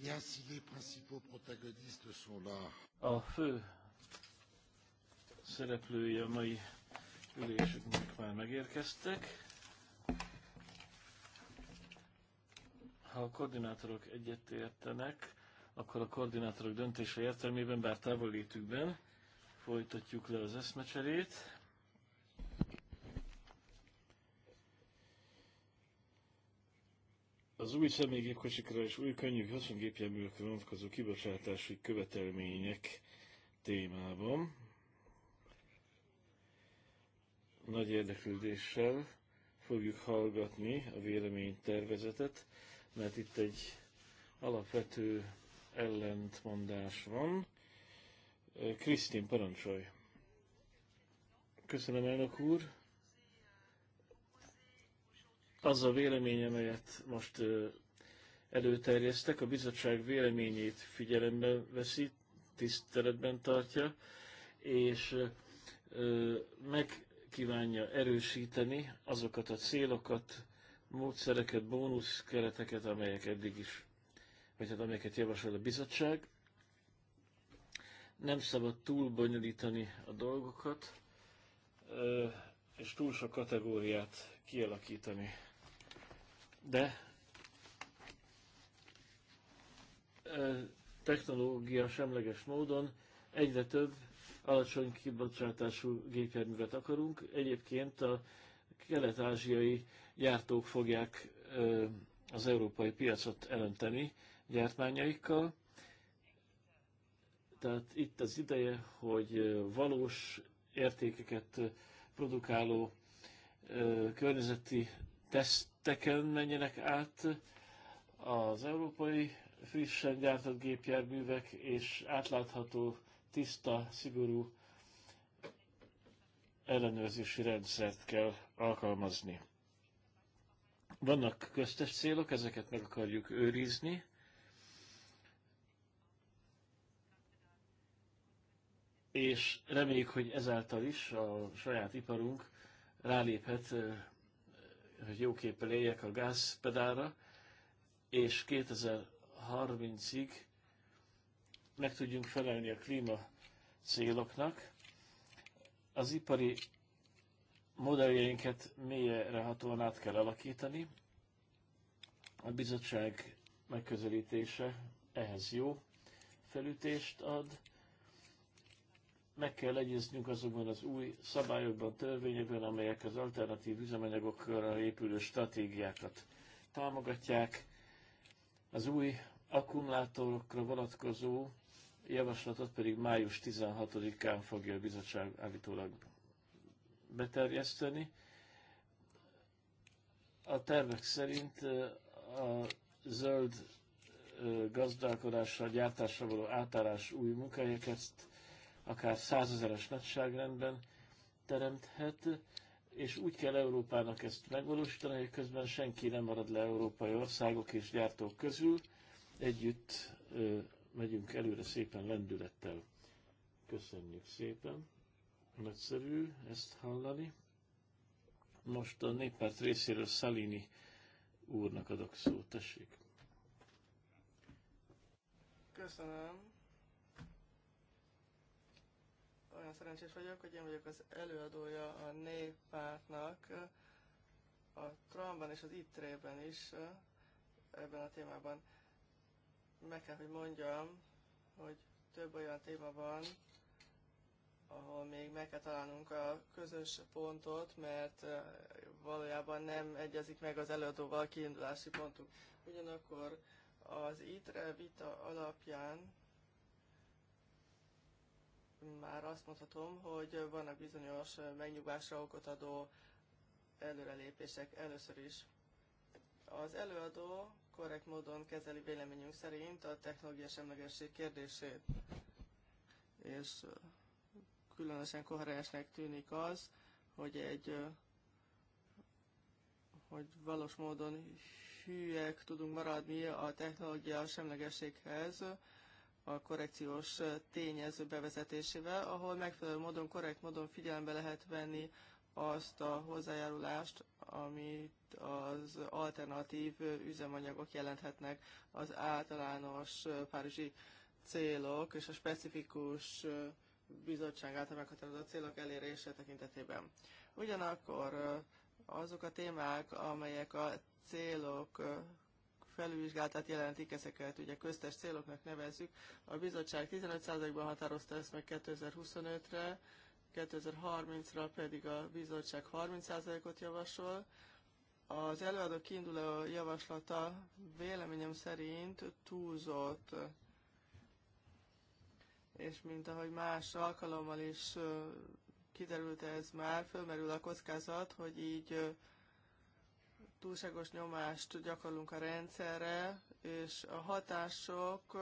Bien, si les principaux protagonistes sont là. A fő szereplői a mai ülésünknek már megérkeztek. Ha a koordinátorok egyetértenek, akkor a koordinátorok döntése értelmében, bár távolétükben folytatjuk le az eszmecserét. az új személygépkocsikra és új könnyű haszongépjárművekre vonatkozó kibocsátási követelmények témában. Nagy érdeklődéssel fogjuk hallgatni a véleménytervezetet, mert itt egy alapvető ellentmondás van. Krisztin, parancsolj! Köszönöm, elnök úr! az a vélemény, amelyet most előterjesztek, a bizottság véleményét figyelembe veszi, tiszteletben tartja, és megkívánja erősíteni azokat a célokat, módszereket, bónuszkereteket, amelyek eddig is, vagy hát amelyeket javasol a bizottság. Nem szabad túl bonyolítani a dolgokat, és túl sok kategóriát kialakítani de technológia semleges módon egyre több alacsony kibocsátású gépjárművet akarunk. Egyébként a kelet-ázsiai gyártók fogják az európai piacot elönteni gyártmányaikkal. Tehát itt az ideje, hogy valós értékeket produkáló környezeti teszteken menjenek át az európai frissen gyártott gépjárművek, és átlátható, tiszta, szigorú ellenőrzési rendszert kell alkalmazni. Vannak köztes célok, ezeket meg akarjuk őrizni. És reméljük, hogy ezáltal is a saját iparunk ráléphet hogy képpel éljek a gázpedára, és 2030-ig meg tudjunk felelni a klíma céloknak. Az ipari modelljeinket mélyre hatóan át kell alakítani. A bizottság megközelítése ehhez jó felütést ad meg kell egyeznünk azokban az új szabályokban, törvényekben, amelyek az alternatív üzemanyagokra épülő stratégiákat támogatják. Az új akkumulátorokra vonatkozó javaslatot pedig május 16-án fogja a bizottság állítólag beterjeszteni. A tervek szerint a zöld gazdálkodásra, gyártásra való átállás új munkahelyeket akár százezeres nagyságrendben teremthet, és úgy kell Európának ezt megvalósítani, hogy közben senki nem marad le európai országok és gyártók közül. Együtt ö, megyünk előre szépen lendülettel. Köszönjük szépen. Nagyszerű ezt hallani. Most a néppárt részéről Szalini úrnak adok szót, tessék. Köszönöm. Nagyon szerencsés vagyok, hogy én vagyok az előadója a néppártnak a Tramban és az ittrében is ebben a témában. Meg kell, hogy mondjam, hogy több olyan téma van, ahol még meg kell találnunk a közös pontot, mert eh, valójában nem egyezik meg az előadóval a kiindulási pontunk. Ugyanakkor az ITRE vita alapján már azt mondhatom, hogy vannak bizonyos megnyugvásra okot adó előrelépések először is. Az előadó korrekt módon kezeli véleményünk szerint a technológia semlegesség kérdését, és különösen koherensnek tűnik az, hogy egy hogy valós módon hűek tudunk maradni a technológia semlegességhez, a korrekciós tényező bevezetésével, ahol megfelelő módon, korrekt módon figyelembe lehet venni azt a hozzájárulást, amit az alternatív üzemanyagok jelenthetnek az általános párizsi célok és a specifikus bizottság által meghatározott célok elérése tekintetében. Ugyanakkor azok a témák, amelyek a célok felülvizsgálatát jelentik, ezeket ugye köztes céloknak nevezzük. A bizottság 15%-ban határozta ezt meg 2025-re, 2030-ra pedig a bizottság 30%-ot javasol. Az előadó kiinduló javaslata véleményem szerint túlzott, és mint ahogy más alkalommal is kiderült ez már, fölmerül a kockázat, hogy így túlságos nyomást gyakorlunk a rendszerre, és a hatások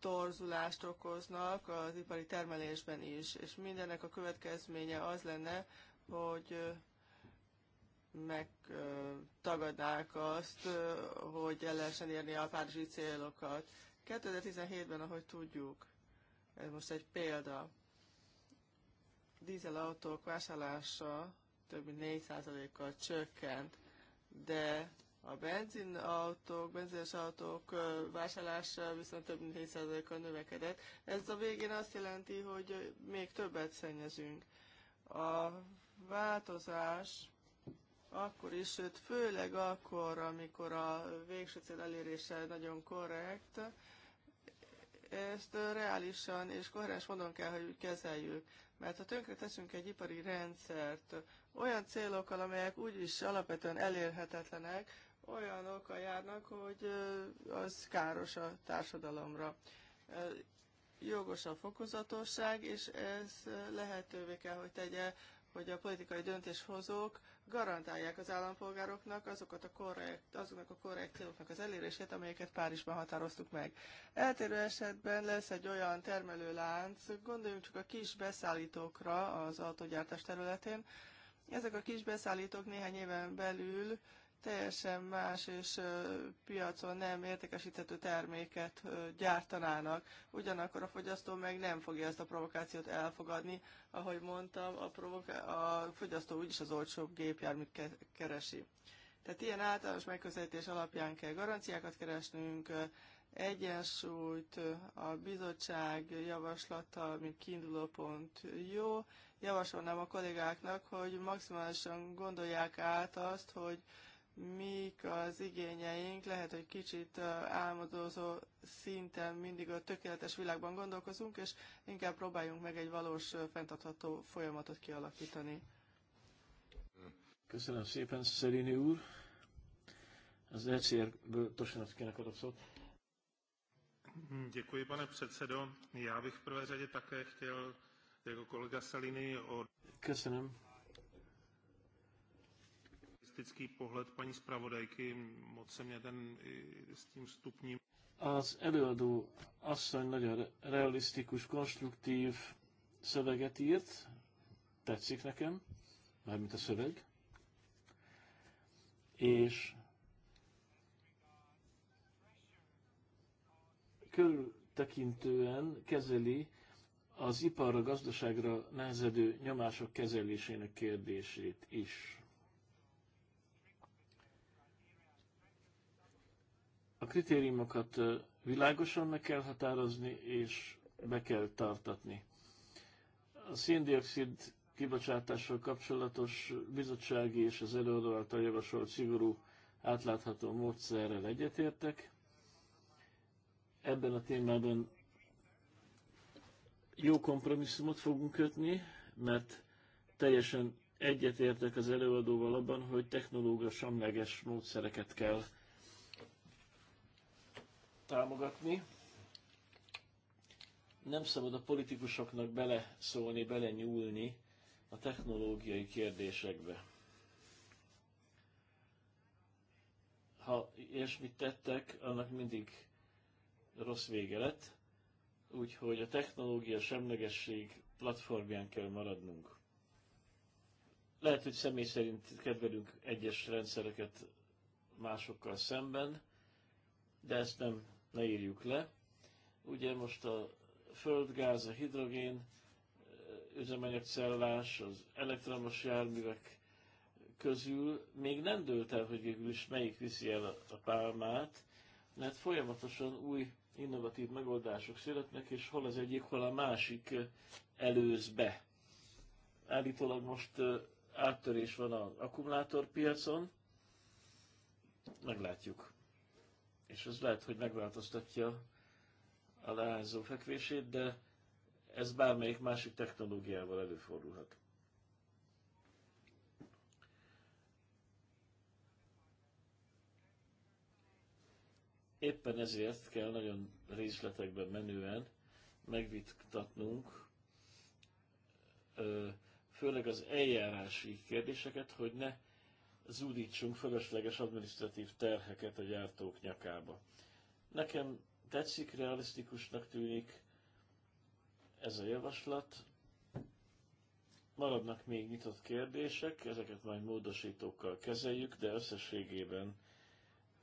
torzulást okoznak az ipari termelésben is, és mindennek a következménye az lenne, hogy megtagadnák azt, hogy el lehessen érni a párizsi célokat. 2017-ben, ahogy tudjuk, ez most egy példa, dízelautók vásárlása több mint 4%-kal csökkent de a benzinautók, benzines autók vásárlása viszont több mint 7%-kal növekedett. Ez a végén azt jelenti, hogy még többet szennyezünk. A változás akkor is, sőt főleg akkor, amikor a végső cél elérése nagyon korrekt, ezt reálisan és koherens módon kell, hogy kezeljük. Mert ha tönkre teszünk egy ipari rendszert olyan célokkal, amelyek úgyis alapvetően elérhetetlenek, olyan oka járnak, hogy az káros a társadalomra. Jogos a fokozatosság, és ez lehetővé kell, hogy tegye, hogy a politikai döntéshozók garantálják az állampolgároknak azokat a korrekt, azoknak a korrekt céloknak az elérését, amelyeket Párizsban határoztuk meg. Eltérő esetben lesz egy olyan termelőlánc, gondoljunk csak a kis beszállítókra az autogyártás területén, ezek a kis beszállítók néhány éven belül teljesen más és piacon nem értékesíthető terméket gyártanának. Ugyanakkor a fogyasztó meg nem fogja ezt a provokációt elfogadni. Ahogy mondtam, a, a fogyasztó úgyis az olcsóbb gépjárműt ke- keresi. Tehát ilyen általános megközelítés alapján kell garanciákat keresnünk, egyensúlyt a bizottság javaslata, mint kiinduló pont jó. Javasolnám a kollégáknak, hogy maximálisan gondolják át azt, hogy mik az igényeink, lehet, hogy kicsit álmodozó szinten mindig a tökéletes világban gondolkozunk, és inkább próbáljunk meg egy valós, fenntartható folyamatot kialakítani. Köszönöm szépen, Szerini úr. Az ECR-ből adott adok szót. Děkuji, pane předsedo. Já bych v prvé řadě také chtěl jako kolega Salini od... Köszönöm, realistický pohled paní zpravodajky, moc se mě ten s tím stupním. Az előadó asszony nagyon realisztikus, konstruktív szöveget írt, tetszik nekem, mármint a szöveg, és körültekintően kezeli az iparra, gazdaságra nehezedő nyomások kezelésének kérdését is. A kritériumokat világosan meg kell határozni, és be kell tartatni. A széndiokszid kibocsátással kapcsolatos bizottsági és az előadó által javasolt szigorú átlátható módszerrel egyetértek. Ebben a témában jó kompromisszumot fogunk kötni, mert teljesen egyetértek az előadóval abban, hogy technológia semleges módszereket kell támogatni. Nem szabad a politikusoknak beleszólni, belenyúlni a technológiai kérdésekbe. Ha ilyesmit tettek, annak mindig rossz vége lett, úgyhogy a technológia semlegesség platformján kell maradnunk. Lehet, hogy személy szerint kedvelünk egyes rendszereket másokkal szemben, de ezt nem ne írjuk le. Ugye most a földgáz, a hidrogén, eh, üzemanyagcellás, az elektromos járművek közül még nem dőlt el, hogy végül is melyik viszi el a pálmát, mert folyamatosan új innovatív megoldások születnek, és hol az egyik, hol a másik eh, előz be. Állítólag most eh, áttörés van az akkumulátorpiacon, meglátjuk és ez lehet, hogy megváltoztatja a leányzó fekvését, de ez bármelyik másik technológiával előfordulhat. Éppen ezért kell nagyon részletekben menően megvitatnunk, főleg az eljárási kérdéseket, hogy ne zúdítsunk fölösleges administratív terheket a gyártók nyakába. Nekem tetszik, realisztikusnak tűnik ez a javaslat. Maradnak még nyitott kérdések, ezeket majd módosítókkal kezeljük, de összességében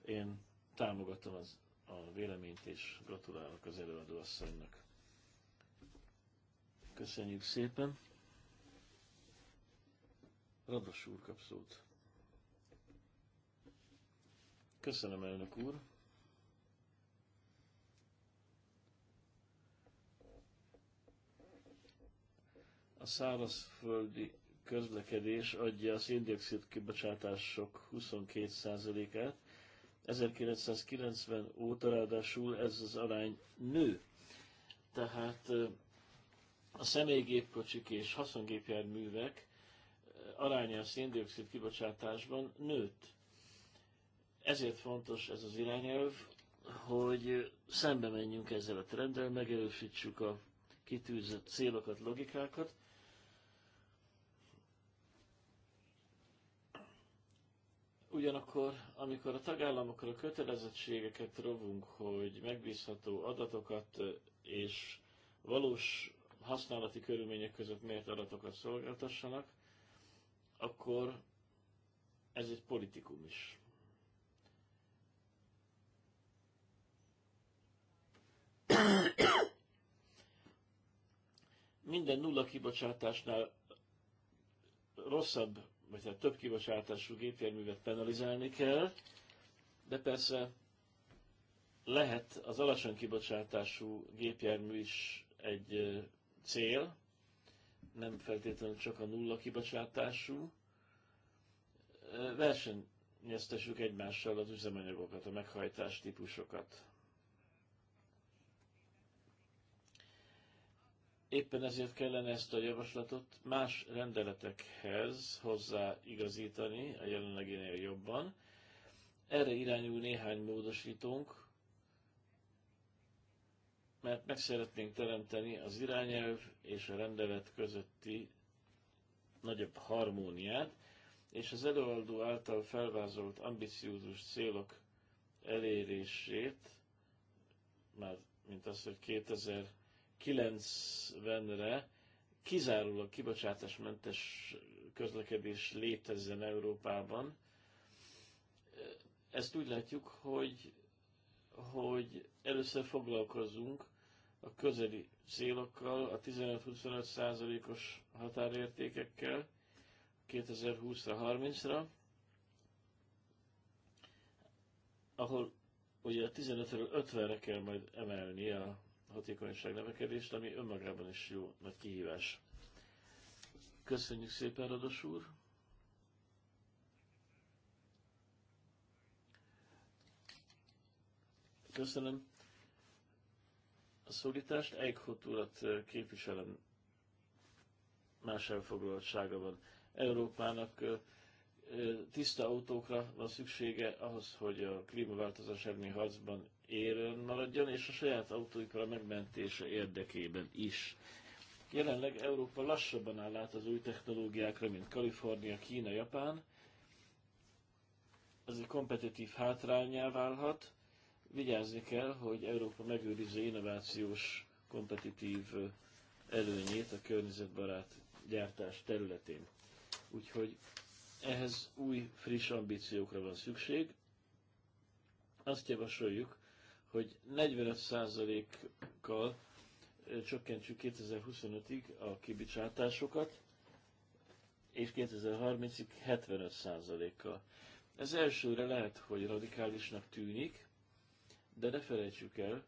én támogatom az, a véleményt és gratulálok az előadó asszonynak. Köszönjük szépen! Radas úr kap szót. Köszönöm, elnök úr. A szárazföldi közlekedés adja a széndiokszid kibocsátások 22%-át. 1990 óta ráadásul ez az arány nő. Tehát a személygépkocsik és haszongépjárművek aránya a széndiokszid kibocsátásban nőtt. Ezért fontos ez az irányelv, hogy szembe menjünk ezzel a trenddel, megerősítsük a kitűzött célokat, logikákat. Ugyanakkor, amikor a tagállamokra a kötelezettségeket rovunk, hogy megbízható adatokat és valós használati körülmények között mért adatokat szolgáltassanak, akkor ez egy politikum is. Minden nulla kibocsátásnál rosszabb, vagy tehát több kibocsátású gépjárművet penalizálni kell, de persze lehet az alacsony kibocsátású gépjármű is egy cél, nem feltétlenül csak a nulla kibocsátású. Versenyeztessük egymással az üzemanyagokat, a meghajtás típusokat. Éppen ezért kellene ezt a javaslatot más rendeletekhez hozzáigazítani a jelenleginél jobban. Erre irányul néhány módosítónk, mert meg szeretnénk teremteni az irányelv és a rendelet közötti nagyobb harmóniát, és az előadó által felvázolt ambiciózus célok elérését, már mint az, hogy 2000 90-re kizárólag kibocsátásmentes közlekedés létezzen Európában. Ezt úgy látjuk, hogy, hogy először foglalkozunk a közeli célokkal, a 15-25 százalékos határértékekkel 2020 30-ra, ahol ugye a 15-ről 50-re kell majd emelni a hatékonyság növekedést, ami önmagában is jó nagy kihívás. Köszönjük szépen, Rados úr! Köszönöm a szólítást. Eichhott urat képviselem más van. Európának tiszta autókra van szüksége ahhoz, hogy a klímaváltozás elleni harcban élen maradjon, és a saját autóipar megmentése érdekében is. Jelenleg Európa lassabban áll át az új technológiákra, mint Kalifornia, Kína, Japán. Ez egy kompetitív hátrányá válhat. Vigyázni kell, hogy Európa megőrizze innovációs, kompetitív előnyét a környezetbarát gyártás területén. Úgyhogy ehhez új, friss ambíciókra van szükség. Azt javasoljuk, hogy 45%-kal csökkentsük 2025-ig a kibicsátásokat, és 2030-ig 75%-kal. Ez elsőre lehet, hogy radikálisnak tűnik, de ne felejtsük el,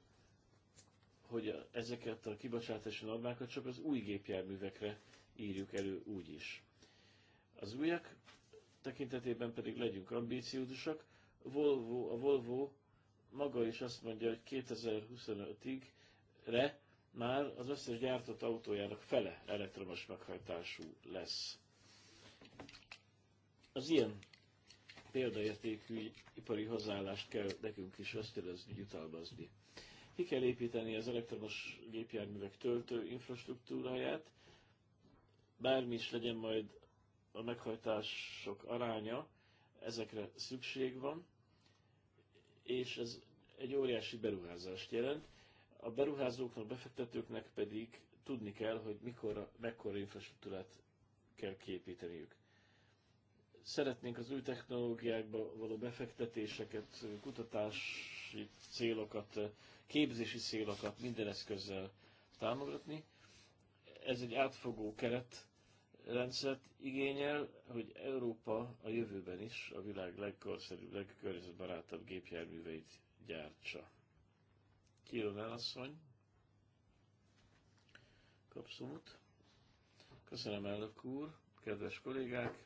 hogy ezeket a kibocsátási normákat csak az új gépjárművekre írjuk elő úgy is. Az újak tekintetében pedig legyünk ambíciózusak. Volvo, a Volvo maga is azt mondja, hogy 2025-ig re már az összes gyártott autójának fele elektromos meghajtású lesz. Az ilyen példaértékű ipari hozzáállást kell nekünk is ösztönözni, jutalmazni. Ki kell építeni az elektromos gépjárművek töltő infrastruktúráját, bármi is legyen majd a meghajtások aránya, ezekre szükség van és ez egy óriási beruházást jelent. A beruházóknak, befektetőknek pedig tudni kell, hogy mikor, mekkora infrastruktúrát kell képíteniük. Szeretnénk az új technológiákba való befektetéseket, kutatási célokat, képzési célokat minden eszközzel támogatni. Ez egy átfogó keret rendszert igényel, hogy Európa a jövőben is a világ legkorszerűbb, legkörnyezetbarátabb gépjárműveit gyártsa. Kilonel asszony, kapszót. Köszönöm, elnök úr, kedves kollégák!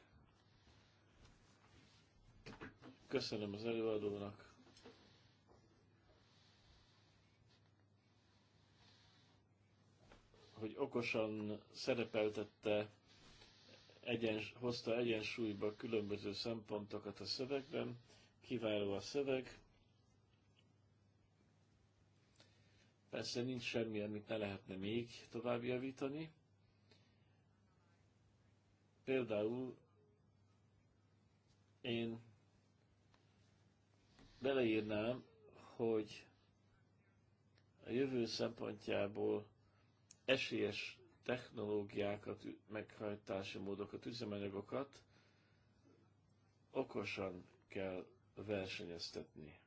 Köszönöm az előadónak. hogy okosan szerepeltette egyens, hozta egyensúlyba különböző szempontokat a szövegben. Kiváló a szöveg. Persze nincs semmi, amit ne lehetne még tovább javítani. Például én beleírnám, hogy a jövő szempontjából esélyes technológiákat, meghajtási módokat, üzemanyagokat okosan kell versenyeztetni.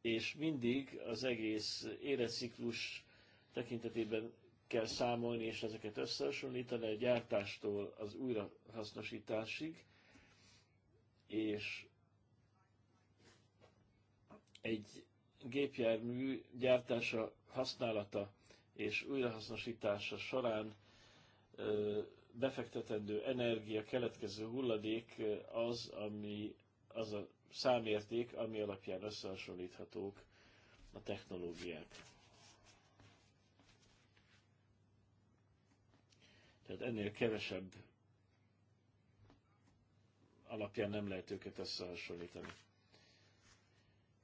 És mindig az egész életciklus tekintetében kell számolni, és ezeket összehasonlítani a gyártástól az újrahasznosításig, és egy gépjármű gyártása, használata és újrahasznosítása során befektetendő energia, keletkező hulladék az, ami az a számérték, ami alapján összehasonlíthatók a technológiák. Tehát ennél kevesebb alapján nem lehet őket összehasonlítani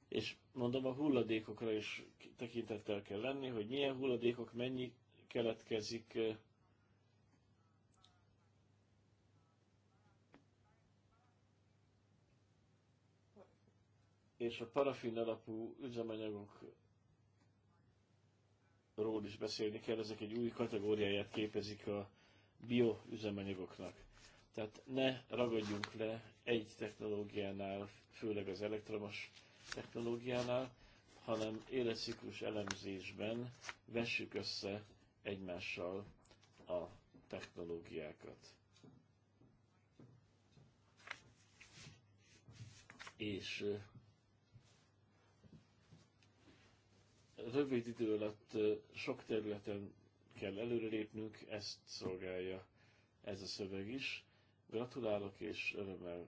és mondom, a hulladékokra is tekintettel kell lenni, hogy milyen hulladékok, mennyi keletkezik, és a parafin alapú üzemanyagokról is beszélni kell, ezek egy új kategóriáját képezik a bioüzemanyagoknak. Tehát ne ragadjunk le egy technológiánál, főleg az elektromos technológiánál, hanem életciklus elemzésben vessük össze egymással a technológiákat. És rövid idő alatt sok területen kell előrelépnünk, ezt szolgálja ez a szöveg is. Gratulálok és örömmel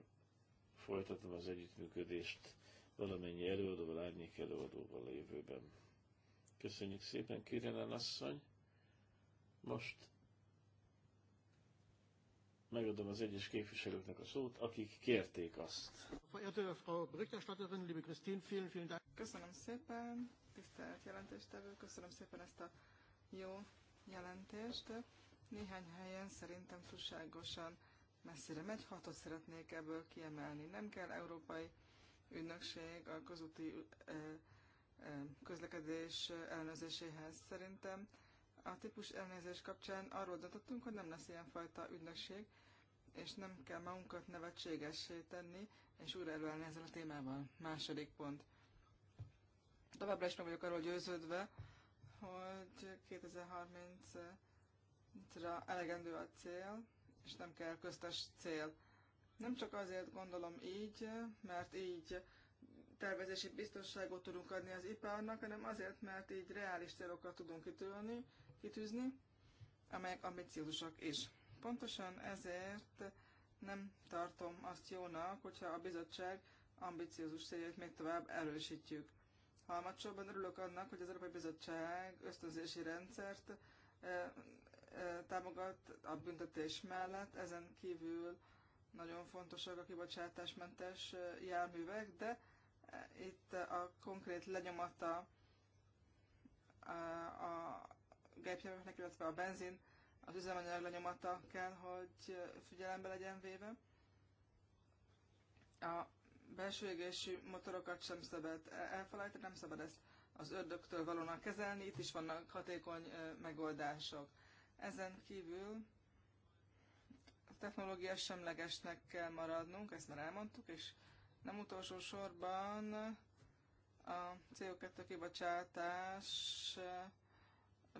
folytatom az együttműködést valamennyi előadóval, árnyék előadóval a jövőben. Köszönjük szépen, Kirjelen asszony! Most megadom az egyes képviselőknek a szót, akik kérték azt. Köszönöm szépen, tisztelt jelentéstevő, köszönöm szépen ezt a jó jelentést. Néhány helyen szerintem túlságosan messzire megy, hatot szeretnék ebből kiemelni. Nem kell európai ügynökség a közúti közlekedés elnézéséhez Szerintem a típus elnézés kapcsán arról döntöttünk, hogy nem lesz ilyenfajta ügynökség, és nem kell magunkat nevetségessé tenni, és újra előállni ezzel a témával. Második pont. Továbbra is meg vagyok arról győződve, hogy 2030-ra elegendő a cél, és nem kell köztes cél. Nem csak azért gondolom így, mert így tervezési biztonságot tudunk adni az iparnak, hanem azért, mert így reális célokat tudunk kitűzni, kitűzni amelyek ambiciózusak is. Pontosan ezért nem tartom azt jónak, hogyha a bizottság ambiciózus céljait még tovább erősítjük. Halmadsorban örülök annak, hogy az Európai Bizottság ösztönzési rendszert e, e, támogat a büntetés mellett, ezen kívül nagyon fontosak a kibocsátásmentes járművek, de e, itt a konkrét lenyomata a, a gépjárműveknek, illetve a benzin, az üzemanyag lenyomata kell, hogy figyelembe legyen véve. A belső égési motorokat sem szabad e, elfelejteni, nem szabad ezt az ördögtől valónak kezelni, itt is vannak hatékony megoldások. Ezen kívül technológia semlegesnek kell maradnunk, ezt már elmondtuk, és nem utolsó sorban a CO2 kibocsátás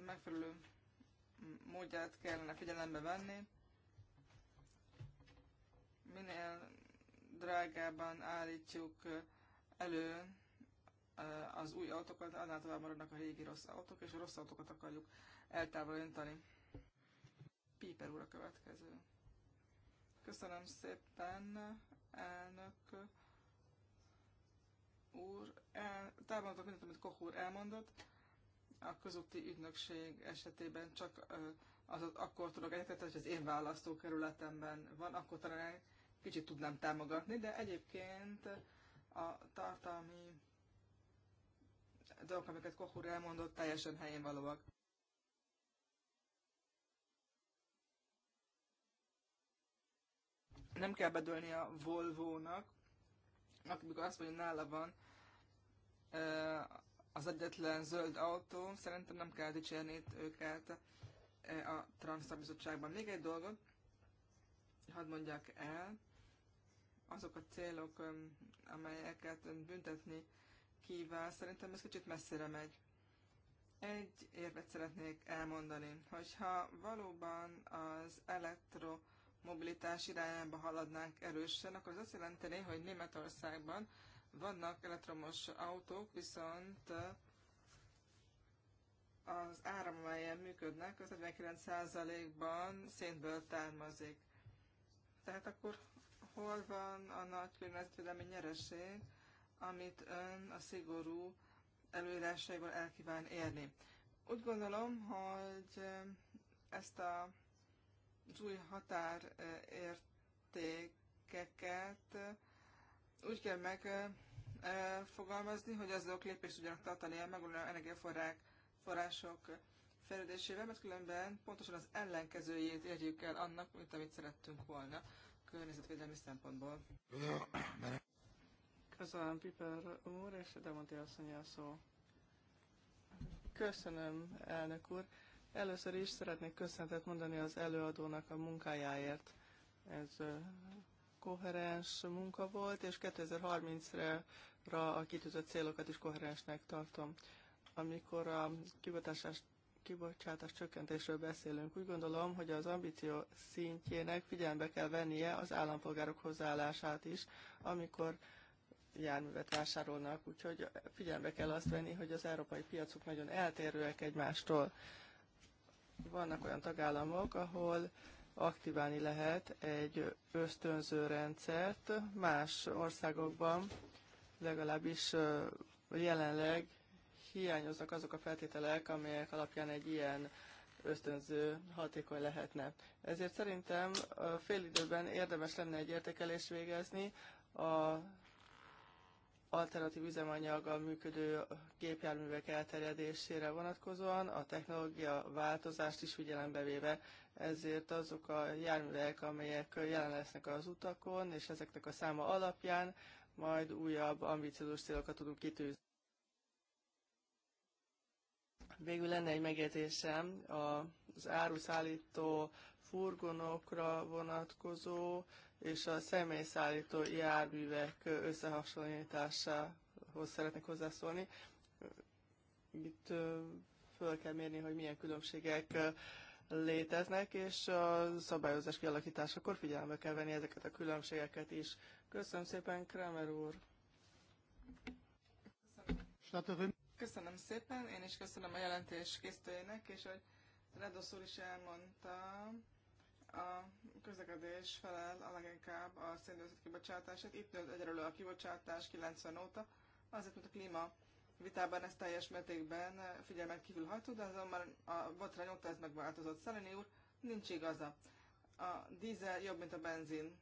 megfelelő módját kellene figyelembe venni. Minél drágában állítjuk elő az új autókat, annál tovább maradnak a régi rossz autók, és a rossz autókat akarjuk eltávolítani. Piper úr a következő. Köszönöm szépen, elnök úr. El, támadok mindent, amit Koch úr elmondott. A közúti ügynökség esetében csak az, az akkor tudok egyetetni, hogy az én választókerületemben van, akkor talán kicsit tudnám támogatni, de egyébként a tartalmi dolgok, amiket Koch úr elmondott, teljesen helyén valóak. nem kell bedölni a Volvo-nak, amikor azt mondja, hogy nála van az egyetlen zöld autó, szerintem nem kell dicsérni őket a Transzszakbizottságban. Még egy dolgot, hadd mondjak el, azok a célok, amelyeket ön büntetni kíván, szerintem ez kicsit messzire megy. Egy érvet szeretnék elmondani, hogyha valóban az elektro mobilitás irányába haladnánk erősen, akkor az azt jelenteni, hogy Németországban vannak elektromos autók, viszont az áram, amelyen működnek, az 49%-ban szénből származik. Tehát akkor hol van a nagy környezetvédelmi nyereség, amit ön a szigorú előírásaival el kíván érni? Úgy gondolom, hogy ezt a az új határértékeket úgy kell megfogalmazni, hogy azok lépést tudjanak tartani a megújuló energiaforrások fejlődésével, mert különben pontosan az ellenkezőjét érjük el annak, mint amit szerettünk volna környezetvédelmi szempontból. Köszönöm Piper úr, és Demonti asszony a szó. Köszönöm, elnök úr. Először is szeretnék köszönetet mondani az előadónak a munkájáért. Ez koherens munka volt, és 2030-re a kitűzött célokat is koherensnek tartom. Amikor a kibocsátás, kibocsátás csökkentésről beszélünk, úgy gondolom, hogy az ambíció szintjének figyelembe kell vennie az állampolgárok hozzáállását is, amikor járművet vásárolnak, úgyhogy figyelembe kell azt venni, hogy az európai piacok nagyon eltérőek egymástól. Vannak olyan tagállamok, ahol aktiválni lehet egy ösztönző rendszert. Más országokban legalábbis jelenleg hiányoznak azok a feltételek, amelyek alapján egy ilyen ösztönző hatékony lehetne. Ezért szerintem fél időben érdemes lenne egy értékelést végezni a alternatív üzemanyaggal működő gépjárművek elterjedésére vonatkozóan, a technológia változást is figyelembe véve, ezért azok a járművek, amelyek jelen lesznek az utakon, és ezeknek a száma alapján majd újabb ambiciózus célokat tudunk kitűzni. Végül lenne egy megjegyzésem az áruszállító furgonokra vonatkozó és a személyszállító járművek összehasonlításához szeretnék hozzászólni. Itt föl kell mérni, hogy milyen különbségek léteznek, és a szabályozás kialakításakor figyelembe kell venni ezeket a különbségeket is. Köszönöm szépen, Kramer úr! Köszönöm, szépen, én is köszönöm a jelentés készítőjének, és hogy Redosz úr is elmondta, a közlekedés felel a leginkább a széndiokszid kibocsátását. Itt nőtt egyelőre a kibocsátás 90 óta, azért, mert a klíma vitában ez teljes mértékben figyelmen kívül hajtó, de azonban a botrány óta ez megváltozott. Szeleni úr, nincs igaza. A dízel jobb, mint a benzin.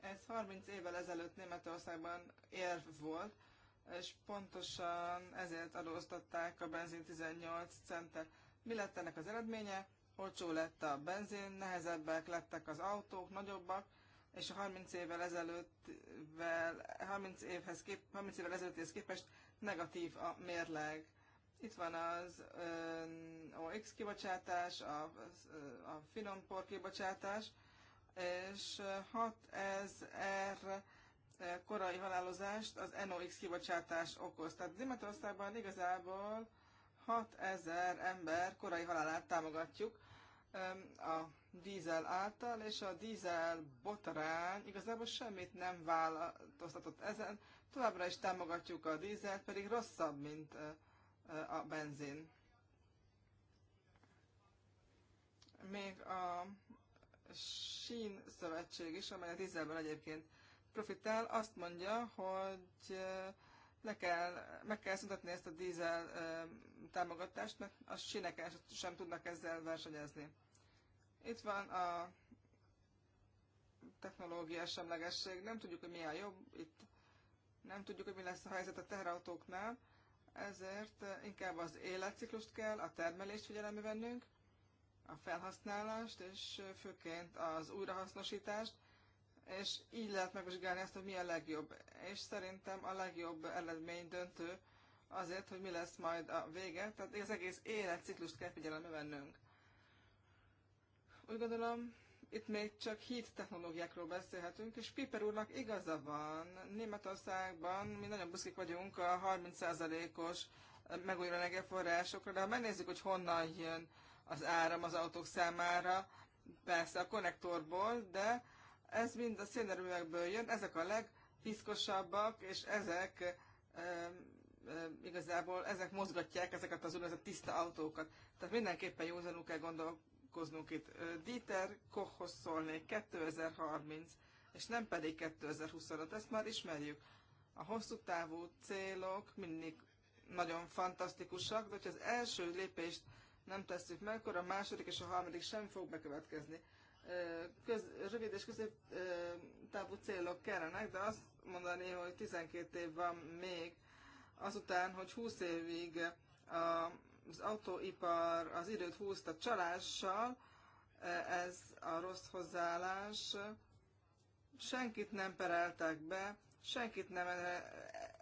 Ez 30 évvel ezelőtt Németországban érv volt, és pontosan ezért adóztatták a benzin 18 centet. Mi lett ennek az eredménye? olcsó lett a benzin, nehezebbek lettek az autók, nagyobbak, és a 30 évvel vel 30 évhez kép, 30 évvel ezelőttihez képest negatív a mérleg. Itt van az OX kibocsátás, a, a por kibocsátás, és 6000 korai halálozást az NOx kibocsátás okoz. Tehát Németországban igazából 6000 ember korai halálát támogatjuk, a dízel által, és a dízel botrány igazából semmit nem változtatott ezen, továbbra is támogatjuk a dízelt, pedig rosszabb, mint a benzin. Még a Sín Szövetség is, amely a dízelben egyébként profitál, azt mondja, hogy le kell, meg kell szüntetni ezt a dízel támogatást, mert a sínek sem tudnak ezzel versenyezni. Itt van a technológia semlegesség. Nem tudjuk, hogy mi a jobb. Itt nem tudjuk, hogy mi lesz a helyzet a teherautóknál. Ezért inkább az életciklust kell, a termelést figyelembe vennünk, a felhasználást, és főként az újrahasznosítást, és így lehet megvizsgálni ezt, hogy mi a legjobb. És szerintem a legjobb eredmény döntő azért, hogy mi lesz majd a vége. Tehát az egész életciklust kell figyelembe vennünk. Úgy gondolom, itt még csak híd technológiákról beszélhetünk, és Piper úrnak igaza van. Németországban mi nagyon buszik vagyunk a 30%-os megújuló energiaforrásokra, de ha megnézzük, hogy honnan jön az áram az autók számára, persze a konnektorból, de ez mind a szénerőmekből jön, ezek a legpiszkosabbak, és ezek e, e, igazából ezek mozgatják ezeket az úgynevezett tiszta autókat. Tehát mindenképpen józanul kell gondolkodni foglalkoznunk itt. Dieter Kochhoz szólnék 2030, és nem pedig 2025, ezt már ismerjük. A hosszú távú célok mindig nagyon fantasztikusak, de hogyha az első lépést nem tesszük meg, akkor a második és a harmadik sem fog bekövetkezni. Köz, rövid és középtávú célok kellenek, de azt mondani, hogy 12 év van még azután, hogy 20 évig a az autóipar az időt húzta csalással, e, ez a rossz hozzáállás. Senkit nem pereltek be, senkit nem e, e,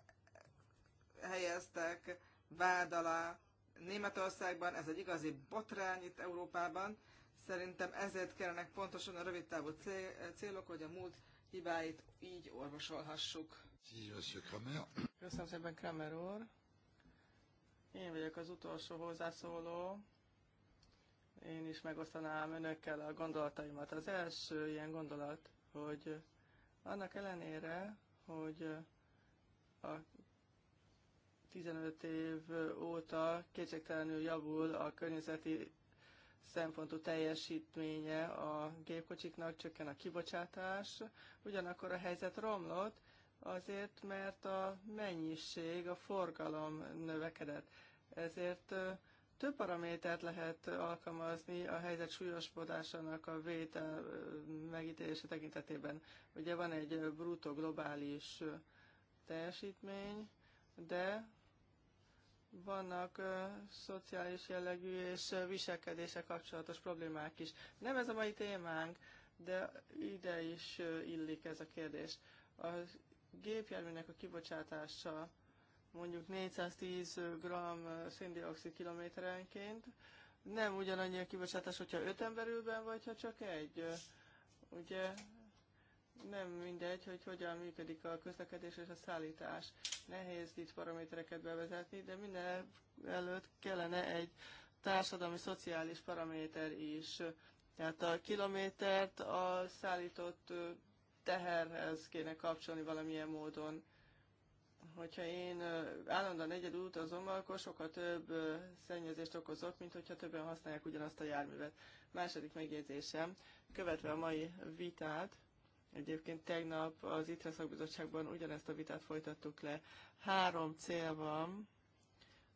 helyeztek vád alá. Németországban ez egy igazi botrány itt Európában. Szerintem ezért kellenek pontosan a rövid távú célok, hogy a múlt hibáit így orvosolhassuk. Köszönöm szépen, Kramer úr. Én vagyok az utolsó hozzászóló. Én is megosztanám önökkel a gondolataimat. Az első ilyen gondolat, hogy annak ellenére, hogy a 15 év óta kétségtelenül javul a környezeti szempontú teljesítménye a gépkocsiknak, csökken a kibocsátás, ugyanakkor a helyzet romlott, azért, mert a mennyiség, a forgalom növekedett. Ezért több paramétert lehet alkalmazni a helyzet súlyosbodásának a vétel megítélése tekintetében. Ugye van egy bruttó globális teljesítmény, de vannak szociális jellegű és viselkedése kapcsolatos problémák is. Nem ez a mai témánk, de ide is illik ez a kérdés. Az gépjárműnek a kibocsátása mondjuk 410 g széndiokszid kilométerenként, nem ugyanannyi a kibocsátás, hogyha öt ember vagy ha csak egy. Ugye nem mindegy, hogy hogyan működik a közlekedés és a szállítás. Nehéz itt paramétereket bevezetni, de minden előtt kellene egy társadalmi, szociális paraméter is. Tehát a kilométert a szállított teherhez kéne kapcsolni valamilyen módon. Hogyha én állandóan egyedül utazom, akkor sokkal több szennyezést okozok, mint hogyha többen használják ugyanazt a járművet. Második megjegyzésem, követve a mai vitát, Egyébként tegnap az ITRE szakbizottságban ugyanezt a vitát folytattuk le. Három cél van,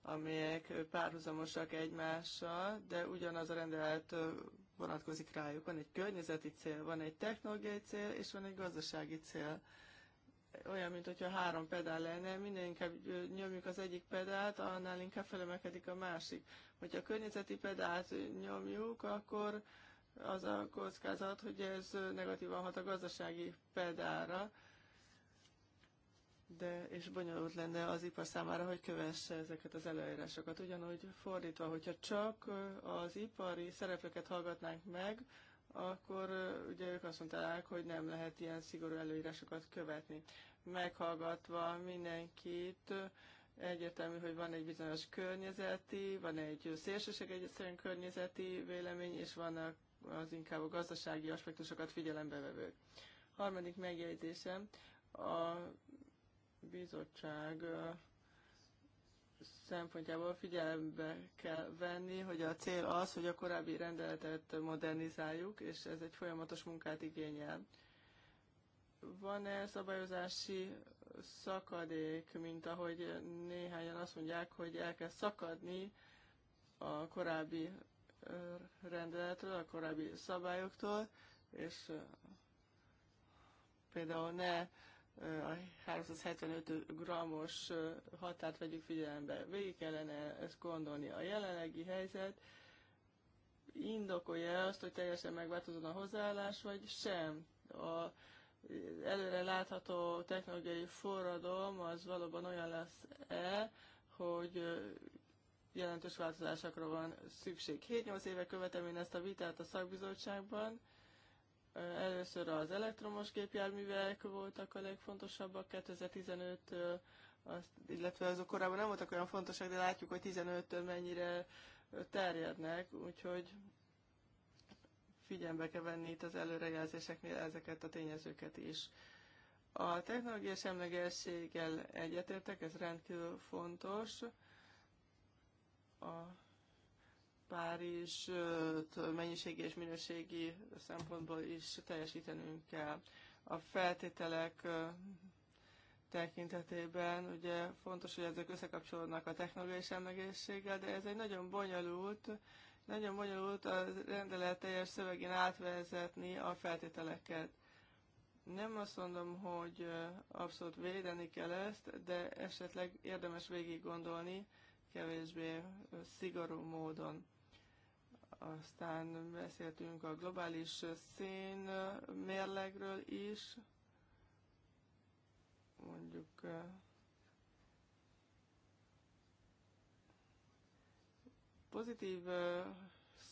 amelyek párhuzamosak egymással, de ugyanaz a rendelet vonatkozik rájuk. Van egy környezeti cél, van egy technológiai cél, és van egy gazdasági cél. Olyan, mint hogyha három pedál lenne, minél inkább nyomjuk az egyik pedált, annál inkább felemelkedik a másik. Hogyha a környezeti pedált nyomjuk, akkor az a kockázat, hogy ez negatívan hat a gazdasági pedálra, de és bonyolult lenne az ipar számára, hogy kövesse ezeket az előírásokat. Ugyanúgy fordítva, hogyha csak az ipari szereplőket hallgatnánk meg, akkor ugye ők azt mondták, hogy nem lehet ilyen szigorú előírásokat követni. Meghallgatva mindenkit, egyértelmű, hogy van egy bizonyos környezeti, van egy szélsőség egyszerűen környezeti vélemény, és vannak az inkább a gazdasági aspektusokat figyelembe vevők. Harmadik megjegyzésem, a bizottság szempontjából figyelembe kell venni, hogy a cél az, hogy a korábbi rendeletet modernizáljuk, és ez egy folyamatos munkát igényel. Van-e szabályozási szakadék, mint ahogy néhányan azt mondják, hogy el kell szakadni a korábbi rendeletről, a korábbi szabályoktól, és például ne a 375 grammos határt vegyük figyelembe. Végig kellene ezt gondolni. A jelenlegi helyzet indokolja azt, hogy teljesen megváltozott a hozzáállás, vagy sem. A előre látható technológiai forradalom az valóban olyan lesz-e, hogy jelentős változásokra van szükség. 7-8 éve követem én ezt a vitát a szakbizottságban, Először az elektromos gépjárművek voltak a legfontosabbak, 2015 től illetve azok korábban nem voltak olyan fontosak, de látjuk, hogy 15-től mennyire terjednek, úgyhogy figyelembe kell venni itt az előrejelzéseknél ezeket a tényezőket is. A technológiai semlegességgel egyetértek, ez rendkívül fontos. A Párizs mennyiségi és minőségi szempontból is teljesítenünk kell. A feltételek tekintetében ugye fontos, hogy ezek összekapcsolódnak a technológiai semlegészséggel, de ez egy nagyon bonyolult, nagyon bonyolult a rendelet teljes szövegén átvezetni a feltételeket. Nem azt mondom, hogy abszolút védeni kell ezt, de esetleg érdemes végig gondolni kevésbé szigorú módon. Aztán beszéltünk a globális szén mérlegről is, mondjuk eh, pozitív eh,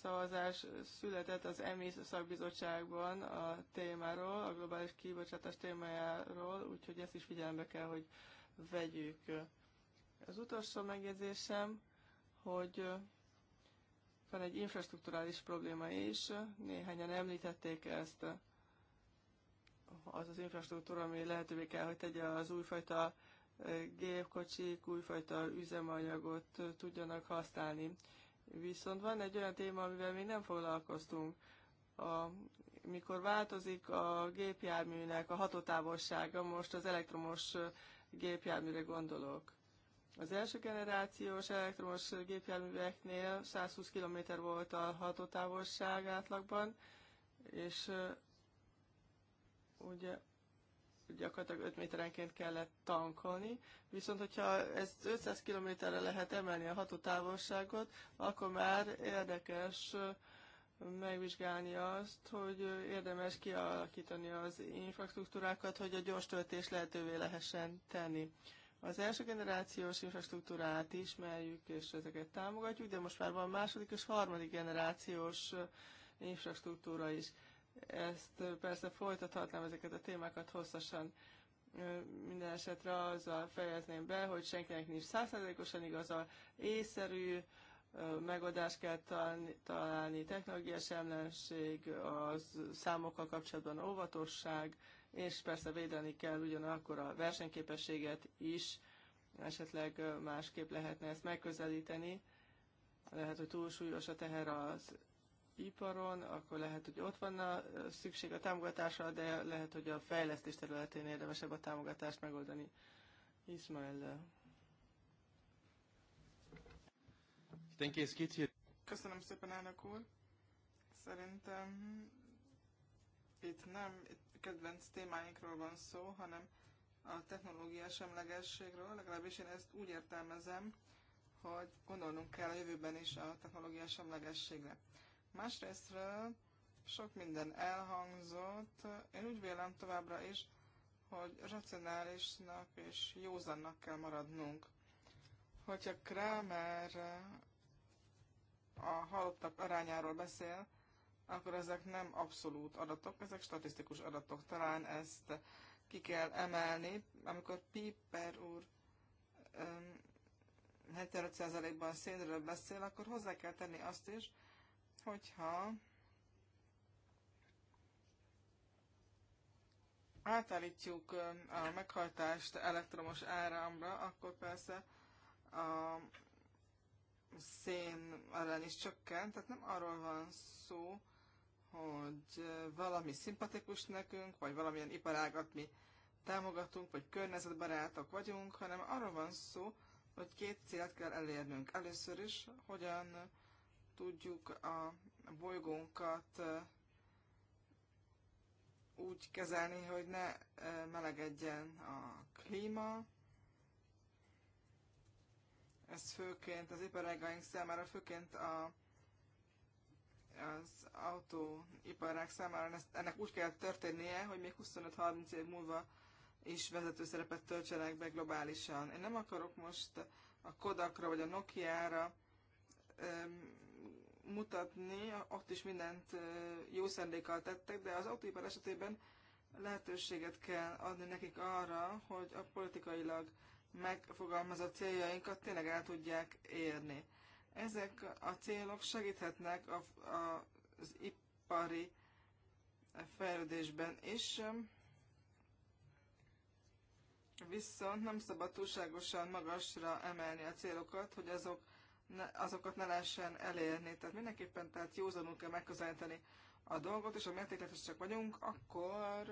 szavazás született az EMIS szakbizottságban a témáról, a globális kibocsátás témájáról, úgyhogy ezt is figyelembe kell, hogy vegyük. Az utolsó megjegyzésem, hogy eh, van egy infrastruktúrális probléma is, néhányan említették ezt, az az infrastruktúra, ami lehetővé kell, hogy tegye az újfajta eh, gépkocsik, újfajta üzemanyagot tudjanak használni. Viszont van egy olyan téma, amivel még nem foglalkoztunk. A, mikor változik a gépjárműnek a hatótávolsága, most az elektromos eh, gépjárműre gondolok. Az első generációs elektromos gépjárműveknél 120 km volt a hatótávolság átlagban, és ugye gyakorlatilag 5 méterenként kellett tankolni, viszont hogyha ezt 500 kilométerre lehet emelni a hatótávolságot, akkor már érdekes megvizsgálni azt, hogy érdemes kialakítani az infrastruktúrákat, hogy a gyors töltés lehetővé lehessen tenni. Az első generációs infrastruktúrát ismerjük, és ezeket támogatjuk, de most már van második és harmadik generációs infrastruktúra is. Ezt persze folytathatnám ezeket a témákat hosszasan. Minden esetre azzal fejezném be, hogy senkinek nincs igaz igaza, észszerű, megoldást kell találni, technológiai semlenség, a számokkal kapcsolatban óvatosság, és persze védeni kell ugyanakkor a versenyképességet is, esetleg másképp lehetne ezt megközelíteni. Lehet, hogy túlsúlyos a teher az iparon, akkor lehet, hogy ott van a szükség a támogatásra, de lehet, hogy a fejlesztés területén érdemesebb a támogatást megoldani. Ismael. Köszönöm szépen, elnök úr. Szerintem itt nem, itt kedvenc témáinkról van szó, hanem a technológia semlegességről, legalábbis én ezt úgy értelmezem, hogy gondolnunk kell a jövőben is a technológia semlegességre. Másrésztről sok minden elhangzott, én úgy vélem továbbra is, hogy racionálisnak és józannak kell maradnunk. Hogyha Kramer a halottak arányáról beszél, akkor ezek nem abszolút adatok, ezek statisztikus adatok. Talán ezt ki kell emelni. Amikor Piper úr 75%-ban szénről beszél, akkor hozzá kell tenni azt is, hogyha átállítjuk a meghajtást elektromos áramra, akkor persze a szén ellen is csökkent, tehát nem arról van szó, hogy valami szimpatikus nekünk, vagy valamilyen iparágat mi támogatunk, vagy környezetbarátok vagyunk, hanem arról van szó, hogy két célt kell elérnünk. Először is, hogyan tudjuk a bolygónkat úgy kezelni, hogy ne melegedjen a klíma. Ez főként az iparágaink számára, főként a az autóiparák számára ennek úgy kell történnie, hogy még 25-30 év múlva is vezető szerepet töltsenek be globálisan. Én nem akarok most a Kodakra vagy a Nokia-ra mutatni, ott is mindent jó szendékkal tettek, de az autóipar esetében lehetőséget kell adni nekik arra, hogy a politikailag megfogalmazott céljainkat tényleg el tudják érni. Ezek a célok segíthetnek a, a, az ipari fejlődésben is, viszont nem szabad túlságosan magasra emelni a célokat, hogy azok ne, azokat ne lehessen elérni. Tehát mindenképpen tehát józanul kell megközelíteni a dolgot, és ha csak vagyunk, akkor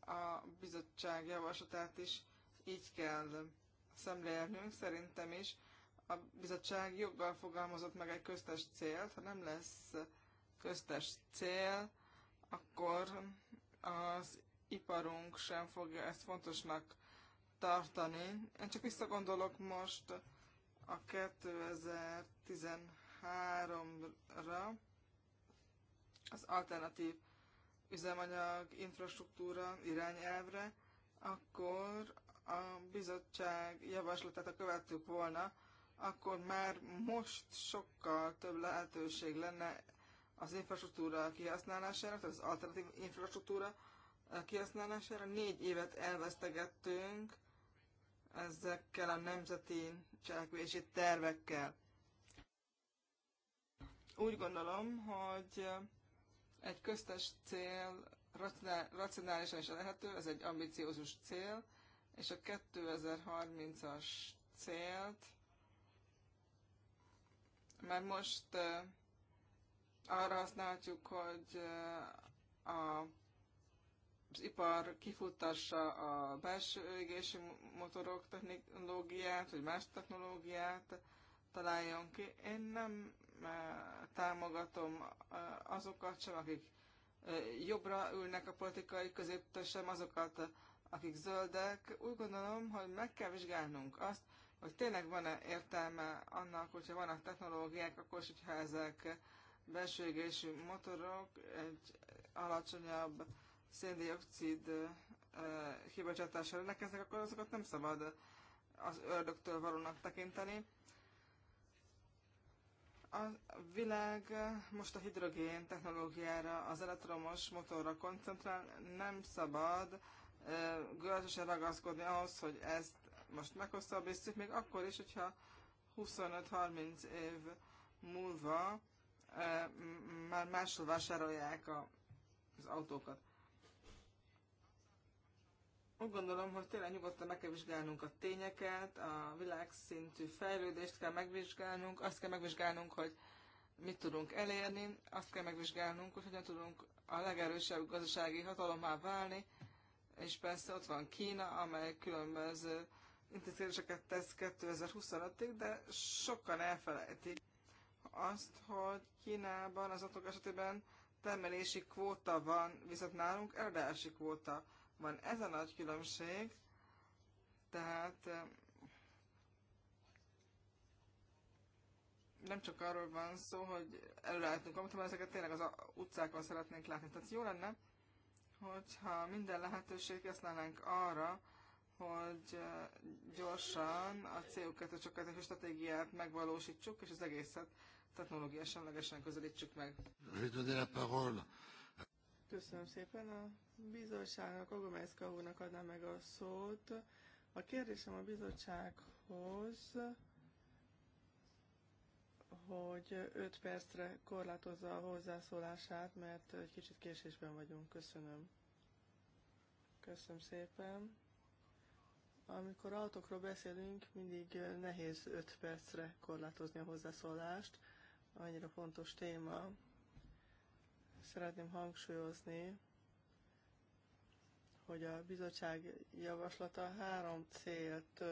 a bizottság javaslatát is így kell szemlélnünk, szerintem is a bizottság joggal fogalmazott meg egy köztes célt. Ha nem lesz köztes cél, akkor az iparunk sem fogja ezt fontosnak tartani. Én csak visszagondolok most a 2013-ra az alternatív üzemanyag infrastruktúra irányelvre, akkor a bizottság javaslatát követtük volna, akkor már most sokkal több lehetőség lenne az infrastruktúra kihasználására, tehát az alternatív infrastruktúra kihasználására. Négy évet elvesztegettünk ezekkel a nemzeti cselekvési tervekkel. Úgy gondolom, hogy egy köztes cél racionálisan is elérhető, ez egy ambiciózus cél, és a 2030-as célt mert most arra használjuk, hogy a, az ipar kifuttassa a belső égési motorok technológiát, vagy más technológiát találjon ki. Én nem támogatom azokat sem, akik jobbra ülnek a politikai középtől sem, azokat, akik zöldek. Úgy gondolom, hogy meg kell vizsgálnunk azt, hogy tényleg van-e értelme annak, hogyha vannak technológiák, akkor is, hogyha ezek belső égésű motorok egy alacsonyabb széndiokszid kibocsátással rendelkeznek, akkor azokat nem szabad az ördögtől valónak tekinteni. A világ most a hidrogén technológiára, az elektromos motorra koncentrál, nem szabad gőzösen ragaszkodni ahhoz, hogy ezt most meghosszabbítjuk, még akkor is, hogyha 25-30 év múlva e, már máshol vásárolják a, az autókat. Úgy gondolom, hogy tényleg nyugodtan meg kell vizsgálnunk a tényeket, a világszintű fejlődést kell megvizsgálnunk, azt kell megvizsgálnunk, hogy mit tudunk elérni, azt kell megvizsgálnunk, hogy hogyan tudunk a legerősebb gazdasági hatalommá válni, és persze ott van Kína, amely különböző intézkedéseket tesz 2025-ig, de sokan elfelejtik azt, hogy Kínában az adatok esetében termelési kvóta van, viszont nálunk eladási kvóta van. Ez a nagy különbség, tehát nem csak arról van szó, hogy előállítunk amit hanem ezeket tényleg az utcákon szeretnénk látni. Tehát jó lenne, hogyha minden lehetőség használnánk arra, hogy gyorsan a CO2 csökkentési stratégiát megvalósítsuk, és az egészet technológia semlegesen közelítsük meg. Köszönöm szépen. A bizottságnak, Ogomeszka úrnak adná meg a szót. A kérdésem a bizottsághoz, hogy 5 percre korlátozza a hozzászólását, mert egy kicsit késésben vagyunk. Köszönöm. Köszönöm szépen. Amikor autókról beszélünk, mindig nehéz 5 percre korlátozni a hozzászólást. Annyira fontos téma. Szeretném hangsúlyozni, hogy a bizottság javaslata három célt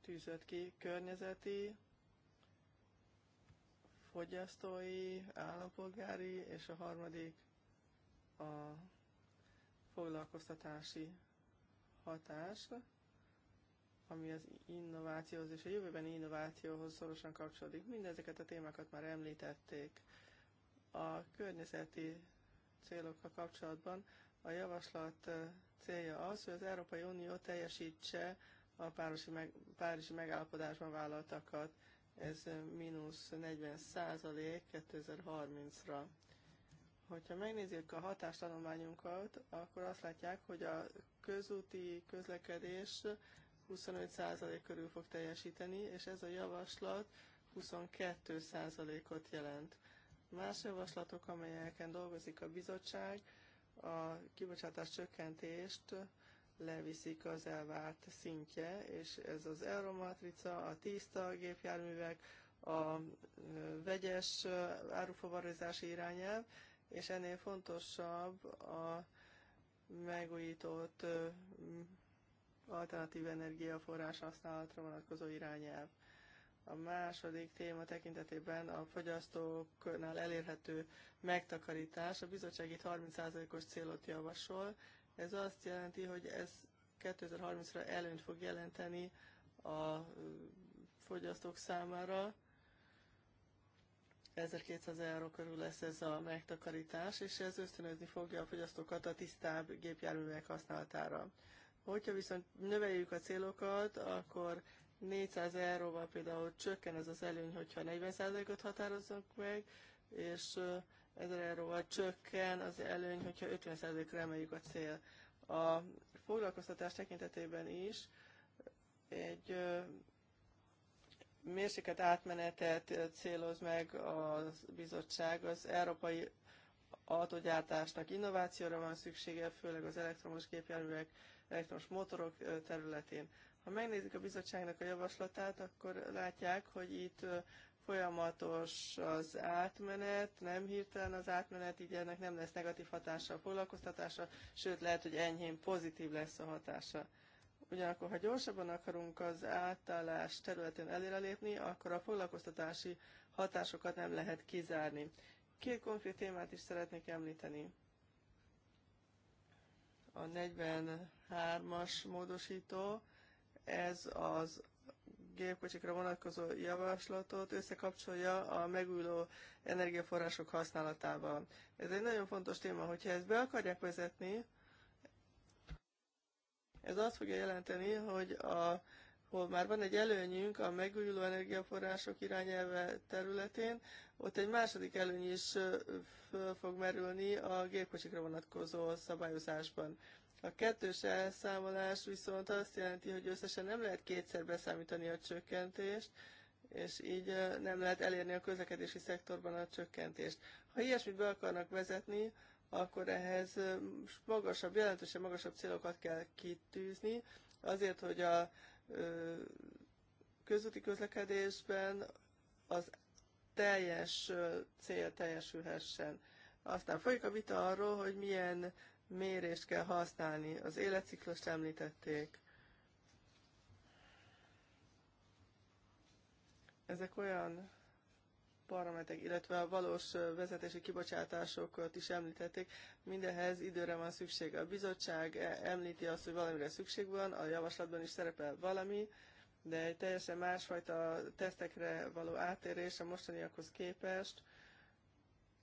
tűzött ki, környezeti, fogyasztói, állampolgári, és a harmadik a foglalkoztatási hatás ami az innovációhoz és a jövőbeni innovációhoz szorosan kapcsolódik. Mindezeket a témákat már említették. A környezeti célokkal kapcsolatban a javaslat célja az, hogy az Európai Unió teljesítse a párosi meg, párizsi megállapodásban vállaltakat. Ez mínusz 40 százalék 2030-ra. Hogyha megnézzük a hatástanulmányunkat, akkor azt látják, hogy a közúti közlekedés 25% körül fog teljesíteni, és ez a javaslat 22%-ot jelent. Más javaslatok, amelyeken dolgozik a bizottság, a kibocsátás csökkentést leviszik az elvárt szintje, és ez az euromatrica, a tiszta gépjárművek, a vegyes árufovarozási irányelv, és ennél fontosabb a megújított alternatív energiaforrás használatra vonatkozó irányelv. A második téma tekintetében a fogyasztóknál elérhető megtakarítás. A bizottság itt 30%-os célot javasol. Ez azt jelenti, hogy ez 2030-ra előnyt fog jelenteni a fogyasztók számára. 1200 euró körül lesz ez a megtakarítás, és ez ösztönözni fogja a fogyasztókat a tisztább gépjárművek használatára. Hogyha viszont növeljük a célokat, akkor 400 euróval például csökken ez az előny, hogyha 40%-ot határozunk meg, és 1000 euróval csökken az előny, hogyha 50%-ra emeljük a cél. A foglalkoztatás tekintetében is egy mérséket átmenetet céloz meg a bizottság. Az európai autogyártásnak innovációra van szüksége, főleg az elektromos gépjárművek elektromos motorok területén. Ha megnézik a bizottságnak a javaslatát, akkor látják, hogy itt folyamatos az átmenet, nem hirtelen az átmenet, így ennek nem lesz negatív hatása a foglalkoztatása, sőt lehet, hogy enyhén pozitív lesz a hatása. Ugyanakkor, ha gyorsabban akarunk az átállás területén előrelépni, akkor a foglalkoztatási hatásokat nem lehet kizárni. Két konkrét témát is szeretnék említeni. A 43-as módosító, ez az gépkocsikra vonatkozó javaslatot összekapcsolja a megújuló energiaforrások használatával. Ez egy nagyon fontos téma, hogyha ezt be akarják vezetni, ez azt fogja jelenteni, hogy a hol már van egy előnyünk a megújuló energiaforrások irányelve területén, ott egy második előny is föl fog merülni a gépkocsikra vonatkozó szabályozásban. A kettős elszámolás viszont azt jelenti, hogy összesen nem lehet kétszer beszámítani a csökkentést, és így nem lehet elérni a közlekedési szektorban a csökkentést. Ha ilyesmit be akarnak vezetni, akkor ehhez magasabb, jelentősen magasabb célokat kell kitűzni, azért, hogy a közúti közlekedésben az teljes cél teljesülhessen. Aztán folyik a vita arról, hogy milyen mérést kell használni. Az életciklust említették. Ezek olyan parametek, illetve a valós vezetési kibocsátásokat is említették. Mindehez időre van szüksége. A bizottság e, említi azt, hogy valamire szükség van, a javaslatban is szerepel valami, de egy teljesen másfajta tesztekre való átérés a mostaniakhoz képest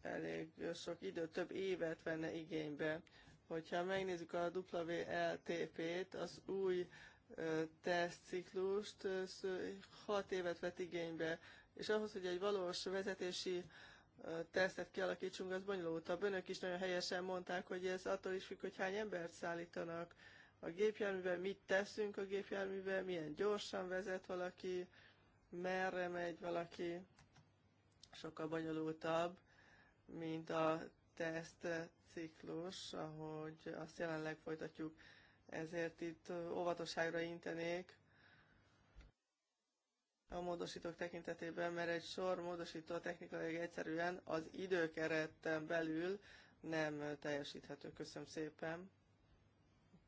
elég sok idő, több évet venne igénybe. Hogyha megnézzük a WLTP-t, az új tesztciklust, 6 évet vett igénybe és ahhoz, hogy egy valós vezetési tesztet kialakítsunk, az bonyolultabb. Önök is nagyon helyesen mondták, hogy ez attól is függ, hogy hány embert szállítanak a gépjárművel, mit teszünk a gépjárművel, milyen gyorsan vezet valaki, merre megy valaki, sokkal bonyolultabb, mint a teszt ciklus, ahogy azt jelenleg folytatjuk. Ezért itt óvatosságra intenék, a módosítók tekintetében, mert egy sor módosító technikai egyszerűen az időkeretten belül nem teljesíthető. Köszönöm szépen.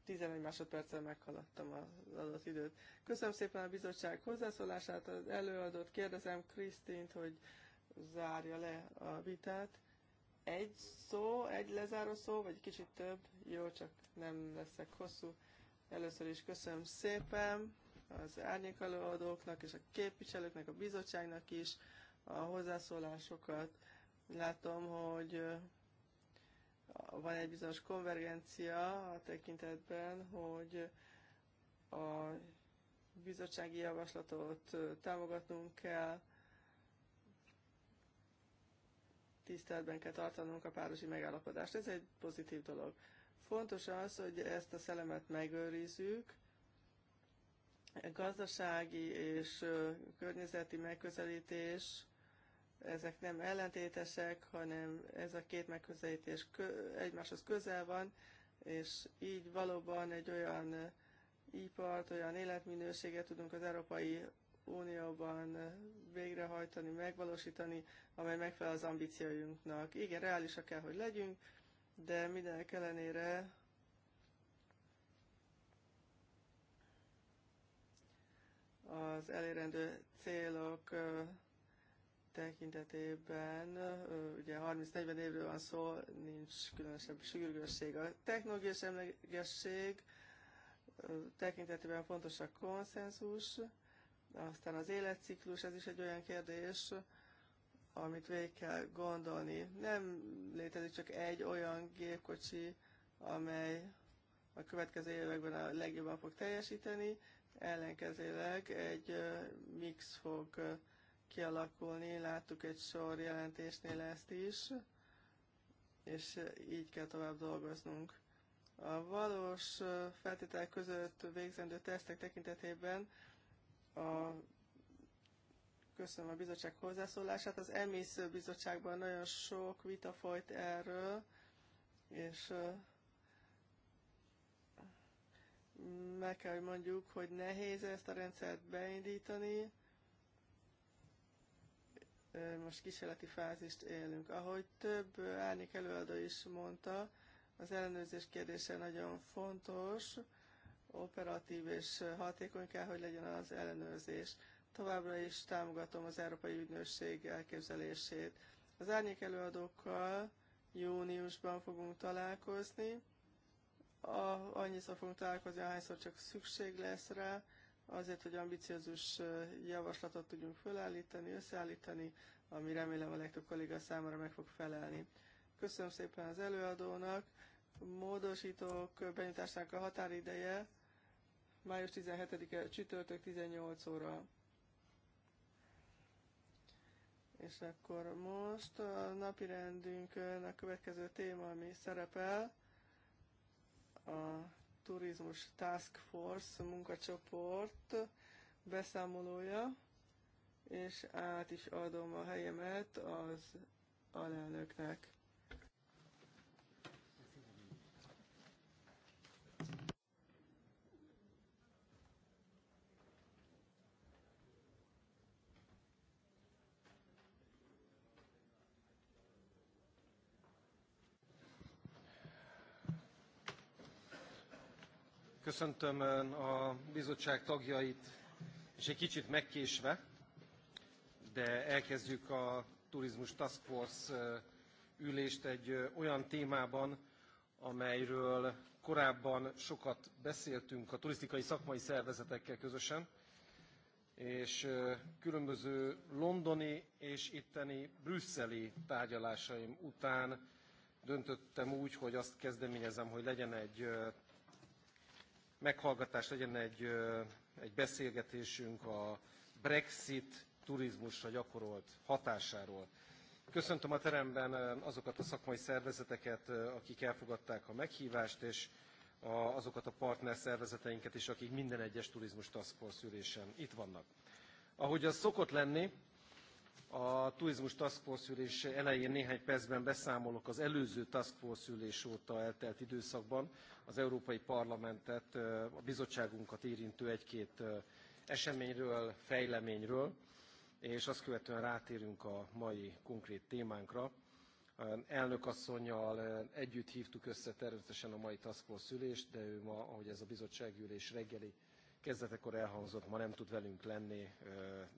11 másodperccel meghaladtam az adott időt. Köszönöm szépen a bizottság hozzászólását, az előadót. Kérdezem Krisztint, hogy zárja le a vitát. Egy szó, egy lezáró szó, vagy kicsit több? Jó, csak nem leszek hosszú. Először is köszönöm szépen az árnyékelőadóknak és a képviselőknek, a bizottságnak is a hozzászólásokat. Látom, hogy van egy bizonyos konvergencia a tekintetben, hogy a bizottsági javaslatot támogatnunk kell, tiszteletben kell tartanunk a párosi megállapodást. Ez egy pozitív dolog. Fontos az, hogy ezt a szellemet megőrizzük, gazdasági és környezeti megközelítés, ezek nem ellentétesek, hanem ez a két megközelítés egymáshoz közel van, és így valóban egy olyan ipart, olyan életminőséget tudunk az Európai Unióban végrehajtani, megvalósítani, amely megfelel az ambícióinknak. Igen, reálisak kell, hogy legyünk, de mindenek ellenére az elérendő célok tekintetében, ugye 30-40 évről van szó, nincs különösebb sürgősség. A technológiai semlegesség tekintetében fontos a konszenzus, aztán az életciklus, ez is egy olyan kérdés, amit végig kell gondolni. Nem létezik csak egy olyan gépkocsi, amely a következő években a legjobban fog teljesíteni, Ellenkezőleg egy mix fog kialakulni, láttuk egy sor jelentésnél ezt is, és így kell tovább dolgoznunk. A valós feltételek között végzendő tesztek tekintetében a köszönöm a bizottság hozzászólását. Az emésző bizottságban nagyon sok vita folyt erről, és meg kell, hogy mondjuk, hogy nehéz ezt a rendszert beindítani. Most kísérleti fázist élünk. Ahogy több árnyék előadó is mondta, az ellenőrzés kérdése nagyon fontos, operatív és hatékony kell, hogy legyen az ellenőrzés. Továbbra is támogatom az Európai Ügynökség elképzelését. Az árnyék előadókkal júniusban fogunk találkozni a, annyiszor fogunk találkozni, ahányszor csak szükség lesz rá, azért, hogy ambiciózus javaslatot tudjunk fölállítani, összeállítani, ami remélem a legtöbb kolléga számára meg fog felelni. Köszönöm szépen az előadónak, módosítók benyújtásának a határideje május 17-e csütörtök 18 óra. És akkor most a napirendünkön a következő téma, ami szerepel, a Turizmus Task Force munkacsoport beszámolója, és át is adom a helyemet az alelnöknek. köszöntöm a bizottság tagjait, és egy kicsit megkésve, de elkezdjük a Turizmus Task Force ülést egy olyan témában, amelyről korábban sokat beszéltünk a turisztikai szakmai szervezetekkel közösen, és különböző londoni és itteni brüsszeli tárgyalásaim után döntöttem úgy, hogy azt kezdeményezem, hogy legyen egy meghallgatás, legyen egy, egy beszélgetésünk a Brexit turizmusra gyakorolt hatásáról. Köszöntöm a teremben azokat a szakmai szervezeteket, akik elfogadták a meghívást, és azokat a partner szervezeteinket is, akik minden egyes turizmus taskforce ülésen itt vannak. Ahogy az szokott lenni, a turizmus Task Force ülés elején néhány percben beszámolok az előző Task Force ülés óta eltelt időszakban az Európai Parlamentet, a bizottságunkat érintő egy-két eseményről, fejleményről, és azt követően rátérünk a mai konkrét témánkra. Elnök asszonynal együtt hívtuk össze természetesen a mai Task Force ülést, de ő ma, ahogy ez a ülés reggeli kezdetekor elhangzott, ma nem tud velünk lenni,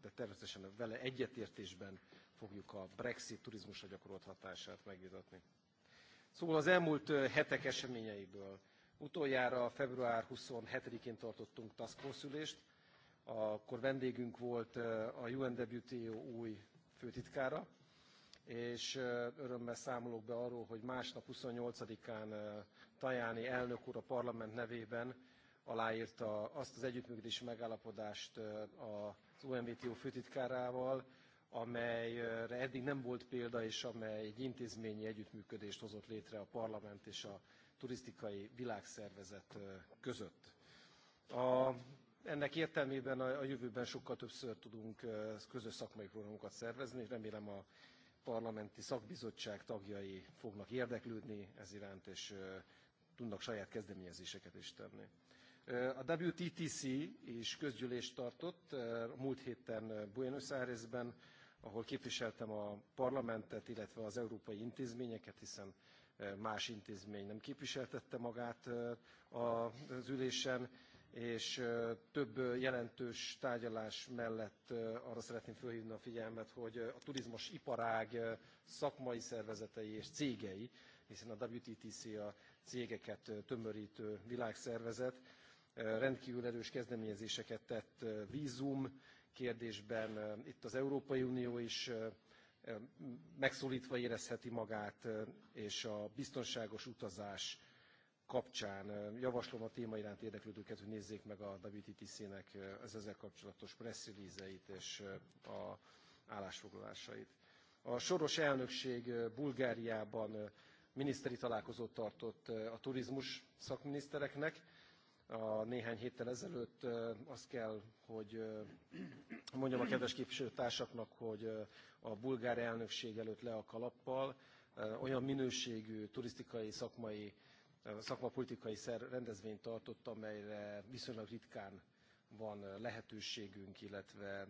de természetesen vele egyetértésben fogjuk a Brexit turizmusra gyakorolt hatását megvitatni. Szóval az elmúlt hetek eseményeiből. Utoljára február 27-én tartottunk task force akkor vendégünk volt a UNWTO új főtitkára, és örömmel számolok be arról, hogy másnap 28-án Tajáni elnök úr a parlament nevében aláírta azt az együttműködési megállapodást az UNVTO főtitkárával, amelyre eddig nem volt példa, és amely egy intézményi együttműködést hozott létre a parlament és a turisztikai világszervezet között. A, ennek értelmében a, a jövőben sokkal többször tudunk közös szakmai programokat szervezni, és remélem a parlamenti szakbizottság tagjai fognak érdeklődni ez iránt, és tudnak saját kezdeményezéseket is tenni. A WTTC is közgyűlést tartott eh, múlt héten eh, Buenos Airesben, ahol képviseltem a parlamentet, illetve az európai intézményeket, hiszen eh, más intézmény nem képviseltette magát az ülésen, és több jelentős tárgyalás mellett arra szeretném felhívni a figyelmet, hogy a turizmus iparág szakmai szervezetei és cégei, hiszen a WTTC a cégeket tömörítő világszervezet, rendkívül erős kezdeményezéseket tett vízum kérdésben. Itt az Európai Unió is megszólítva érezheti magát, és a biztonságos utazás kapcsán javaslom a téma iránt érdeklődőket, hogy nézzék meg a WTTC-nek az ezzel kapcsolatos press release-eit és a állásfoglalásait. A soros elnökség Bulgáriában miniszteri találkozót tartott a turizmus szakminisztereknek, a néhány héttel ezelőtt azt kell, hogy mondjam a kedves képviselőtársaknak, hogy a bulgár elnökség előtt le a kalappal, olyan minőségű turisztikai, szakmai, szakmapolitikai szer rendezvényt tartott, amelyre viszonylag ritkán van lehetőségünk, illetve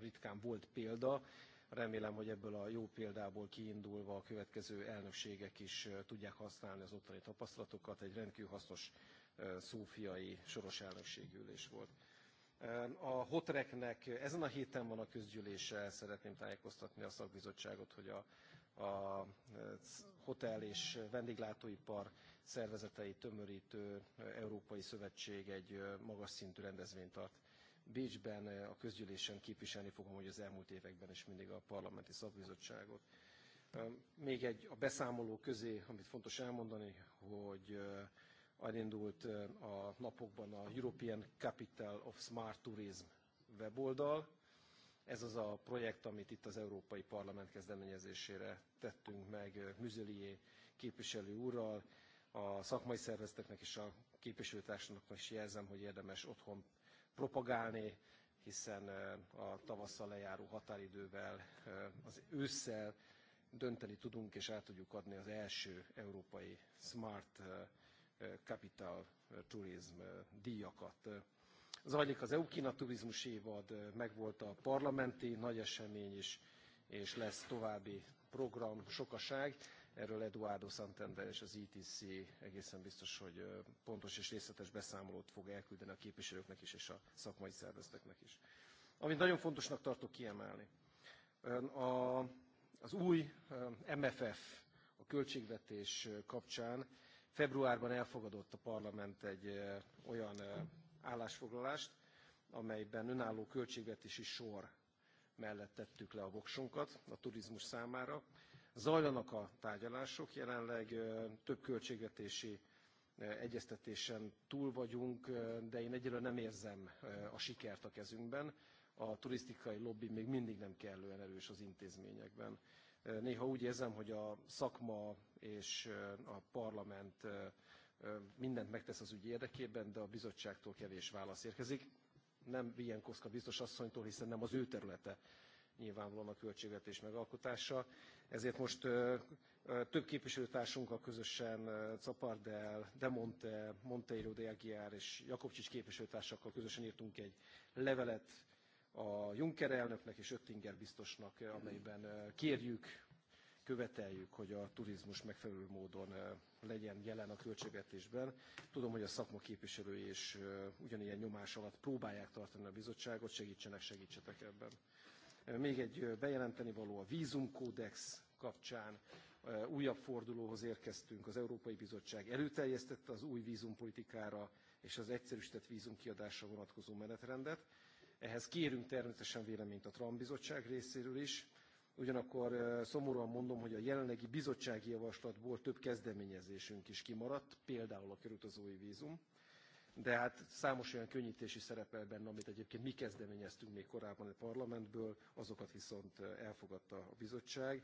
ritkán volt példa. Remélem, hogy ebből a jó példából kiindulva a következő elnökségek is tudják használni az ottani tapasztalatokat. Egy rendkívül hasznos szófiai soros elnökségülés volt. A hotreknek ezen a héten van a közgyűlése, szeretném tájékoztatni a szakbizottságot, hogy a, a hotel és vendéglátóipar szervezetei tömörítő Európai Szövetség egy magas szintű rendezvényt tart Bécsben, a közgyűlésen képviselni fogom, hogy az elmúlt években is mindig a parlamenti szakbizottságot. Még egy a beszámoló közé, amit fontos elmondani, hogy elindult a napokban a European Capital of Smart Tourism weboldal. Ez az a projekt, amit itt az Európai Parlament kezdeményezésére tettünk meg Müzelié képviselő úrral. A szakmai szervezeteknek és a képviselőtársnak is jelzem, hogy érdemes otthon propagálni, hiszen a tavasszal lejáró határidővel az ősszel dönteni tudunk és el tudjuk adni az első európai smart Capital Tourism díjakat. Zajlik az EU-Kína turizmus évad, megvolt a parlamenti nagy esemény is, és lesz további program sokaság. Erről Eduardo Santander és az ETC egészen biztos, hogy pontos és részletes beszámolót fog elküldeni a képviselőknek is és a szakmai szervezeteknek is. Amit nagyon fontosnak tartok kiemelni, a, az új MFF a költségvetés kapcsán Februárban elfogadott a parlament egy olyan állásfoglalást, amelyben önálló költségvetési sor mellett tettük le a voksunkat a turizmus számára. Zajlanak a tárgyalások, jelenleg több költségvetési egyeztetésen túl vagyunk, de én egyelőre nem érzem a sikert a kezünkben. A turisztikai lobby még mindig nem kellően erős az intézményekben. Néha úgy érzem, hogy a szakma és a parlament mindent megtesz az ügy érdekében, de a bizottságtól kevés válasz érkezik. Nem Vienkoszka biztos asszonytól, hiszen nem az ő területe nyilvánvalóan a költségvetés megalkotása. Ezért most több képviselőtársunkkal közösen Capardel, De Monte, Monteiro de Aguiar és Jakobcsics képviselőtársakkal közösen írtunk egy levelet a Juncker elnöknek és Öttinger biztosnak, eh, amelyben eh, kérjük, követeljük, hogy a turizmus megfelelő módon eh, legyen jelen a költségvetésben. Tudom, hogy a szakma képviselői is ugyanilyen nyomás alatt próbálják tartani a bizottságot, segítsenek, segítsetek ebben. Még egy bejelenteni való a vízumkódex kapcsán újabb fordulóhoz érkeztünk. Az Európai Bizottság előterjesztette az új vízumpolitikára és az egyszerűsített vízumkiadásra vonatkozó menetrendet. Ehhez kérünk természetesen véleményt a Trump bizottság részéről is, Ugyanakkor szomorúan mondom, hogy a jelenlegi bizottsági javaslatból több kezdeményezésünk is kimaradt, például a körutazói vízum, de hát számos olyan könnyítési szerepel benne, amit egyébként mi kezdeményeztünk még korábban a parlamentből, azokat viszont elfogadta a bizottság.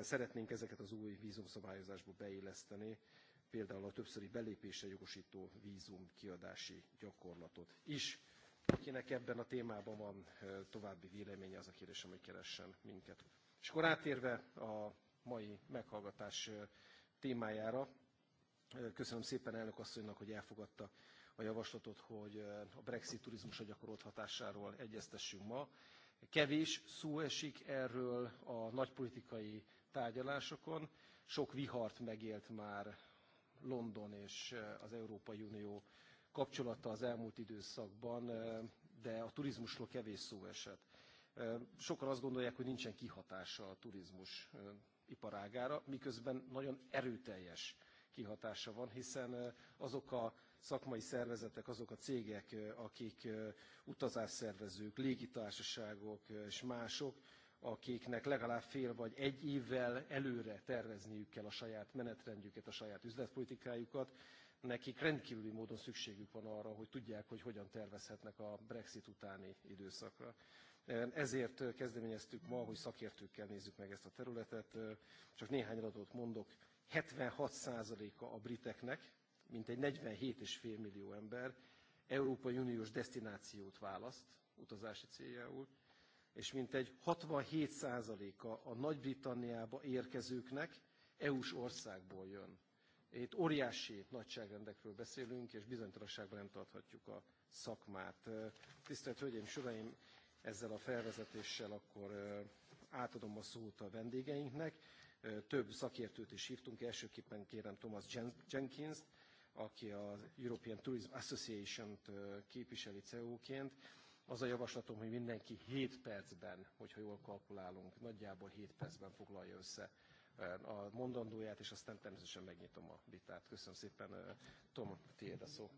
Szeretnénk ezeket az új vízumszabályozásba beilleszteni, például a többszöri belépésre jogosító vízum kiadási gyakorlatot is. Akinek ebben a témában van további véleménye, az a kérésem, hogy keressen minket. És akkor átérve a mai meghallgatás témájára, köszönöm szépen elnök asszonynak, hogy elfogadta a javaslatot, hogy a Brexit a gyakorolt hatásáról egyeztessünk ma. Kevés szó esik erről a nagypolitikai tárgyalásokon. Sok vihart megélt már London és az Európai Unió kapcsolata az elmúlt időszakban, de a turizmusról kevés szó esett. Sokan azt gondolják, hogy nincsen kihatása a turizmus iparágára, miközben nagyon erőteljes kihatása van, hiszen azok a szakmai szervezetek, azok a cégek, akik utazásszervezők, légitársaságok és mások, akiknek legalább fél vagy egy évvel előre tervezniük kell a saját menetrendjüket, a saját üzletpolitikájukat, nekik rendkívüli módon szükségük van arra, hogy tudják, hogy hogyan tervezhetnek a Brexit utáni időszakra. Ezért kezdeményeztük ma, hogy szakértőkkel nézzük meg ezt a területet. Csak néhány adatot mondok. 76%-a a briteknek, mintegy 47,5 millió ember Európai Uniós destinációt választ utazási céljául, és mintegy 67%-a a Nagy-Britanniába érkezőknek EU-s országból jön. Itt óriási nagyságrendekről beszélünk, és bizonytalanságban nem tarthatjuk a szakmát. Tisztelt Hölgyeim és Uraim, ezzel a felvezetéssel akkor átadom a szót a vendégeinknek. Több szakértőt is hívtunk, elsőképpen kérem Thomas jenkins aki az European Tourism Association-t képviseli CEO-ként. Az a javaslatom, hogy mindenki 7 percben, hogyha jól kalkulálunk, nagyjából 7 percben foglalja össze a mondandóját, és aztán természetesen megnyitom a vitát. Köszönöm szépen, Tom, tiéd a szó.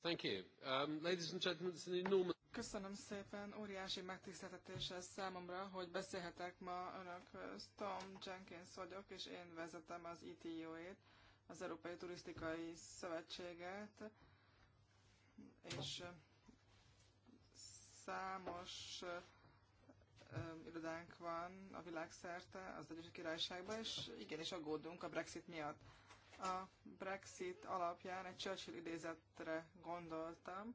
Thank you. Um, ladies and gentlemen, it's an enormous... Köszönöm szépen, óriási megtiszteltetés ez számomra, hogy beszélhetek ma önökhöz. Tom Jenkins vagyok, és én vezetem az itio e ét az Európai Turisztikai Szövetséget, és számos irodánk van a világszerte, az Egyesült Királyságban, és igenis aggódunk a Brexit miatt. A Brexit alapján egy Churchill idézetre gondoltam,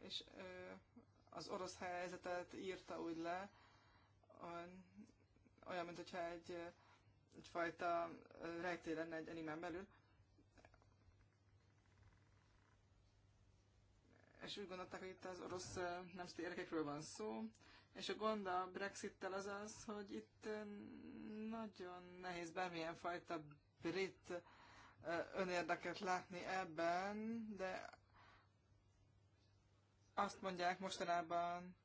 és az orosz helyzetet írta úgy le, olyan, mint egy, egyfajta rejtély lenne egy animán belül. és úgy gondolták, hogy itt az orosz nemzeti érdekekről van szó, és a gond a Brexittel az az, hogy itt nagyon nehéz bármilyen fajta brit önérdeket látni ebben, de azt mondják mostanában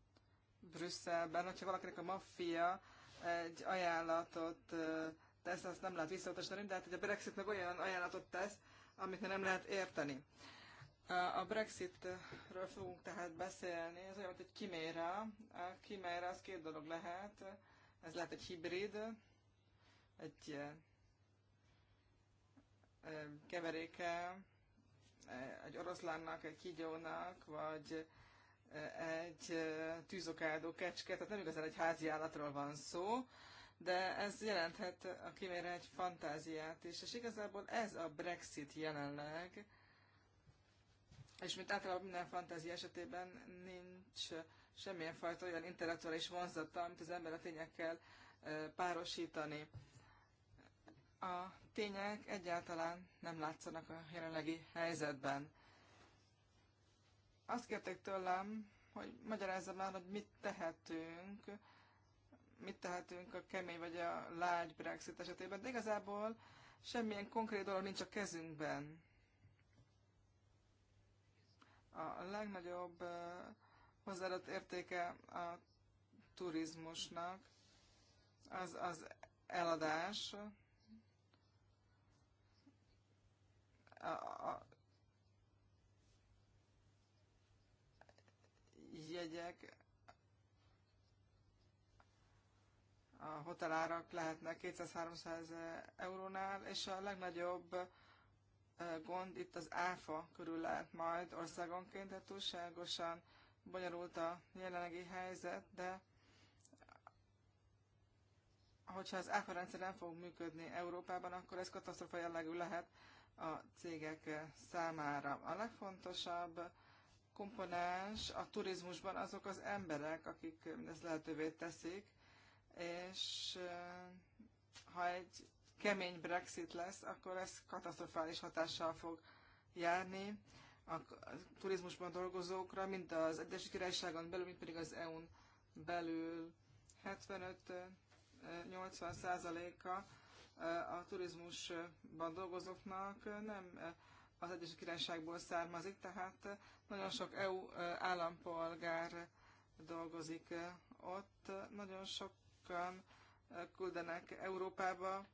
Brüsszelben, hogyha valakinek a maffia egy ajánlatot tesz, azt nem lehet visszautasítani, de hát hogy a Brexit meg olyan ajánlatot tesz, amit nem lehet érteni. A Brexitről fogunk tehát beszélni, ez olyan, mint egy kiméra. A kiméra az két dolog lehet. Ez lehet egy hibrid, egy keveréke, egy oroszlánnak, egy kígyónak, vagy egy tűzokádó kecske, tehát nem igazán egy házi állatról van szó, de ez jelenthet a kimére egy fantáziát is, és igazából ez a Brexit jelenleg, és mint általában minden fantázia esetében nincs semmilyen fajta olyan intellektuális vonzata, amit az ember a tényekkel párosítani. A tények egyáltalán nem látszanak a jelenlegi helyzetben. Azt kérték tőlem, hogy magyarázzam el, hogy mit tehetünk, mit tehetünk a kemény vagy a lágy Brexit esetében, de igazából semmilyen konkrét dolog nincs a kezünkben a legnagyobb hozzáadott értéke a turizmusnak az az eladás, a, a jegyek, a hotelárak lehetnek 200-300 eurónál, és a legnagyobb gond itt az áfa körül lehet majd országonként, tehát túlságosan bonyolult a jelenlegi helyzet, de hogyha az áfa rendszer nem fog működni Európában, akkor ez katasztrofa jellegű lehet a cégek számára. A legfontosabb komponens a turizmusban azok az emberek, akik ezt lehetővé teszik, és eh, ha egy kemény Brexit lesz, akkor ez katasztrofális hatással fog járni a turizmusban dolgozókra, mint az Egyesült Királyságon belül, mint pedig az EU-n belül. 75-80 százaléka a turizmusban dolgozóknak nem az Egyesült Királyságból származik, tehát nagyon sok EU állampolgár dolgozik ott. Nagyon sokan küldenek Európába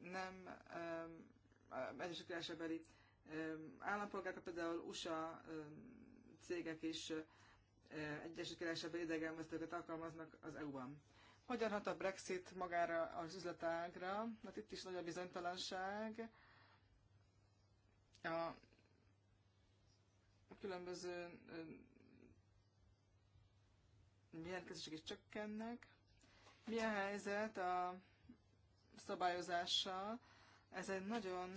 nem Egyesült Királyságbeli állampolgárok, például USA cégek is Egyesült Királyságban idegenvezetőket alkalmaznak az EU-ban. Hogyan hat a Brexit magára az üzletágra? Hát itt is nagy a bizonytalanság. A különböző jelentkezések is csökkennek. Mi a helyzet a szabályozással? Ez egy nagyon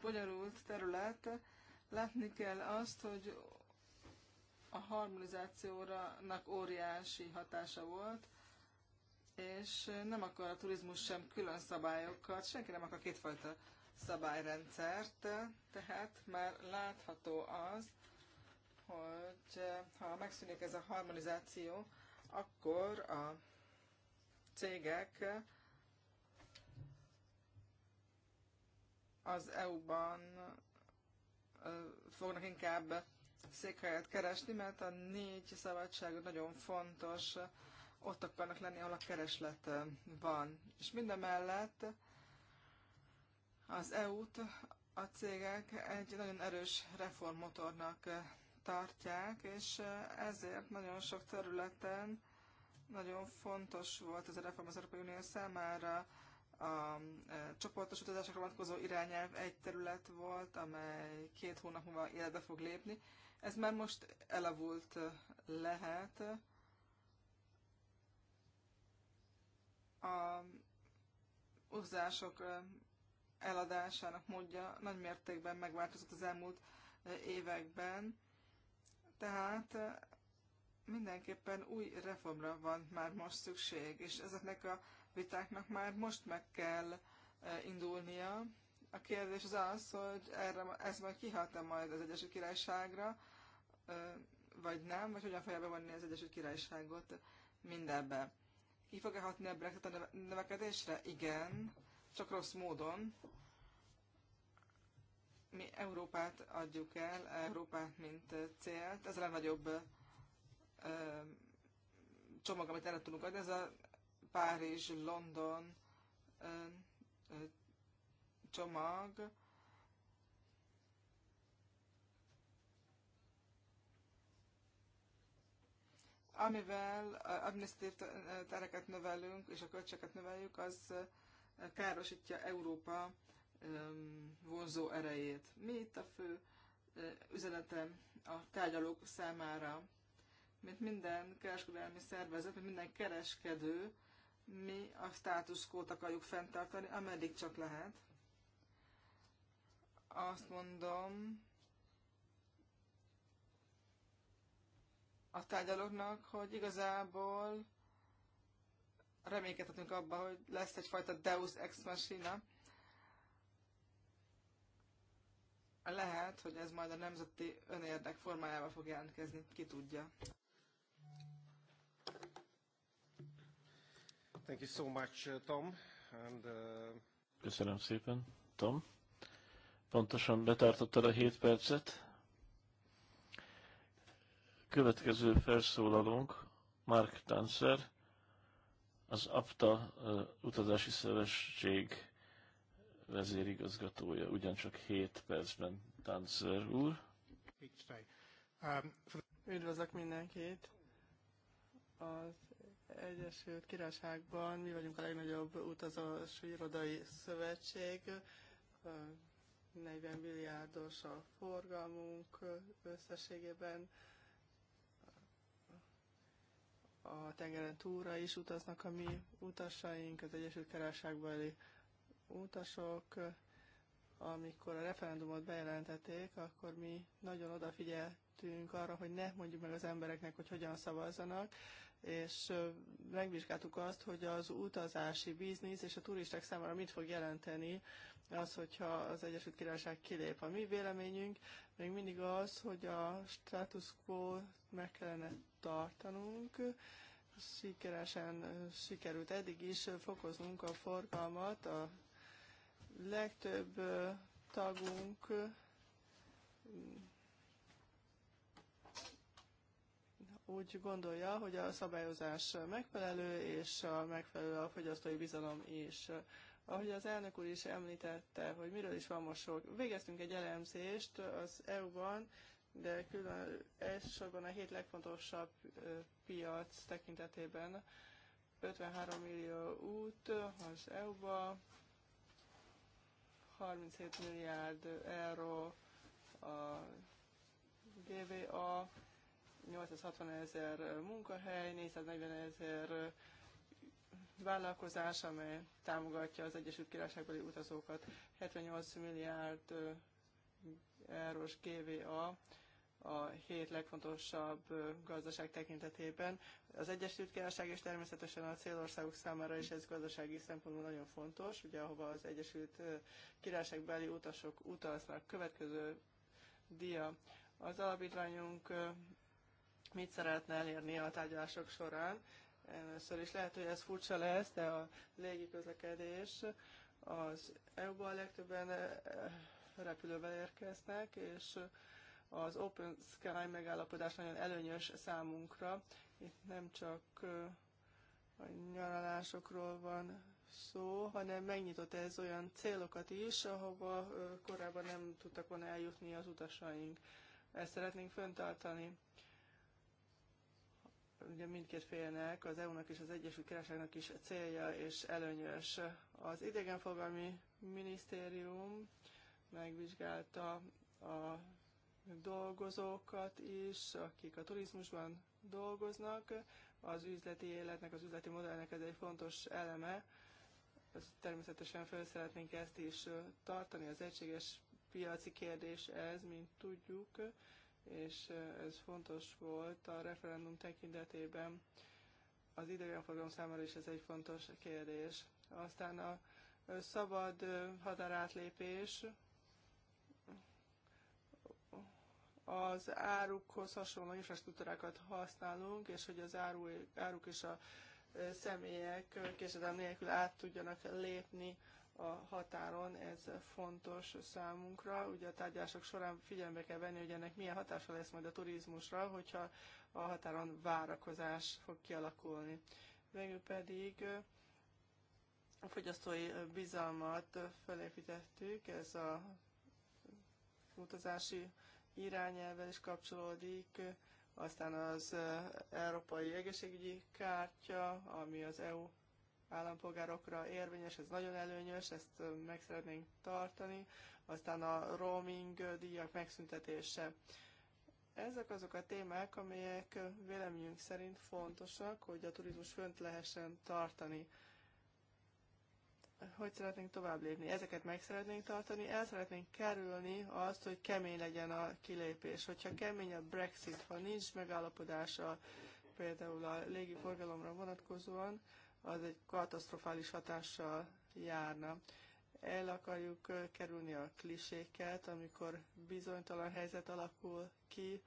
bonyolult terület. Látni kell azt, hogy a harmonizációnak óriási hatása volt, és nem akar a turizmus sem külön szabályokat, senki nem akar kétfajta szabályrendszert, tehát már látható az, hogy ha megszűnik ez a harmonizáció, akkor a cégek az EU-ban fognak inkább székhelyet keresni, mert a négy szabadság nagyon fontos, ott akarnak lenni, ahol a kereslet van. És mindemellett az EU-t a cégek egy nagyon erős reformmotornak tartják, és ezért nagyon sok területen nagyon fontos volt ez a reform az Európai Unió számára. A e, csoportos utazásokra vonatkozó irányelv egy terület volt, amely két hónap múlva életbe fog lépni. Ez már most elavult lehet. A utazások eladásának módja nagy mértékben megváltozott az elmúlt e, években. Tehát mindenképpen új reformra van már most szükség, és ezeknek a vitáknak már most meg kell e, indulnia. A kérdés az az, hogy erre, ez majd kihat-e majd az Egyesült Királyságra, e, vagy nem, vagy hogyan fogja bevonni az Egyesült Királyságot mindebbe. Ki fog-e hatni a Brexit a növekedésre? Igen, csak rossz módon. Mi Európát adjuk el, Európát mint célt, ez a legnagyobb csomag, amit el tudunk adni, ez a Párizs, London csomag. Amivel administratív tereket növelünk és a költségeket növeljük, az károsítja Európa vonzó erejét. Mi itt a fő üzenetem a tárgyalók számára? mint minden kereskedelmi szervezet, mint minden kereskedő, mi a státuszkót akarjuk fenntartani, ameddig csak lehet. Azt mondom, a tárgyalóknak, hogy igazából reménykedhetünk abba, hogy lesz egyfajta Deus Ex Machina. Lehet, hogy ez majd a nemzeti önérdek formájába fog jelentkezni, ki tudja. Thank you so much, uh, Tom. And, uh... Köszönöm szépen, Tom. Pontosan betartottad a 7 percet. Következő felszólalónk Mark Tanzer, az APTA uh, utazási szövetség vezérigazgatója, ugyancsak 7 percben Tanzer úr. Üdvözlök mindenkit! Az Egyesült Királyságban mi vagyunk a legnagyobb utazós irodai szövetség, 40 milliárdos a forgalmunk összességében, a tengeren túlra is utaznak a mi utasaink, az Egyesült Királyságbeli utasok. Amikor a referendumot bejelentették, akkor mi nagyon odafigyeltünk arra, hogy ne mondjuk meg az embereknek, hogy hogyan szavazzanak, és megvizsgáltuk azt, hogy az utazási biznisz és a turisták számára mit fog jelenteni az, hogyha az Egyesült Királyság kilép. A mi véleményünk még mindig az, hogy a status quo meg kellene tartanunk, sikeresen sikerült eddig is fokoznunk a forgalmat. A legtöbb tagunk úgy gondolja, hogy a szabályozás megfelelő, és a megfelelő a fogyasztói bizalom is. Ahogy az elnök úr is említette, hogy miről is van most sok. Végeztünk egy elemzést az EU-ban, de külön elsősorban a hét legfontosabb piac tekintetében 53 millió út az EU-ba, 37 milliárd euró a GVA, 860 ezer munkahely, 440 ezer vállalkozás, amely támogatja az Egyesült Királyságbeli utazókat. 78 milliárd eurós GVA a hét legfontosabb gazdaság tekintetében. Az Egyesült Királyság és természetesen a célországok számára is ez gazdasági szempontból nagyon fontos, ugye ahova az Egyesült Királyság beli utasok utaznak. Következő dia. Az alapítványunk mit szeretne elérni a tárgyalások során. Először is lehet, hogy ez furcsa lesz, de a légi közlekedés az EU-ban legtöbben eh, repülővel érkeznek, és az Open Sky megállapodás nagyon előnyös számunkra. Itt nem csak eh, a nyaralásokról van szó, hanem megnyitott ez olyan célokat is, ahova eh, korábban nem tudtak volna eljutni az utasaink. Ezt szeretnénk föntartani ugye mindkét félnek, az EU-nak és az Egyesült Királyságnak is célja és előnyös. Az idegenforgalmi minisztérium megvizsgálta a dolgozókat is, akik a turizmusban dolgoznak. Az üzleti életnek, az üzleti modellnek ez egy fontos eleme. Ez természetesen fel szeretnénk ezt is tartani, az egységes piaci kérdés ez, mint tudjuk és ez fontos volt a referendum tekintetében. Az idegenforgalom számára is ez egy fontos kérdés. Aztán a szabad határátlépés az árukhoz hasonló infrastruktúrákat használunk, és hogy az áru, áruk és a személyek késedelem nélkül át tudjanak lépni a határon, ez fontos számunkra. Ugye a tárgyalások során figyelembe kell venni, hogy ennek milyen hatása lesz majd a turizmusra, hogyha a határon várakozás fog kialakulni. Végül pedig a fogyasztói bizalmat felépítettük, ez a utazási irányelvvel is kapcsolódik, aztán az Európai Egészségügyi Kártya, ami az EU állampolgárokra érvényes, ez nagyon előnyös, ezt meg szeretnénk tartani. Aztán a roaming díjak megszüntetése. Ezek azok a témák, amelyek véleményünk szerint fontosak, hogy a turizmus fönt lehessen tartani. Hogy szeretnénk tovább lépni? Ezeket meg szeretnénk tartani, el szeretnénk kerülni azt, hogy kemény legyen a kilépés. Hogyha kemény a Brexit, ha nincs megállapodása például a légiforgalomra vonatkozóan, az egy katasztrofális hatással járna. El akarjuk kerülni a kliséket, amikor bizonytalan helyzet alakul ki,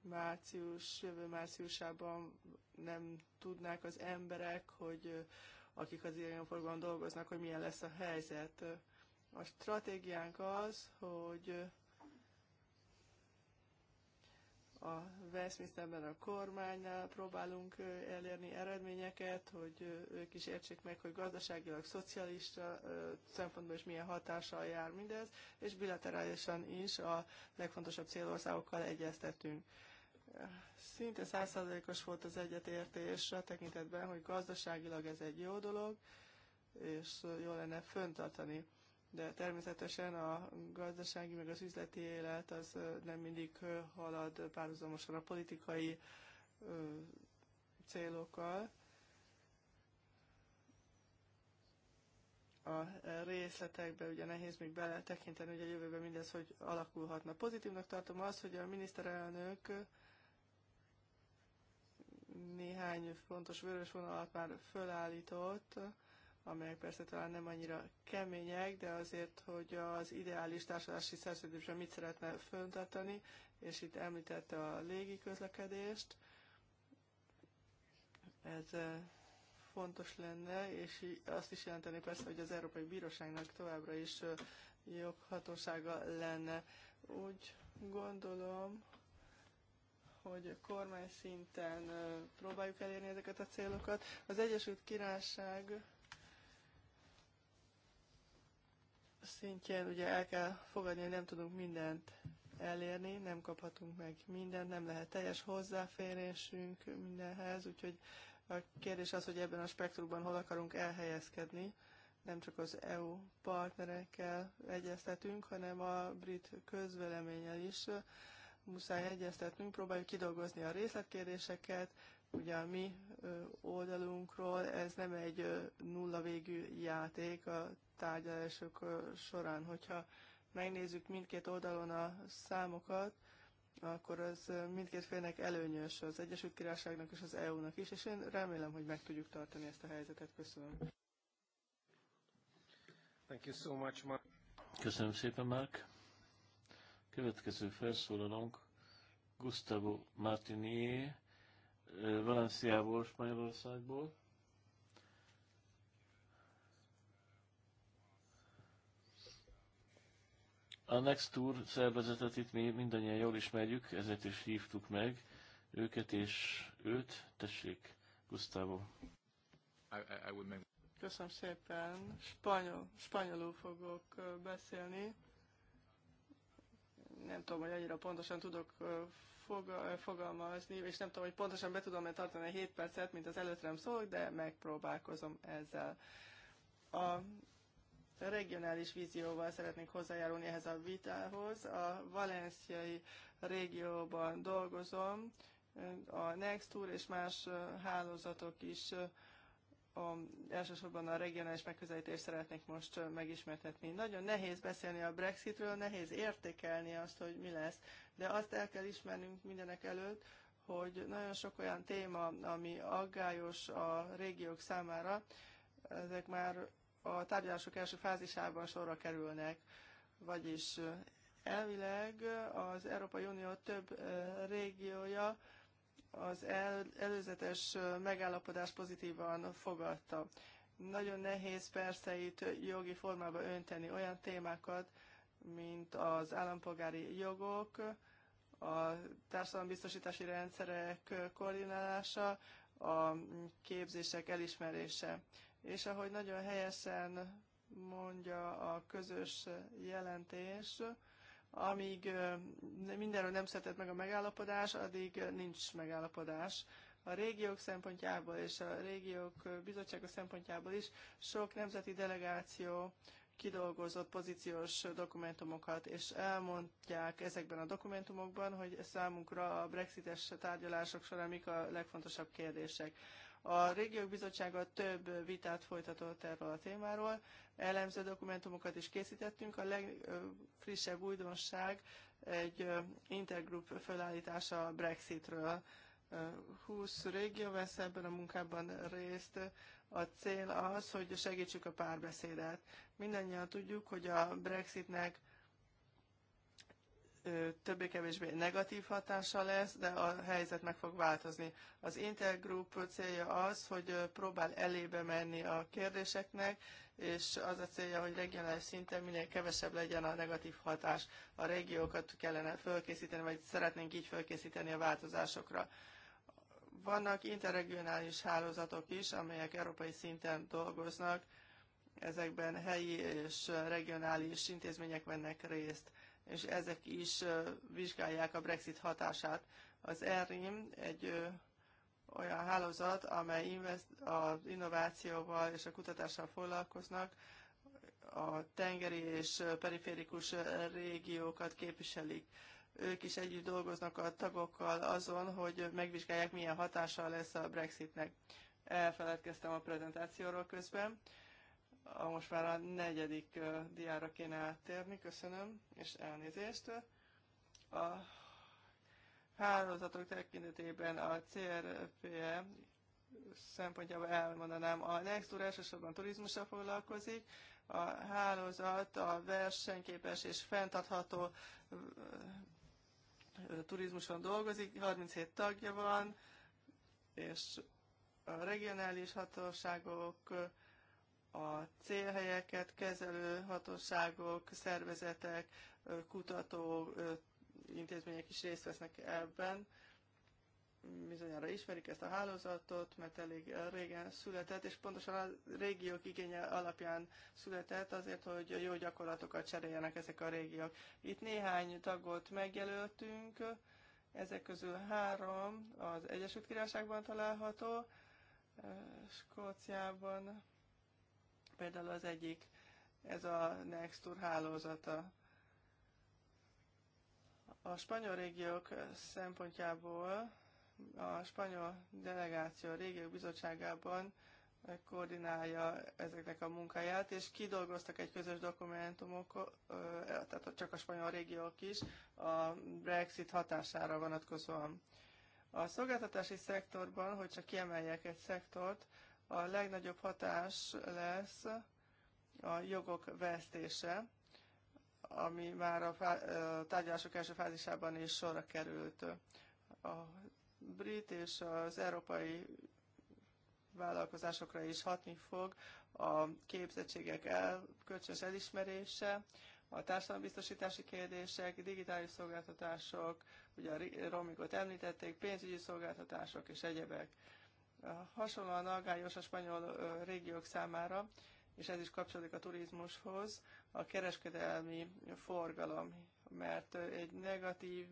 március, jövő márciusában nem tudnák az emberek, hogy akik az irányomforgóan dolgoznak, hogy milyen lesz a helyzet. A stratégiánk az, hogy a Westminsterben a kormánynál próbálunk elérni eredményeket, hogy ők is értsék meg, hogy gazdaságilag, szocialista szempontból is milyen hatással jár mindez, és bilaterálisan is a legfontosabb célországokkal egyeztetünk. Szinte százszázalékos volt az egyetértés a tekintetben, hogy gazdaságilag ez egy jó dolog, és jó lenne föntartani de természetesen a gazdasági meg az üzleti élet az nem mindig halad párhuzamosan a politikai célokkal. A részletekbe ugye nehéz még beletekinteni, hogy a jövőben mindez hogy alakulhatna. Pozitívnak tartom azt, hogy a miniszterelnök néhány fontos vörös vonalat már fölállított, amelyek persze talán nem annyira kemények, de azért, hogy az ideális társadalási szerződésben mit szeretne föntartani, és itt említette a légi közlekedést. Ez eh, fontos lenne, és azt is jelenteni persze, hogy az Európai Bíróságnak továbbra is eh, joghatósága lenne. Úgy gondolom, hogy kormány szinten eh, próbáljuk elérni ezeket a célokat. Az Egyesült Királyság szintjén ugye el kell fogadni, hogy nem tudunk mindent elérni, nem kaphatunk meg mindent, nem lehet teljes hozzáférésünk mindenhez, úgyhogy a kérdés az, hogy ebben a spektrumban hol akarunk elhelyezkedni. Nem csak az EU partnerekkel egyeztetünk, hanem a brit közveleménnyel is muszáj egyeztetnünk, próbáljuk kidolgozni a részletkérdéseket, ugye a mi oldalunkról ez nem egy nulla végű játék, a tárgyalások során. Hogyha megnézzük mindkét oldalon a számokat, akkor az mindkét félnek előnyös, az Egyesült Királyságnak és az EU-nak is, és én remélem, hogy meg tudjuk tartani ezt a helyzetet. Köszönöm. Thank you so much, Mark. Köszönöm szépen, Mark. Következő felszólalónk Gustavo Martini, Valenciából, Spanyolországból. A Next Tour szervezetet itt mi mindannyian jól ismerjük, ezért is hívtuk meg őket és őt. Tessék, Gustavo. Köszönöm szépen. Spanyol, spanyolul fogok beszélni. Nem tudom, hogy annyira pontosan tudok fogalmazni, és nem tudom, hogy pontosan be tudom-e tartani a 7 percet, mint az előttem szólok, de megpróbálkozom ezzel. A regionális vízióval szeretnék hozzájárulni ehhez a vitához. A valenciai régióban dolgozom, a Nextur és más hálózatok is a, elsősorban a regionális megközelítést szeretnék most megismertetni. Nagyon nehéz beszélni a Brexitről, nehéz értékelni azt, hogy mi lesz, de azt el kell ismernünk mindenek előtt, hogy nagyon sok olyan téma, ami aggályos a régiók számára, ezek már a tárgyalások első fázisában sorra kerülnek, vagyis elvileg az Európai Unió több régiója az el, előzetes megállapodás pozitívan fogadta. Nagyon nehéz persze itt jogi formába önteni olyan témákat, mint az állampolgári jogok, a társadalombiztosítási rendszerek koordinálása, a képzések elismerése és ahogy nagyon helyesen mondja a közös jelentés, amíg mindenről nem született meg a megállapodás, addig nincs megállapodás. A régiók szempontjából és a régiók bizottsága szempontjából is sok nemzeti delegáció kidolgozott pozíciós dokumentumokat, és elmondják ezekben a dokumentumokban, hogy számunkra a brexites tárgyalások során mik a legfontosabb kérdések. A régiók bizottsága több vitát folytatott erről a témáról, elemző dokumentumokat is készítettünk. A legfrissebb újdonság egy intergroup felállítása a Brexitről. 20 régió vesz ebben a munkában részt. A cél az, hogy segítsük a párbeszédet. Mindannyian tudjuk, hogy a Brexitnek többé-kevésbé negatív hatása lesz, de a helyzet meg fog változni. Az Intergroup célja az, hogy próbál elébe menni a kérdéseknek, és az a célja, hogy regionális szinten minél kevesebb legyen a negatív hatás. A régiókat kellene fölkészíteni, vagy szeretnénk így fölkészíteni a változásokra. Vannak interregionális hálózatok is, amelyek európai szinten dolgoznak, ezekben helyi és regionális intézmények vennek részt és ezek is vizsgálják a Brexit hatását. Az ERIM egy olyan hálózat, amely invest, az innovációval és a kutatással foglalkoznak, a tengeri és periférikus régiókat képviselik. Ők is együtt dolgoznak a tagokkal azon, hogy megvizsgálják, milyen hatása lesz a Brexitnek. Elfeledkeztem a prezentációról közben a, ah, most már a negyedik uh, diára kéne áttérni, köszönöm, és elnézést. A hálózatok tekintetében a CRPE szempontjából elmondanám, a Nextur elsősorban turizmussal foglalkozik, a hálózat a versenyképes és fenntartható turizmuson dolgozik, 37 tagja van, és a regionális hatóságok a célhelyeket, kezelő hatóságok, szervezetek, kutató intézmények is részt vesznek ebben. Bizonyára ismerik ezt a hálózatot, mert elég régen született, és pontosan a régiók igénye alapján született azért, hogy jó gyakorlatokat cseréljenek ezek a régiók. Itt néhány tagot megjelöltünk, ezek közül három az Egyesült Királyságban található, Skóciában, Például az egyik, ez a Nextur hálózata. A spanyol régiók szempontjából a spanyol delegáció a régiók bizottságában koordinálja ezeknek a munkáját, és kidolgoztak egy közös dokumentumok, tehát csak a spanyol régiók is, a Brexit hatására vonatkozóan. A szolgáltatási szektorban, hogy csak kiemeljek egy szektort, a legnagyobb hatás lesz a jogok vesztése, ami már a tárgyalások első fázisában is sorra került. A brit és az európai vállalkozásokra is hatni fog a képzettségek el, kölcsönös elismerése, a társadalombiztosítási kérdések, digitális szolgáltatások, ugye a romingot említették, pénzügyi szolgáltatások és egyebek. Hasonlóan aggályos a spanyol régiók számára, és ez is kapcsolódik a turizmushoz, a kereskedelmi forgalom, mert egy negatív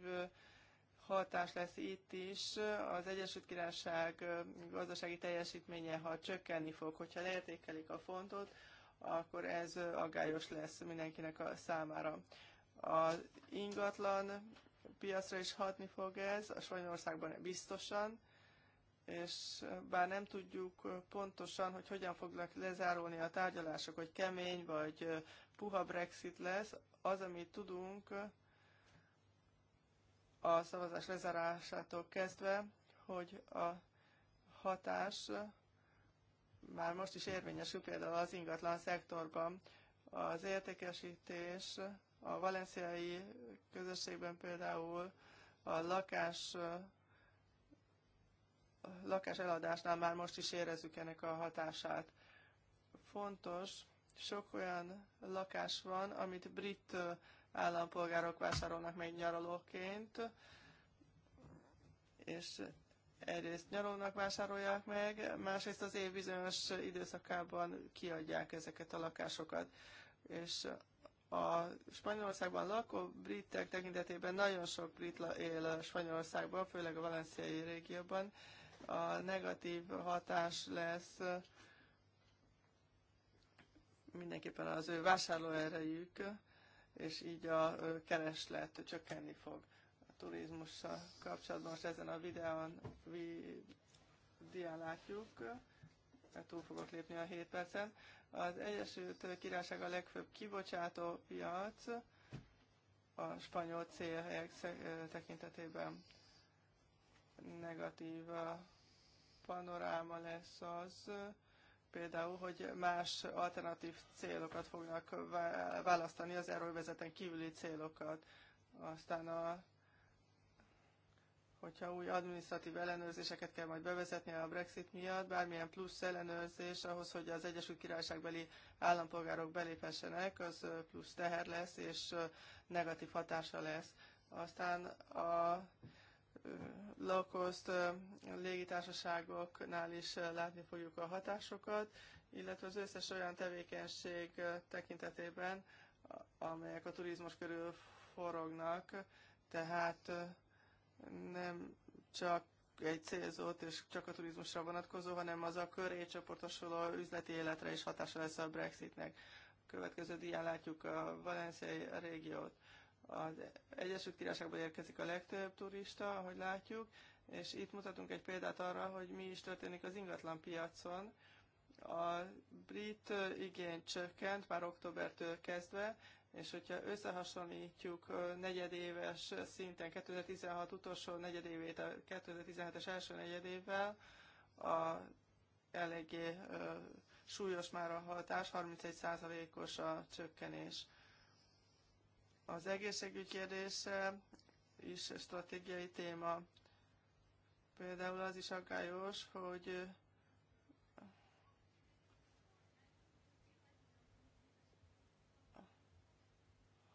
hatás lesz itt is. Az Egyesült Királyság gazdasági teljesítménye, ha csökkenni fog, hogyha leértékelik a fontot, akkor ez aggályos lesz mindenkinek a számára. Az ingatlan piacra is hatni fog ez, a Spanyolországban biztosan, és bár nem tudjuk pontosan, hogy hogyan fognak lezárulni a tárgyalások, hogy kemény vagy puha Brexit lesz, az, amit tudunk a szavazás lezárásától kezdve, hogy a hatás már most is érvényesül például az ingatlan szektorban. Az értékesítés a valenciai közösségben például a lakás lakás eladásnál már most is érezzük ennek a hatását. Fontos, sok olyan lakás van, amit brit állampolgárok vásárolnak meg nyaralóként, és egyrészt nyaralónak vásárolják meg, másrészt az év bizonyos időszakában kiadják ezeket a lakásokat. És a Spanyolországban lakó britek tekintetében nagyon sok brit él Spanyolországban, főleg a valenciai régióban, a negatív hatás lesz mindenképpen az ő vásárlóerejük, és így a kereslet csökkenni fog a turizmussal kapcsolatban. Most ezen a videón videón látjuk, mert túl fogok lépni a 7 percen. Az Egyesült Királyság a legfőbb kibocsátó piac a spanyol célhelyek tekintetében negatív panoráma lesz az, például, hogy más alternatív célokat fognak választani az erővezeten kívüli célokat. Aztán a hogyha új adminisztratív ellenőrzéseket kell majd bevezetni a Brexit miatt, bármilyen plusz ellenőrzés ahhoz, hogy az Egyesült Királyságbeli állampolgárok beléphessenek, az plusz teher lesz, és negatív hatása lesz. Aztán a low cost légitársaságoknál is látni fogjuk a hatásokat, illetve az összes olyan tevékenység tekintetében, amelyek a turizmus körül forognak, tehát nem csak egy célzott és csak a turizmusra vonatkozó, hanem az a köré csoportosuló üzleti életre is hatása lesz a Brexitnek. Következő dián látjuk a valenciai régiót. Az Egyesült Királyságból érkezik a legtöbb turista, ahogy látjuk, és itt mutatunk egy példát arra, hogy mi is történik az ingatlan piacon. A brit igény csökkent már októbertől kezdve, és hogyha összehasonlítjuk negyedéves szinten 2016 utolsó negyedévét a 2017-es első negyedével, a eléggé súlyos már a hatás, 31%-os a csökkenés. Az egészségügy kérdése is stratégiai téma. Például az is aggályos, hogy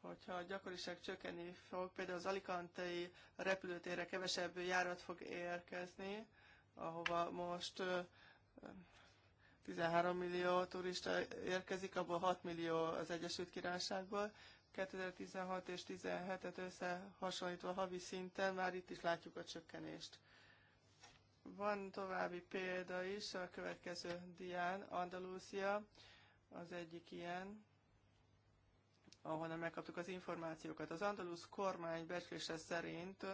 hogyha a gyakoriság csökkenni fog, például az alikantei repülőtérre kevesebb járat fog érkezni, ahova most 13 millió turista érkezik, abból 6 millió az Egyesült Királyságból, 2016 és 17-et összehasonlítva havi szinten már itt is látjuk a csökkenést. Van további példa is a következő dián, Andalúzia, az egyik ilyen, ahonnan megkaptuk az információkat. Az andalusz kormány becslése szerint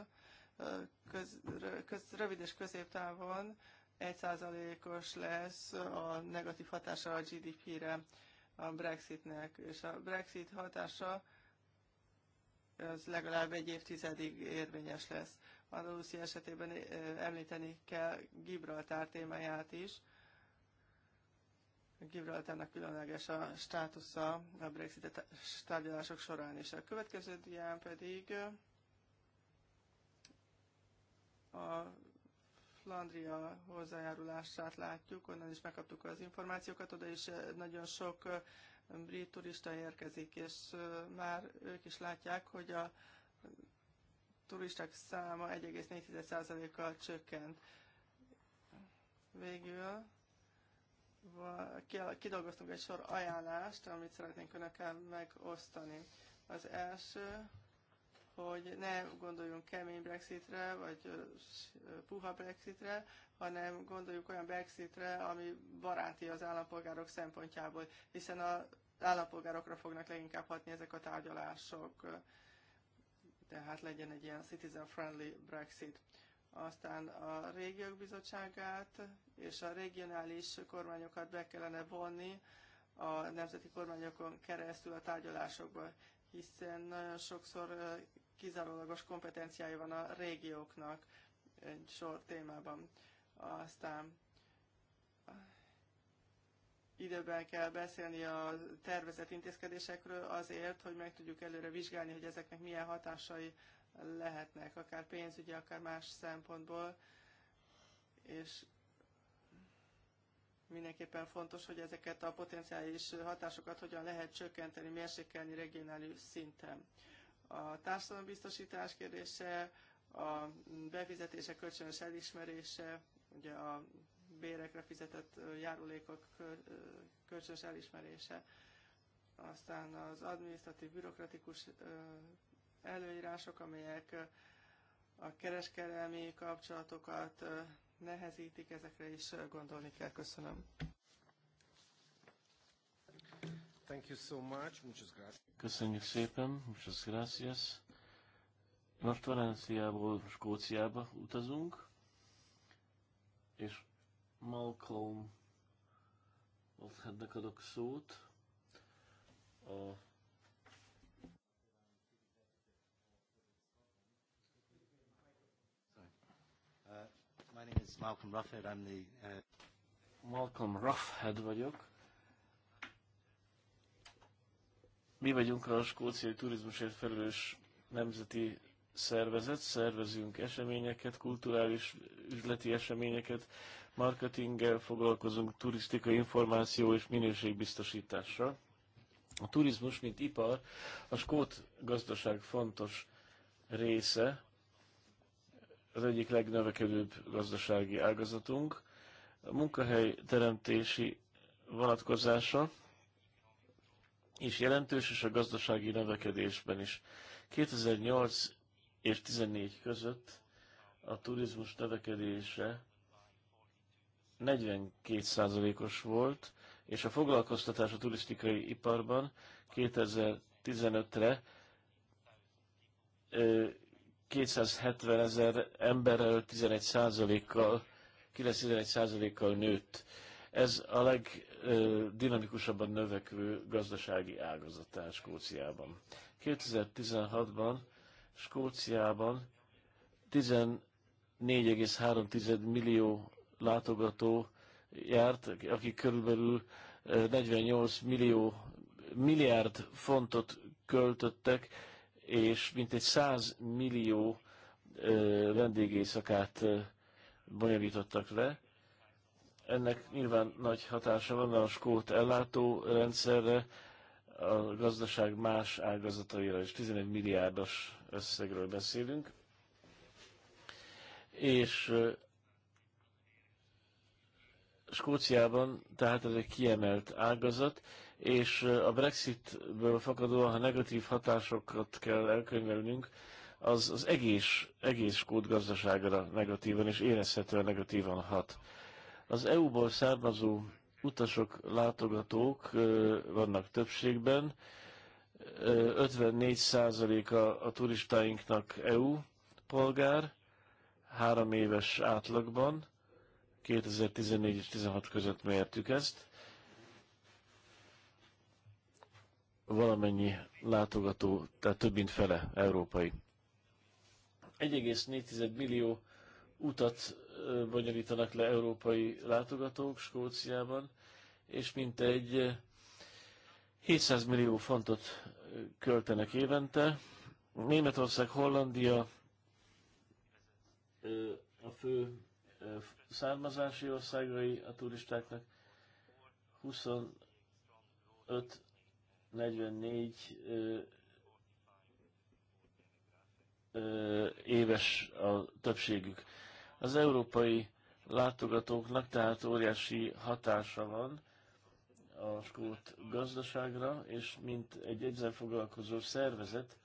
köz, köz, rövid és középtávon 1%-os lesz a negatív hatása a GDP-re a Brexitnek, és a Brexit hatása az legalább egy évtizedig érvényes lesz. Andalúzia esetében említeni kell Gibraltár témáját is. Gibraltárnak különleges a státusza a Brexit tárgyalások során is. A következő dián pedig a Flandria hozzájárulását látjuk, onnan is megkaptuk az információkat, oda is nagyon sok brit turista érkezik, és már ők is látják, hogy a turisták száma 1,4%-kal csökkent. Végül kidolgoztunk egy sor ajánlást, amit szeretnénk önökkel megosztani. Az első hogy ne gondoljunk kemény Brexitre, vagy puha Brexitre, hanem gondoljuk olyan Brexitre, ami baráti az állampolgárok szempontjából, hiszen az állampolgárokra fognak leginkább hatni ezek a tárgyalások. Tehát legyen egy ilyen citizen-friendly Brexit. Aztán a régiók bizottságát és a regionális kormányokat be kellene vonni a nemzeti kormányokon keresztül a tárgyalásokba, hiszen nagyon sokszor kizárólagos kompetenciája van a régióknak egy sor témában. Aztán ah, időben kell beszélni a tervezett intézkedésekről azért, hogy meg tudjuk előre vizsgálni, hogy ezeknek milyen hatásai lehetnek, akár pénzügyi, akár más szempontból, és mindenképpen fontos, hogy ezeket a potenciális hatásokat hogyan lehet csökkenteni, mérsékelni regionális szinten a társadalombiztosítás kérdése, a befizetések kölcsönös elismerése, ugye a bérekre fizetett járulékok kölcsönös elismerése, aztán az administratív bürokratikus előírások, amelyek a kereskedelmi kapcsolatokat nehezítik, ezekre is gondolni kell. Köszönöm. Thank you so much. Muchas gracias. Köszönjük szépen, muchas gracias. Most Valenciából Skóciába utazunk, és Malcolm Wolfhardnak adok szót. A uh, My name is Malcolm Ruffhead. I'm the, uh... Malcolm Ruffhead vagyok. Uh, Mi vagyunk a skóciai turizmusért felelős nemzeti szervezet, szervezünk eseményeket, kulturális, üzleti eseményeket, marketinggel foglalkozunk, turisztikai információ és minőségbiztosítással. A turizmus, mint ipar, a skót gazdaság fontos része, az egyik legnövekedőbb gazdasági ágazatunk. A munkahely teremtési vonatkozása is jelentős, és a gazdasági növekedésben is. 2008 és 2014 között a turizmus növekedése 42%-os volt, és a foglalkoztatás a turisztikai iparban 2015-re 270 ezer emberrel 11 kal 9-11%-kal nőtt. Ez a leg dinamikusabban növekvő gazdasági ágazatán Skóciában. 2016-ban Skóciában 14,3 millió látogató járt, akik körülbelül 48 millió milliárd fontot költöttek, és mintegy 100 millió vendégészakát bonyolítottak le. Ennek nyilván nagy hatása van a skót ellátó rendszerre, a gazdaság más ágazataira is 11 milliárdos összegről beszélünk. És Skóciában, tehát ez egy kiemelt ágazat, és a Brexitből fakadóan, ha negatív hatásokat kell elkönyvelnünk, az az egész, egész skót gazdaságra negatívan és érezhetően negatívan hat. Az EU-ból származó utasok, látogatók vannak többségben, 54%-a a turistáinknak EU polgár, három éves átlagban, 2014 és 16 között mértük ezt. Valamennyi látogató, tehát több mint fele európai. 1,4 millió utat bonyolítanak le európai látogatók Skóciában, és mintegy 700 eh, millió fontot eh, költenek évente. Németország, Hollandia eh, a fő származási országai a turistáknak 25-44 éves a többségük. Az európai látogatóknak tehát óriási hatása van a skót gazdaságra, és mint egy egyszer foglalkozó szervezet,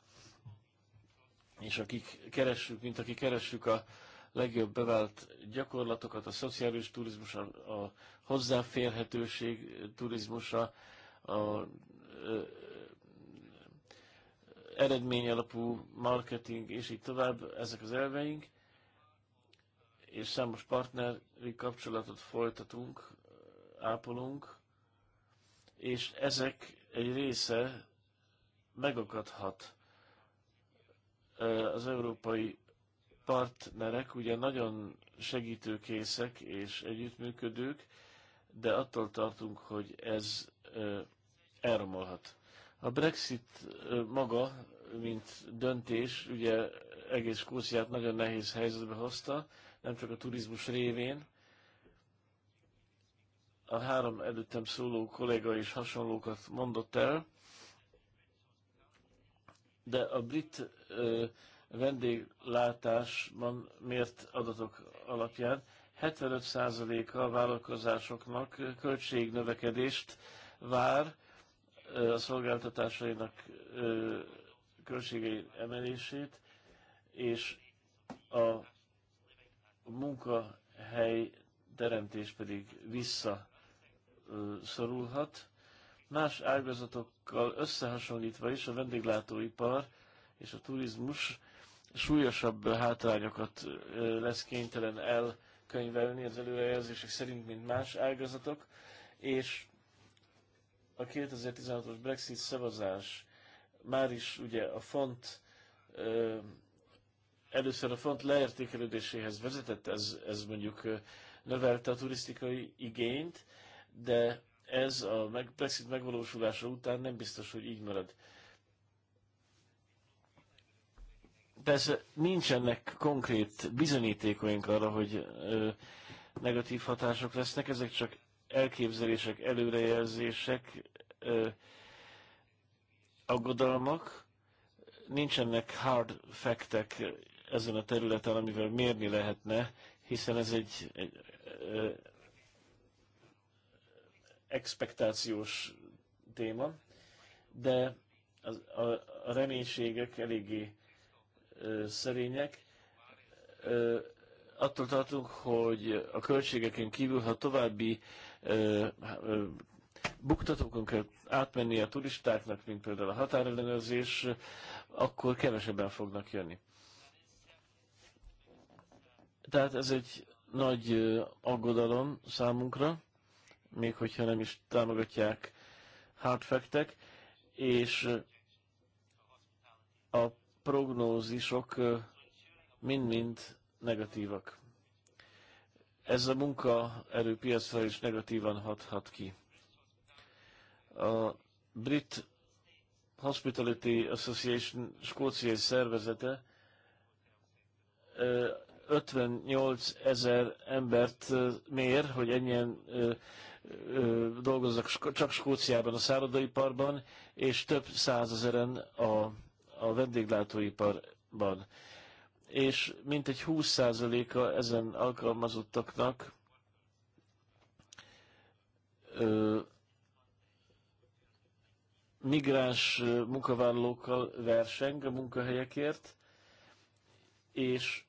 és akik keressük, mint aki keressük a legjobb bevált gyakorlatokat, a szociális turizmus, a, a hozzáférhetőség turizmusa, a ö, alapú marketing, és így tovább, ezek az elveink és számos partneri kapcsolatot folytatunk, ápolunk, és ezek egy része megakadhat. Az európai partnerek ugye nagyon segítőkészek és együttműködők, de attól tartunk, hogy ez elromolhat. A Brexit maga, mint döntés, ugye egész Skóciát nagyon nehéz helyzetbe hozta, nem csak a turizmus révén. A három előttem szóló kolléga is hasonlókat mondott el, de a brit ö, vendéglátásban mért adatok alapján 75%-a a vállalkozásoknak költségnövekedést vár a szolgáltatásainak költségei emelését, és a a munkahely teremtés pedig visszaszorulhat. Más ágazatokkal összehasonlítva is a vendéglátóipar és a turizmus súlyosabb hátrányokat lesz kénytelen elkönyvelni az előrejelzések szerint, mint más ágazatok, és a 2016-os Brexit szavazás már is ugye a font először a font leértékelődéséhez vezetett, ez, ez mondjuk növelte a turisztikai igényt, de ez a Brexit megvalósulása után nem biztos, hogy így marad. Persze nincsenek konkrét bizonyítékoink arra, hogy ö, negatív hatások lesznek, ezek csak elképzelések, előrejelzések, ö, aggodalmak, nincsenek hard factek ezen a területen, amivel mérni lehetne, hiszen ez egy, egy ö, expektációs téma, de az, a, a reménységek eléggé ö, szerények. Ö, attól tartunk, hogy a költségeken kívül, ha további ö, ö, buktatókon kell átmenni a turistáknak, mint például a határellenőrzés, akkor kevesebben fognak jönni. Tehát ez egy nagy aggodalom számunkra, még hogyha nem is támogatják hátfektek, és a prognózisok mind-mind negatívak. Ez a munkaerőpiacra is negatívan hathat ki. A Brit Hospitality Association skóciai szervezete 58 ezer embert mér, hogy ennyien dolgoznak csak Skóciában, a szállodaiparban, és több százezeren a, a vendéglátóiparban. És mintegy 20%-a ezen alkalmazottaknak ö, migráns munkavállalókkal verseng a munkahelyekért, és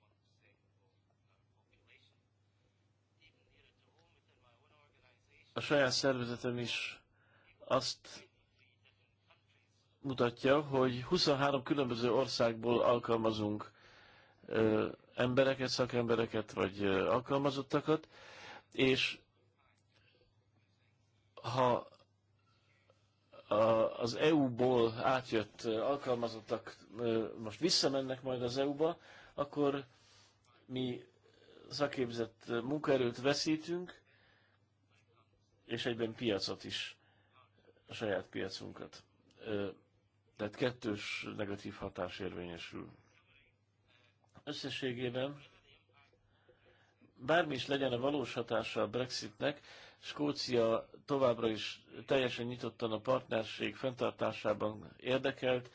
a saját szervezetem is azt mutatja, hogy 23 különböző országból alkalmazunk ö, embereket, szakembereket vagy ö, alkalmazottakat, és ha a, az EU-ból átjött alkalmazottak most visszamennek majd az EU-ba, akkor mi szaképzett munkaerőt veszítünk, és egyben piacot is, a saját piacunkat. Tehát kettős negatív hatás érvényesül. Összességében bármi is legyen a valós hatása a Brexitnek, Skócia továbbra is teljesen nyitottan a partnerség fenntartásában érdekelt.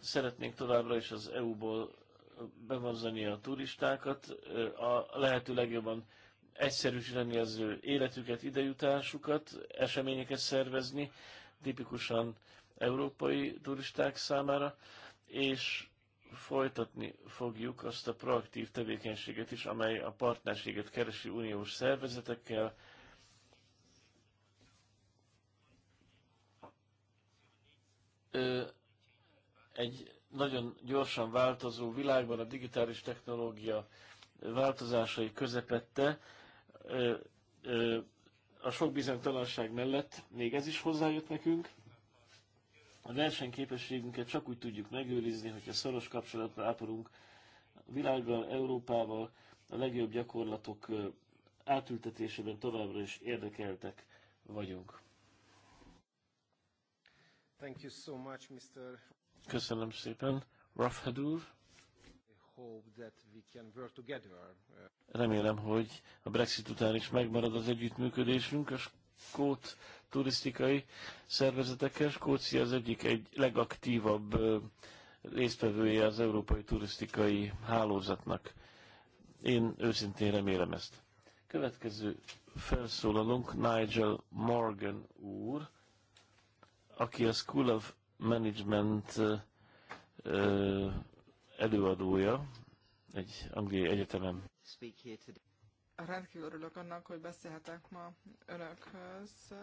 Szeretnénk továbbra is az EU-ból bevonzani a turistákat, a lehető legjobban egyszerűsíteni az ő életüket, idejutásukat, eseményeket szervezni, tipikusan európai turisták számára, és folytatni fogjuk azt a proaktív tevékenységet is, amely a partnerséget keresi uniós szervezetekkel, egy nagyon gyorsan változó világban a digitális technológia változásai közepette a sok bizonytalanság mellett még ez is hozzájött nekünk. A versenyképességünket csak úgy tudjuk megőrizni, hogyha szoros kapcsolatra ápolunk a világgal, Európával, a legjobb gyakorlatok átültetésében továbbra is érdekeltek vagyunk. Thank you so much, Mr. Köszönöm szépen, Rafhadur. Remélem, hogy a Brexit után is megmarad az együttműködésünk a skót turisztikai szervezetekkel. Skócia az egyik egy legaktívabb résztvevője az európai turisztikai hálózatnak. Én őszintén remélem ezt. Következő felszólalunk Nigel Morgan úr, aki a School of Management előadója egy angliai egyetemen. Rendkívül örülök annak, hogy beszélhetek ma önökhöz.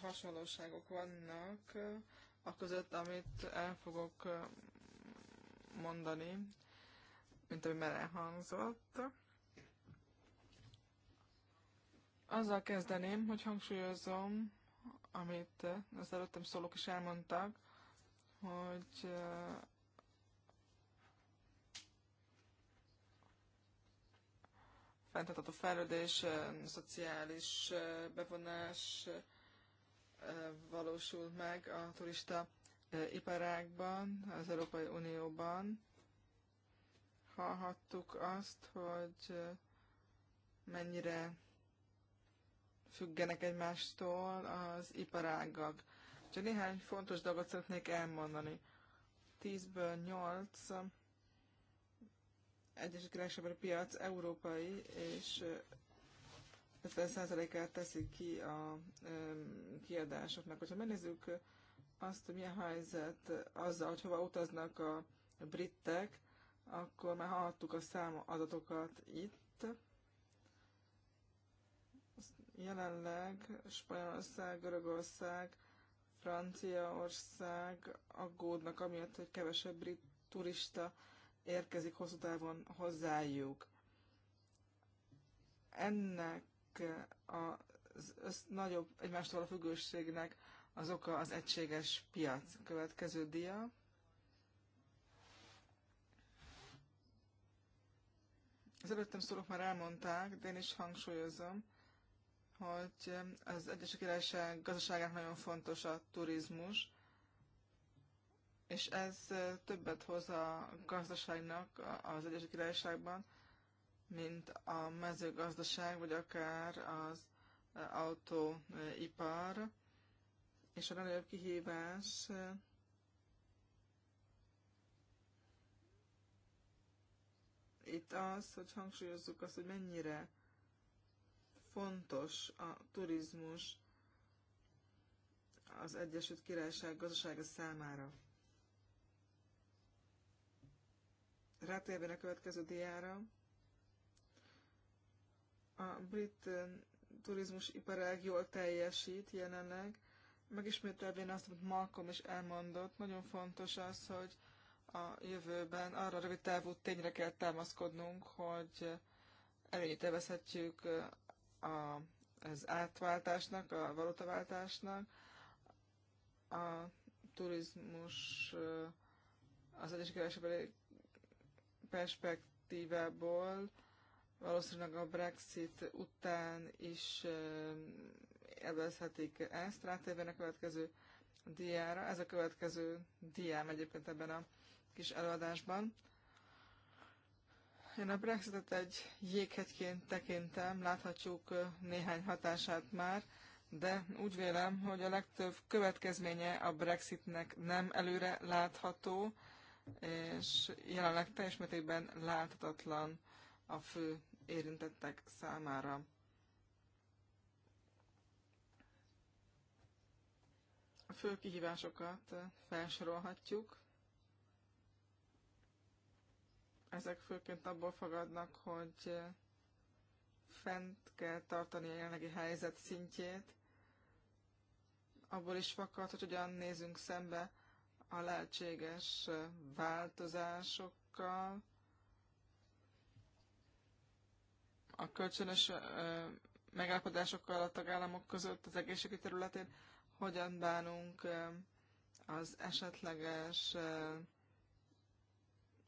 Hasonlóságok vannak a között, amit el fogok mondani, mint ami már elhangzott. Azzal kezdeném, hogy hangsúlyozom, amit az előttem szólók is elmondtak, hogy fenntartható fejlődés, szociális bevonás valósul meg a turista iparágban, az Európai Unióban. Hallhattuk azt, hogy mennyire függenek egymástól az iparágak. Csak néhány fontos dolgot szeretnék elmondani. 10-ből 8 Egyesült Királyságban a piac európai, és 50%-át teszik ki a kiadásoknak. Hogyha megnézzük azt, hogy milyen helyzet azzal, hogy hova utaznak a brittek, akkor már hallhattuk a szám adatokat itt. Jelenleg Spanyolország, Görögország, Franciaország aggódnak amiatt, hogy kevesebb brit turista érkezik hosszú távon hozzájuk. Ennek az össz, nagyobb egymástól a függőségnek az oka az egységes piac. Következő dia. Az előttem szólók már elmondták, de én is hangsúlyozom, hogy az Egyesült Királyság gazdaságának nagyon fontos a turizmus, és ez többet hoz a gazdaságnak az Egyesült Királyságban, mint a mezőgazdaság, vagy akár az autóipar. És a legnagyobb kihívás itt az, hogy hangsúlyozzuk azt, hogy mennyire fontos a turizmus az Egyesült Királyság gazdasága számára. Rátérvén a következő diára, a brit turizmus iparág jól teljesít jelenleg. Megismételvén azt, amit Malcolm is elmondott, nagyon fontos az, hogy a jövőben arra a rövid távú tényre kell támaszkodnunk, hogy előnyét a, az átváltásnak, a valutaváltásnak, a turizmus az egyes keresebeli perspektívából valószínűleg a Brexit után is elvezhetik ezt. Rátérve a következő diára. Ez a következő diám egyébként ebben a kis előadásban. Én a Brexitet egy jéghegyként tekintem, láthatjuk néhány hatását már, de úgy vélem, hogy a legtöbb következménye a Brexitnek nem előre látható, és jelenleg teljes mértékben láthatatlan a fő érintettek számára. A fő kihívásokat felsorolhatjuk. Ezek főként abból fogadnak, hogy fent kell tartani a jelenlegi helyzet szintjét. Abból is fakad, hogy hogyan nézünk szembe a lehetséges változásokkal, a kölcsönös megállapodásokkal a tagállamok között az egészségügyi területén, hogyan bánunk az esetleges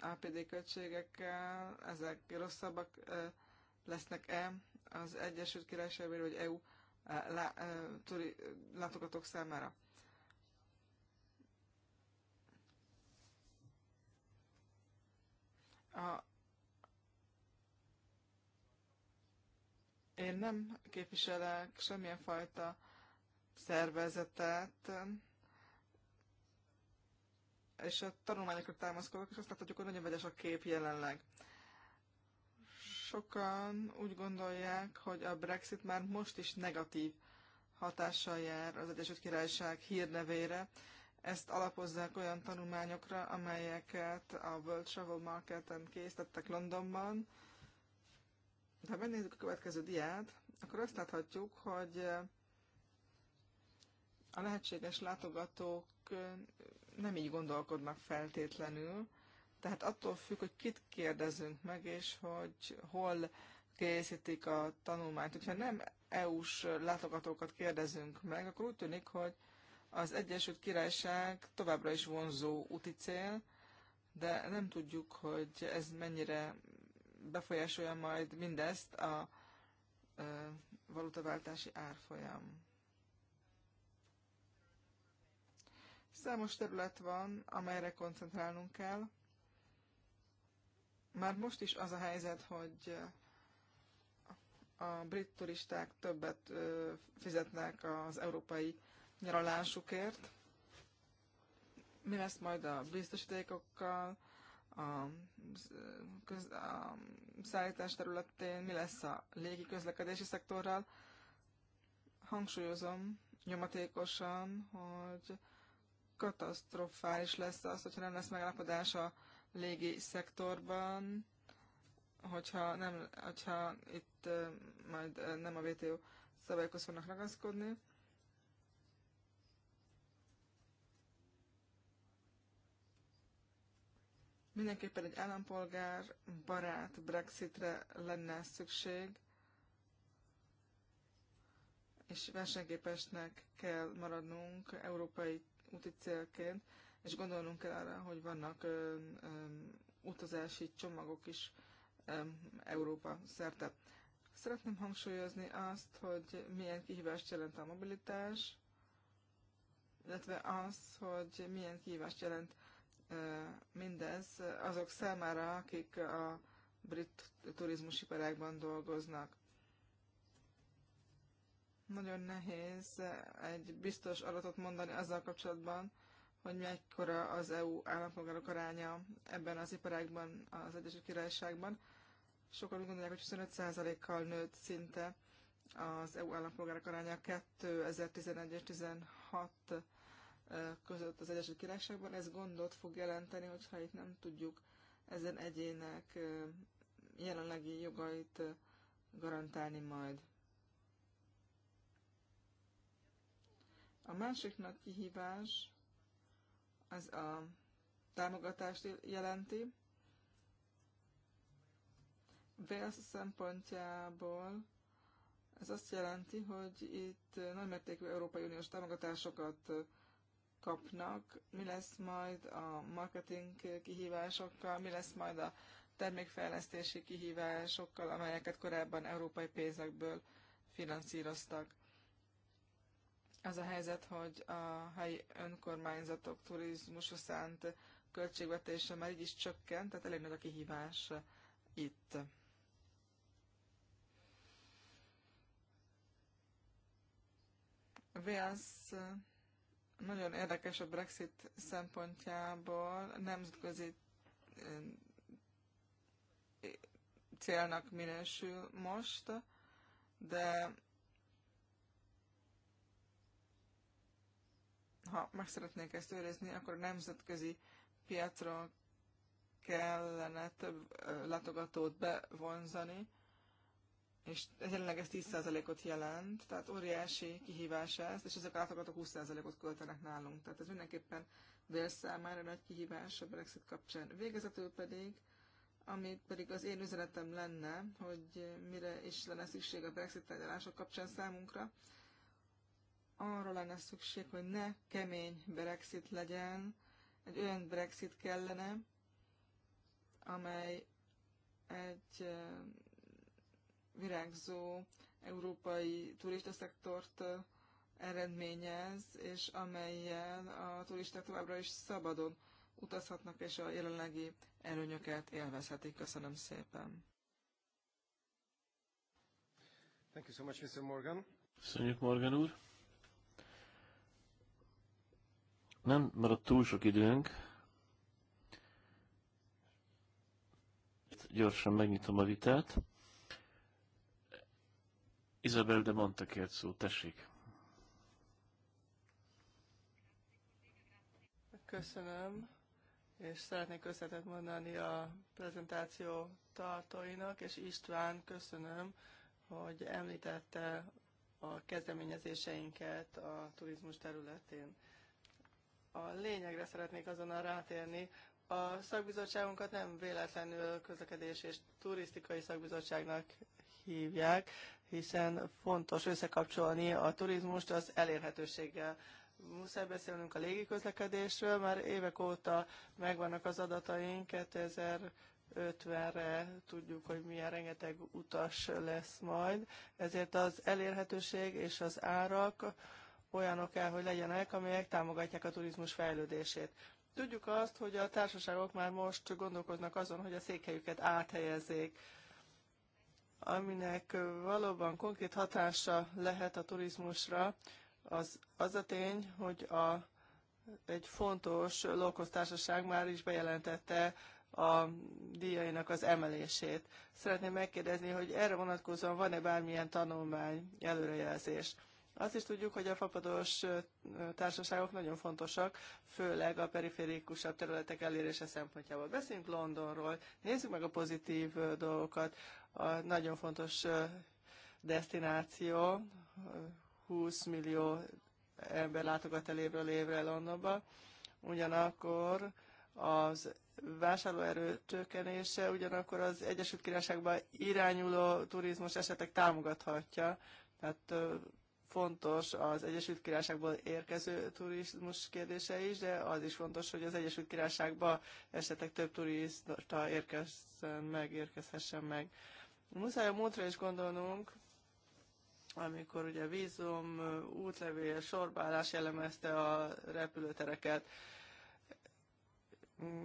APD költségekkel, ezek rosszabbak lesznek-e az Egyesült Királyságban vagy EU látogatók számára? A Én nem képviselek semmilyen fajta szervezetet, és a tanulmányokra támaszkodok, és azt láthatjuk, hogy nagyon vegyes a kép jelenleg. Sokan úgy gondolják, hogy a Brexit már most is negatív hatással jár az Egyesült Királyság hírnevére. Ezt alapozzák olyan tanulmányokra, amelyeket a World Travel Market-en készítettek Londonban. De ha megnézzük a következő diát, akkor azt láthatjuk, hogy a lehetséges látogatók nem így gondolkodnak feltétlenül, tehát attól függ, hogy kit kérdezünk meg, és hogy hol készítik a tanulmányt. Hogyha nem EU-s látogatókat kérdezünk meg, akkor úgy tűnik, hogy az Egyesült Királyság továbbra is vonzó úti cél, de nem tudjuk, hogy ez mennyire befolyásolja majd mindezt a valutaváltási árfolyam. Számos terület van, amelyre koncentrálnunk kell. Már most is az a helyzet, hogy a brit turisták többet fizetnek az európai nyaralásukért. Mi lesz majd a biztosítékokkal, a, köz, a szállítás területén, mi lesz a légi közlekedési szektorral. Hangsúlyozom nyomatékosan, hogy katasztrofális lesz az, hogyha nem lesz megállapodás a légi szektorban, hogyha, nem, hogyha itt majd nem a WTO szabályokhoz fognak ragaszkodni. Mindenképpen egy állampolgár barát Brexitre lenne szükség, és versenyképesnek kell maradnunk európai múlti célként, és gondolnunk kell arra, hogy vannak ö, ö, utazási csomagok is ö, Európa szerte. Szeretném hangsúlyozni azt, hogy milyen kihívást jelent a mobilitás, illetve az, hogy milyen kihívást jelent mindez azok számára, akik a brit turizmusiparágban dolgoznak. Nagyon nehéz egy biztos adatot mondani azzal kapcsolatban, hogy mekkora az EU állampolgárok aránya ebben az iparágban, az Egyesült Királyságban. Sokan úgy gondolják, hogy 25%-kal nőtt szinte az EU állampolgárok aránya 2011 és 16 között az Egyesült Királyságban. Ez gondot fog jelenteni, hogyha itt nem tudjuk ezen egyének jelenlegi jogait garantálni majd. A másik nagy kihívás az a támogatást jelenti. Wales szempontjából ez azt jelenti, hogy itt nagymértékű Európai Uniós támogatásokat kapnak, mi lesz majd a marketing kihívásokkal, mi lesz majd a termékfejlesztési kihívásokkal, amelyeket korábban európai pénzekből finanszíroztak az a helyzet, hogy a helyi önkormányzatok turizmusra szánt költségvetése már így is csökkent, tehát elég nagy a kihívás itt. Vélsz nagyon érdekes a Brexit szempontjából, nemzetközi eh, célnak minősül most, de ha meg szeretnék ezt őrizni, akkor a nemzetközi piacra kellene több látogatót bevonzani, és jelenleg ez 10%-ot jelent, tehát óriási kihívás ez, és ezek a látogatók 20%-ot költenek nálunk. Tehát ez mindenképpen Wales számára nagy kihívás a Brexit kapcsán. Végezetül pedig, amit pedig az én üzenetem lenne, hogy mire is lenne szükség a Brexit tárgyalások kapcsán számunkra, arra lenne szükség, hogy ne kemény Brexit legyen, egy olyan Brexit kellene, amely egy virágzó európai szektort eredményez, és amelyel a turisták továbbra is szabadon utazhatnak, és a jelenlegi előnyöket élvezhetik. Köszönöm szépen! Thank you so much, Mr. Morgan. Köszönjük, Morgan úr! Nem maradt túl sok időnk. Gyorsan megnyitom a vitát. Izabel de Monta kért szó, tessék. Köszönöm, és szeretnék köszönetet mondani a prezentáció tartóinak, és István köszönöm, hogy említette a kezdeményezéseinket a turizmus területén. A lényegre szeretnék azonnal rátérni. A szakbizottságunkat nem véletlenül közlekedés és turisztikai szakbizottságnak hívják, hiszen fontos összekapcsolni a turizmust az elérhetőséggel muszáj beszélnünk a légiközlekedésről, már évek óta megvannak az adataink, 2050-re tudjuk, hogy milyen rengeteg utas lesz majd, ezért az elérhetőség és az árak olyanok kell, hogy legyenek, amelyek támogatják a turizmus fejlődését. Tudjuk azt, hogy a társaságok már most gondolkoznak azon, hogy a székhelyüket áthelyezzék, aminek valóban konkrét hatása lehet a turizmusra, az, az a tény, hogy a, egy fontos lókoztársaság már is bejelentette a díjainak az emelését. Szeretném megkérdezni, hogy erre vonatkozóan van-e bármilyen tanulmány, előrejelzés. Azt is tudjuk, hogy a fapados társaságok nagyon fontosak, főleg a periférikusabb területek elérése szempontjából. Beszéljünk Londonról, nézzük meg a pozitív dolgokat. A nagyon fontos destináció, 20 millió ember látogat el évről évre Londonba. Ugyanakkor az vásárlóerő csökkenése, ugyanakkor az Egyesült Királyságba irányuló turizmus esetek támogathatja. Tehát fontos az Egyesült Királyságból érkező turizmus kérdése is, de az is fontos, hogy az Egyesült Királyságba esetleg több turista érkezzen meg, érkezhessen meg. Muszáj a múltra is gondolnunk, amikor ugye vízum, útlevél, sorbálás jellemezte a repülőtereket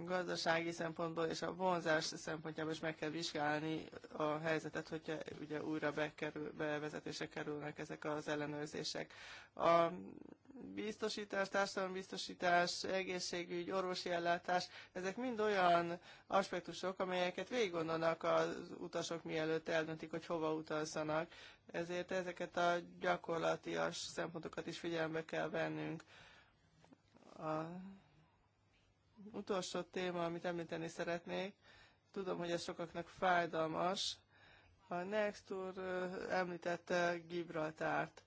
gazdasági szempontból és a vonzás szempontjából is meg kell vizsgálni a helyzetet, hogyha ugye újra bekerül, bevezetése kerülnek ezek az ellenőrzések. A biztosítás, biztosítás, egészségügy, orvosi ellátás, ezek mind olyan aspektusok, amelyeket végig gondolnak az utasok mielőtt eldöntik, hogy hova utazzanak, ezért ezeket a gyakorlatias szempontokat is figyelembe kell vennünk. A utolsó téma, amit említeni szeretnék, tudom, hogy ez sokaknak fájdalmas, a Nextur említette Gibraltárt.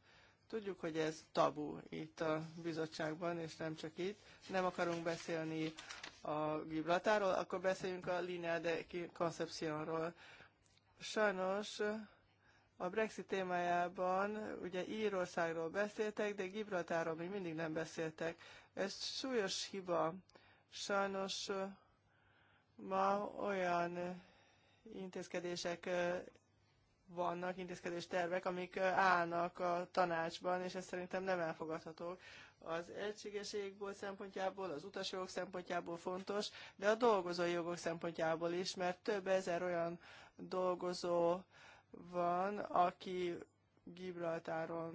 Tudjuk, hogy ez tabu itt a bizottságban, és nem csak itt. Nem akarunk beszélni a Gibraltáról, akkor beszéljünk a Linea de Concepcionról. Sajnos a Brexit témájában ugye Írországról beszéltek, de Gibraltáról még mindig nem beszéltek. Ez súlyos hiba. Sajnos ma olyan intézkedések vannak, intézkedés tervek, amik állnak a tanácsban, és ez szerintem nem elfogadhatók. Az egységes szempontjából, az utasjogok szempontjából fontos, de a dolgozói jogok szempontjából is, mert több ezer olyan dolgozó van, aki Gibraltáron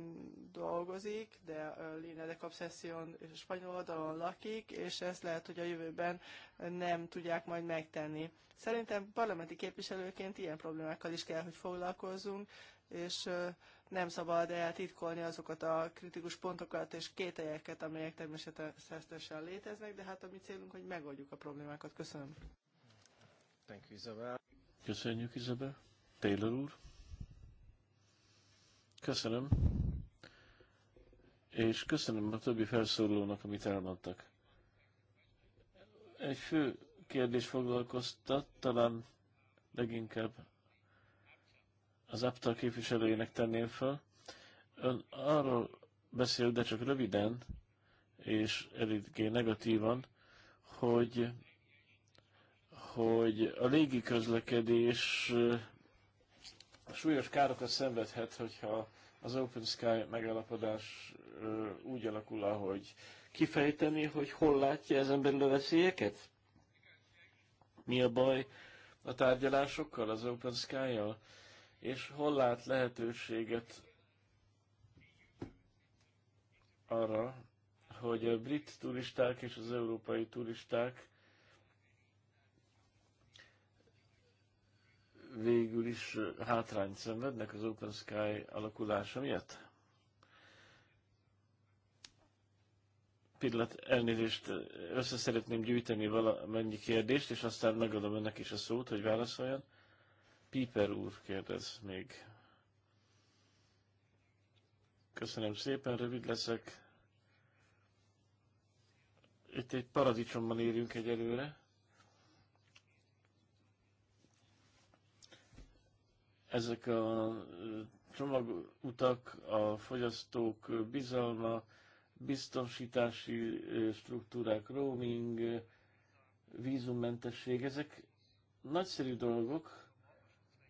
dolgozik, de Lina de Obsession spanyol oldalon lakik, és ezt lehet, hogy a jövőben nem tudják majd megtenni. Szerintem parlamenti képviselőként ilyen problémákkal is kell, hogy foglalkozzunk, és nem szabad eltitkolni azokat a kritikus pontokat és kételyeket, amelyek természetesen léteznek, de hát a mi célunk, hogy megoldjuk a problémákat. Köszönöm. Thank you, Isabel. Köszönjük, Isabel. Taylor úr. Köszönöm. És köszönöm a többi felszólónak, amit elmondtak. Egy fő kérdés foglalkoztat, talán leginkább az APTA képviselőjének tenném fel. Ön arról beszél, de csak röviden, és eléggé negatívan, hogy, hogy a légi közlekedés súlyos károkat szenvedhet, hogyha az Open Sky megállapodás úgy alakul, ahogy kifejteni, hogy hol látja ezen belül a veszélyeket? Mi a baj a tárgyalásokkal, az Open Sky-jal? És hol lát lehetőséget arra, hogy a brit turisták és az európai turisták végül is hátrányt szenvednek az Open Sky alakulása miatt? Pillanat, elnézést, össze szeretném gyűjteni valamennyi kérdést, és aztán megadom önnek is a szót, hogy válaszoljon. Piper úr kérdez még. Köszönöm szépen, rövid leszek. Itt egy paradicsomban érünk egy előre. Ezek a csomagutak, a fogyasztók bizalma, biztonsítási struktúrák, roaming, vízummentesség, ezek nagyszerű dolgok,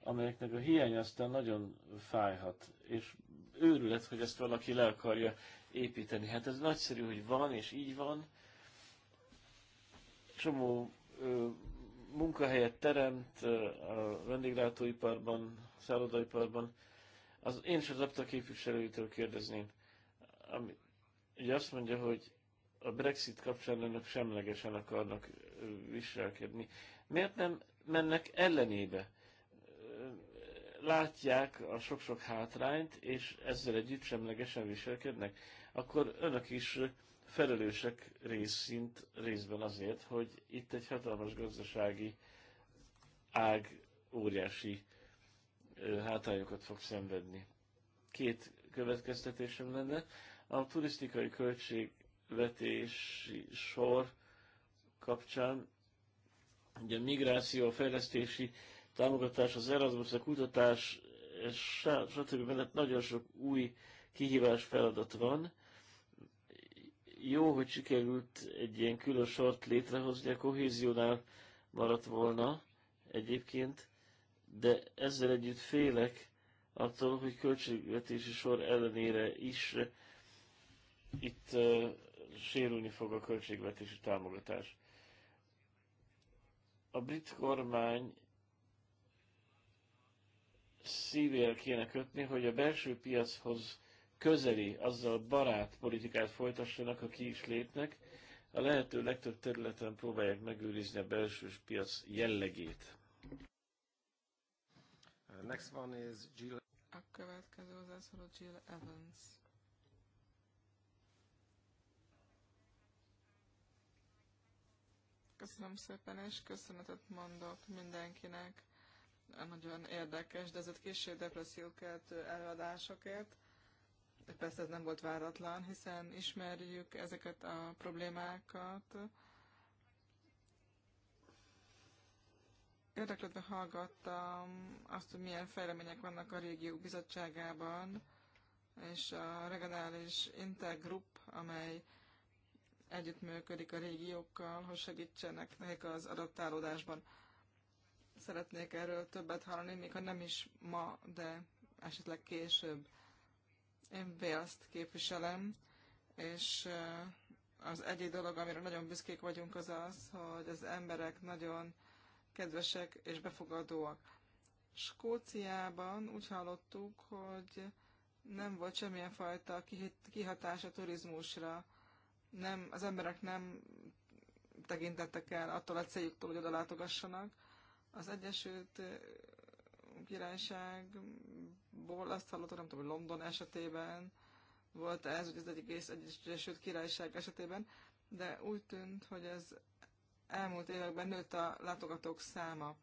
amelyeknek a hiány aztán nagyon fájhat, és őrület, hogy ezt valaki le akarja építeni. Hát ez nagyszerű, hogy van, és így van. Csomó ö, munkahelyet teremt a vendéglátóiparban, szállodaiparban. Az, én is az APTA képviselőjétől kérdezném, ami ugye azt mondja, hogy a Brexit kapcsán önök semlegesen akarnak viselkedni. Miért nem mennek ellenébe? Látják a sok-sok hátrányt, és ezzel együtt semlegesen viselkednek, akkor önök is felelősek részint, részben azért, hogy itt egy hatalmas gazdasági ág óriási hátrányokat fog szenvedni. Két következtetésem lenne. A turisztikai költségvetési sor kapcsán ugye a migráció, a fejlesztési támogatás, az Erasmus, a kutatás, és stb. mellett nagyon sok új kihívás feladat van. Jó, hogy sikerült egy ilyen külön sort létrehozni, a kohéziónál maradt volna egyébként, de ezzel együtt félek attól, hogy költségvetési sor ellenére is eh, itt uh, sérülni fog a költségvetési támogatás. A brit kormány szívél kéne kötni, hogy a belső piachoz közeli, azzal barát politikát folytassanak, ha ki is lépnek, a lehető legtöbb területen próbálják megőrizni a belső piac jellegét next one is Jill. A következő az Jill Evans. Köszönöm szépen, és köszönetet mondok mindenkinek a nagyon érdekes, de ez egy kicsi depressziókeltő előadásokért. De persze ez nem volt váratlan, hiszen ismerjük ezeket a problémákat, érdeklődve hallgattam azt, hogy milyen fejlemények vannak a régió bizottságában, és a regionális intergroup, amely együttműködik a régiókkal, hogy segítsenek nekik az adaptálódásban. Szeretnék erről többet hallani, még ha nem is ma, de esetleg később. Én Bélszt képviselem, és az egyik dolog, amire nagyon büszkék vagyunk, az az, hogy az emberek nagyon kedvesek és befogadóak. Skóciában úgy hallottuk, hogy nem volt semmilyen fajta kihatás a turizmusra. Nem, az emberek nem tekintettek el attól a céljuktól, hogy oda látogassanak. Az Egyesült Királyságból azt hallottam, nem tudom, hogy London esetében volt ez, hogy az egész Egyesült Királyság esetében, de úgy tűnt, hogy ez elmúlt években nőtt a látogatók száma.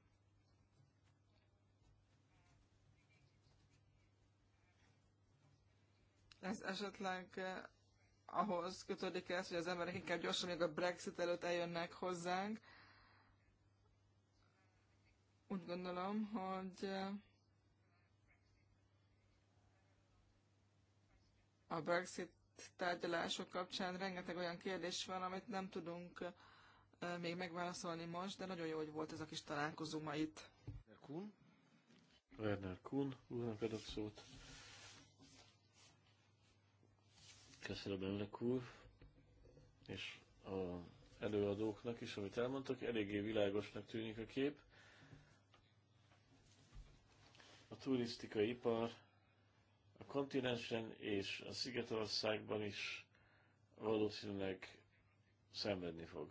Ez esetleg eh, ahhoz kötődik ez, hogy az emberek inkább gyorsan még a Brexit előtt eljönnek hozzánk. Úgy gondolom, hogy eh, a Brexit tárgyalások kapcsán rengeteg olyan kérdés van, amit nem tudunk eh, Eh, még megválaszolni most, de nagyon jó, hogy volt ez a kis találkozó ma itt. Kuhn. Werner Kuhn, úrnak adok szót. Köszönöm elnök úr, és a előadóknak is, amit elmondtak, eléggé világosnak tűnik a kép. A turisztikai ipar a kontinensen és a Szigetországban is valószínűleg szenvedni fog.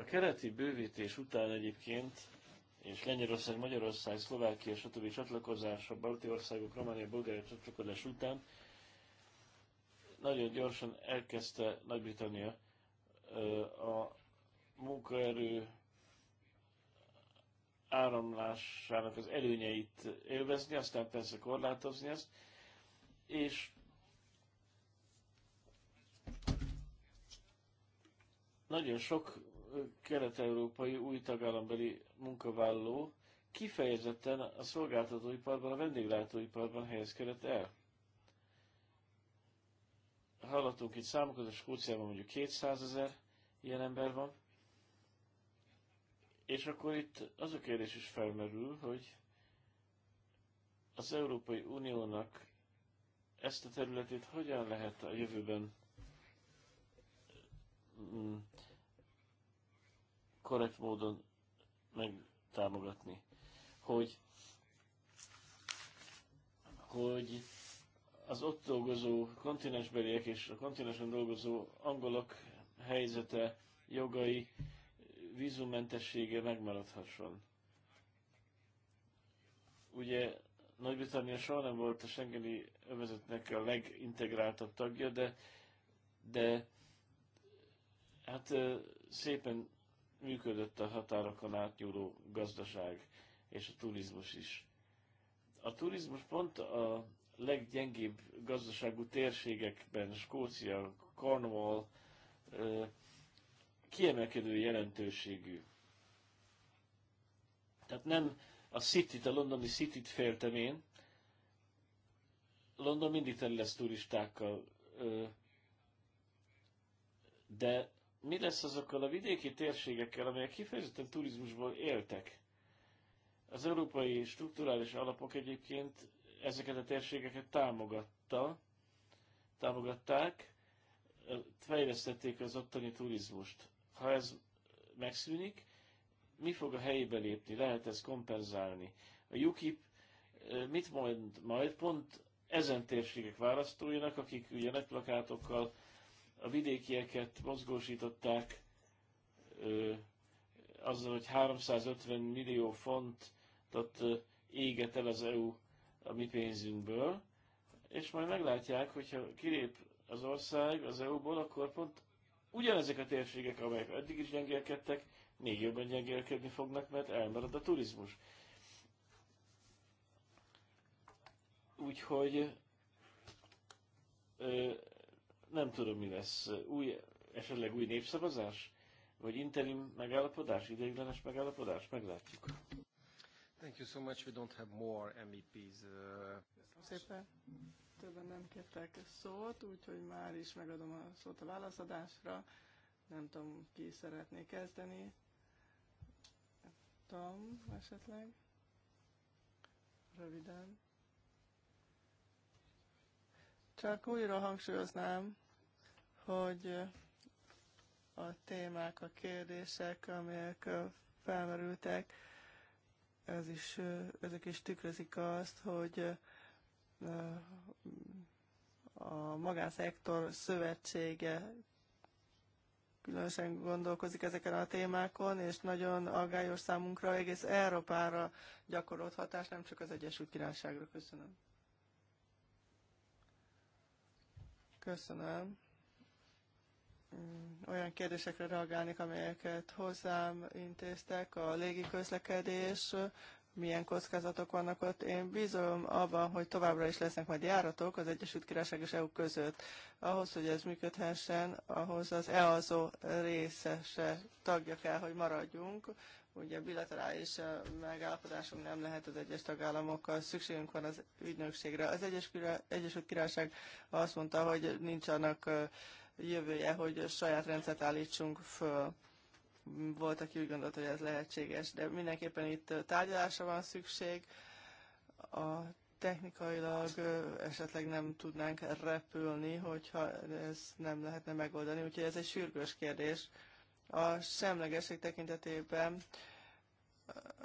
A keleti bővítés után egyébként, és Lengyelország, Magyarország, Szlovákia, stb. csatlakozása, balti országok, Románia, Bulgária csatlakozás után nagyon gyorsan elkezdte Nagy-Britannia a munkaerő áramlásának az előnyeit élvezni, aztán persze korlátozni ezt, és nagyon sok kelet-európai új tagállambeli munkavállaló kifejezetten a szolgáltatóiparban, a vendéglátóiparban helyezkedett el. Hallottunk itt számokat, a Skóciában mondjuk 200 ezer ilyen ember van. És akkor itt az a kérdés is felmerül, hogy az Európai Uniónak ezt a területét hogyan lehet a jövőben mm, korrekt módon megtámogatni, hogy, hogy az ott dolgozó kontinensbeliek és a kontinensen dolgozó angolok helyzete, jogai, vízummentessége megmaradhasson. Ugye Nagy-Britannia soha nem volt a Schengeni övezetnek a legintegráltabb tagja, de, de hát szépen működött a határokon átnyúló gazdaság és a turizmus is. A turizmus pont a leggyengébb gazdaságú térségekben, Skócia, Cornwall, kiemelkedő jelentőségű. Tehát nem a city a londoni City-t féltem én. London mindig tele lesz turistákkal, de mi lesz azokkal a vidéki térségekkel, amelyek kifejezetten turizmusból éltek? Az európai strukturális alapok egyébként ezeket a térségeket támogatta, támogatták, fejlesztették az ottani turizmust. Ha ez megszűnik, mi fog a helyébe lépni? Lehet ez kompenzálni? A UKIP mit mond majd pont ezen térségek választóinak, akik ugye nagy plakátokkal a vidékieket mozgósították azzal, hogy 350 millió fontot éget el az EU a mi pénzünkből, és majd meglátják, hogyha kilép az ország az EU-ból, akkor pont ugyanezek a térségek, amelyek eddig is gyengélkedtek, még jobban gyengélkedni fognak, mert elmarad a turizmus. Úgyhogy nem tudom, mi lesz. Új, esetleg új népszavazás? Vagy interim megállapodás, ideiglenes megállapodás? Meglátjuk. Thank you so much. We don't have more MEPs. Uh... Szépen. Többen nem kértek szót, úgyhogy már is megadom a szót a válaszadásra. Nem tudom, ki szeretné kezdeni. Tom esetleg. Röviden. Csak újra hangsúlyoznám, hogy a témák, a kérdések, amelyek felmerültek, ez is, ezek is tükrözik azt, hogy a magánszektor szövetsége különösen gondolkozik ezeken a témákon, és nagyon aggályos számunkra, egész Európára gyakorolt hatás, nem csak az Egyesült Királyságra. Köszönöm. Köszönöm. Mm, olyan kérdésekre reagálnék, amelyeket hozzám intéztek, a légi közlekedés, milyen kockázatok vannak ott. Én bízom abban, hogy továbbra is lesznek majd járatok az Egyesült Királyság és EU között. Ahhoz, hogy ez működhessen, ahhoz az EASO részese tagja kell, hogy maradjunk, ugye bilaterális megállapodásunk nem lehet az egyes tagállamokkal, szükségünk van az ügynökségre. Az egyes király, Egyesült Királyság azt mondta, hogy nincs annak jövője, hogy saját rendszert állítsunk föl. Volt, aki úgy gondolta, hogy ez lehetséges, de mindenképpen itt tárgyalásra van szükség. A technikailag esetleg nem tudnánk repülni, hogyha ez nem lehetne megoldani, úgyhogy ez egy sürgős kérdés a semlegesség tekintetében,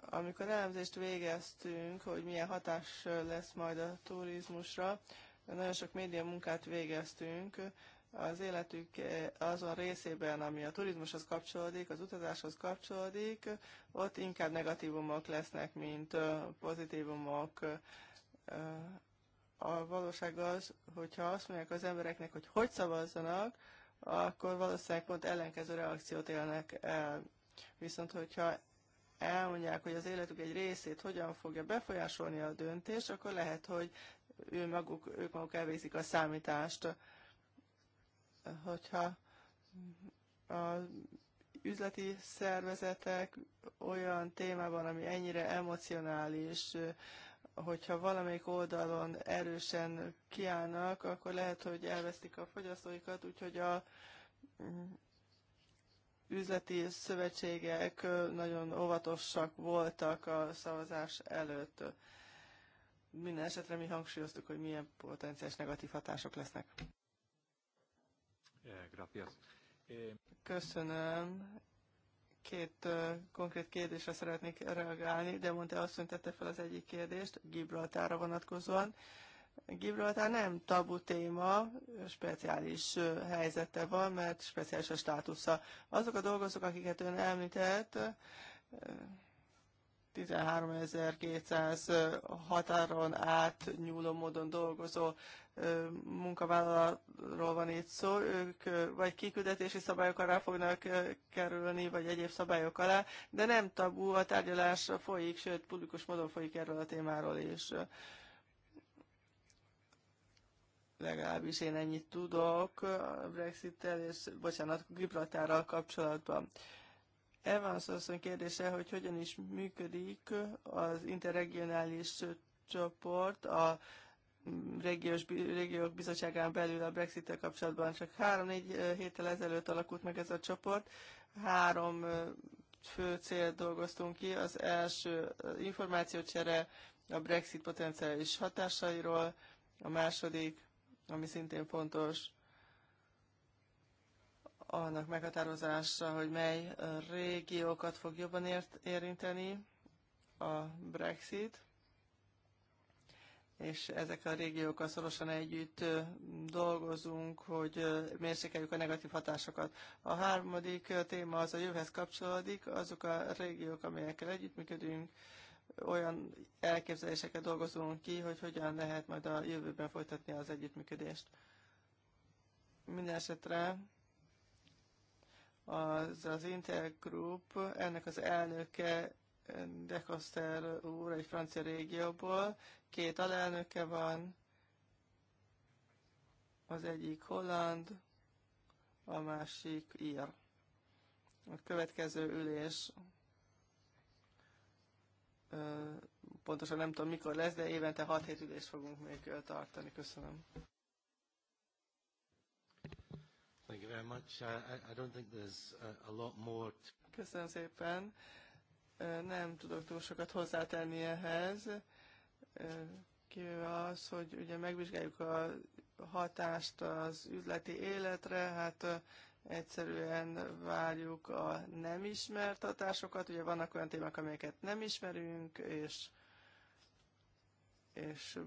amikor elemzést végeztünk, hogy milyen hatás lesz majd a turizmusra, nagyon sok média munkát végeztünk, az életük azon részében, ami a turizmushoz kapcsolódik, az utazáshoz kapcsolódik, ott inkább negatívumok lesznek, mint pozitívumok. A valóság az, hogyha azt mondják az embereknek, hogy hogy szavazzanak, akkor valószínűleg pont ellenkező reakciót élnek el. Viszont, hogyha elmondják, hogy az életük egy részét hogyan fogja befolyásolni a döntés, akkor lehet, hogy ő maguk, ők maguk elvégzik a számítást. Hogyha a üzleti szervezetek olyan témában, ami ennyire emocionális, hogyha valamelyik oldalon erősen kiállnak, akkor lehet, hogy elvesztik a fogyasztóikat, úgyhogy a mm, üzleti szövetségek nagyon óvatosak voltak a szavazás előtt. Minden esetre mi hangsúlyoztuk, hogy milyen potenciális negatív hatások lesznek. Eh, eh, Köszönöm két konkrét kérdésre szeretnék reagálni, de mondta azt tette fel az egyik kérdést, Gibraltára vonatkozóan. Gibraltár nem tabu téma, speciális helyzete van, mert speciális a státusza. Azok a dolgozók, akiket ön említett, 13.200 határon átnyúló módon dolgozó munkavállalóról van itt szó, ők vagy kiküldetési szabályok alá fognak kerülni, vagy egyéb szabályok alá, de nem tabu, a tárgyalás folyik, sőt, publikus módon folyik erről a témáról is. Legalábbis én ennyit tudok a Brexit-tel és, bocsánat, Gibraltárral kapcsolatban. Evans asszony kérdése, hogy hogyan is működik az interregionális csoport a régiós, régiók bizottságán belül a brexit kapcsolatban csak három-négy héttel ezelőtt alakult meg ez a csoport. Három fő cél dolgoztunk ki. Az első információcsere a Brexit potenciális hatásairól, a második, ami szintén fontos, annak meghatározása, hogy mely régiókat fog jobban ért, érinteni a Brexit és ezek a régiókkal szorosan együtt dolgozunk, hogy mérsékeljük a negatív hatásokat. A harmadik téma az a jövőhez kapcsolódik, azok a régiók, amelyekkel együttműködünk, olyan elképzeléseket dolgozunk ki, hogy hogyan lehet majd a jövőben folytatni az együttműködést. Minden esetre az, az Group, ennek az elnöke dekoster úr egy francia régióból, két alelnöke van, az egyik holland, a másik ír. A következő ülés pontosan nem tudom mikor lesz, de évente 6-7 ülést fogunk még tartani. Köszönöm. Thank you very much. I, I don't think there's a, a lot more. Köszönöm szépen. Nem tudok túl sokat hozzátenni ehhez kivéve az, hogy ugye megvizsgáljuk a hatást az üzleti életre, hát egyszerűen várjuk a nem ismert hatásokat. Ugye vannak olyan témák, amelyeket nem ismerünk, és, és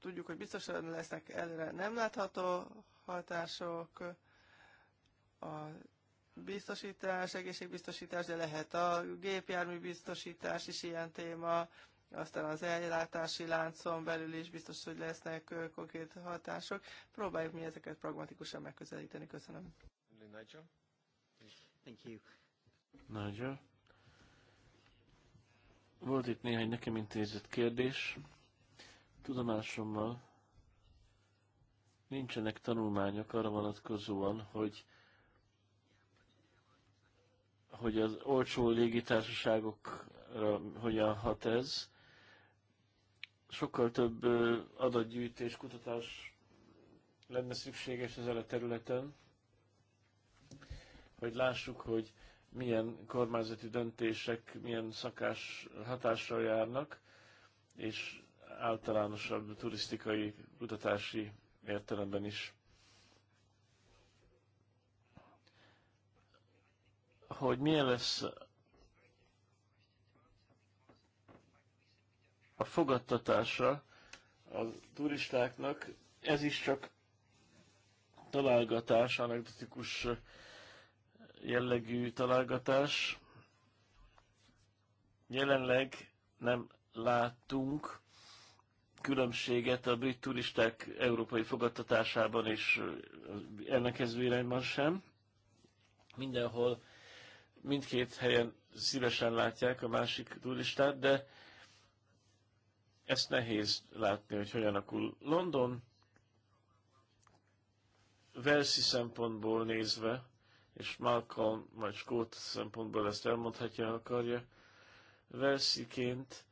tudjuk, hogy biztosan lesznek előre nem látható hatások, a biztosítás, egészségbiztosítás, de lehet a gépjármű biztosítás is ilyen téma, aztán az ellátási láncon belül is biztos, hogy lesznek konkrét hatások. Próbáljuk mi ezeket pragmatikusan megközelíteni. Köszönöm. Nigel? Thank you. Nigel? Volt itt néhány nekem intézett kérdés. Tudomásommal nincsenek tanulmányok arra vonatkozóan, hogy hogy az olcsó légitársaságokra hogyan hat ez sokkal több adatgyűjtés, kutatás lenne szükséges ezen a területen, hogy lássuk, hogy milyen kormányzati döntések, milyen szakás hatással járnak, és általánosabb turisztikai kutatási értelemben is. Hogy milyen lesz a fogadtatása a turistáknak, ez is csak találgatás, anekdotikus jellegű találgatás. Jelenleg nem láttunk különbséget a brit turisták európai fogadtatásában és ennek irányban sem. Mindenhol mindkét helyen szívesen látják a másik turistát, de ezt nehéz látni, hogy hogyan alakul. London versi szempontból nézve, és Malcolm vagy Scott szempontból ezt elmondhatja, ha akarja, Velsziként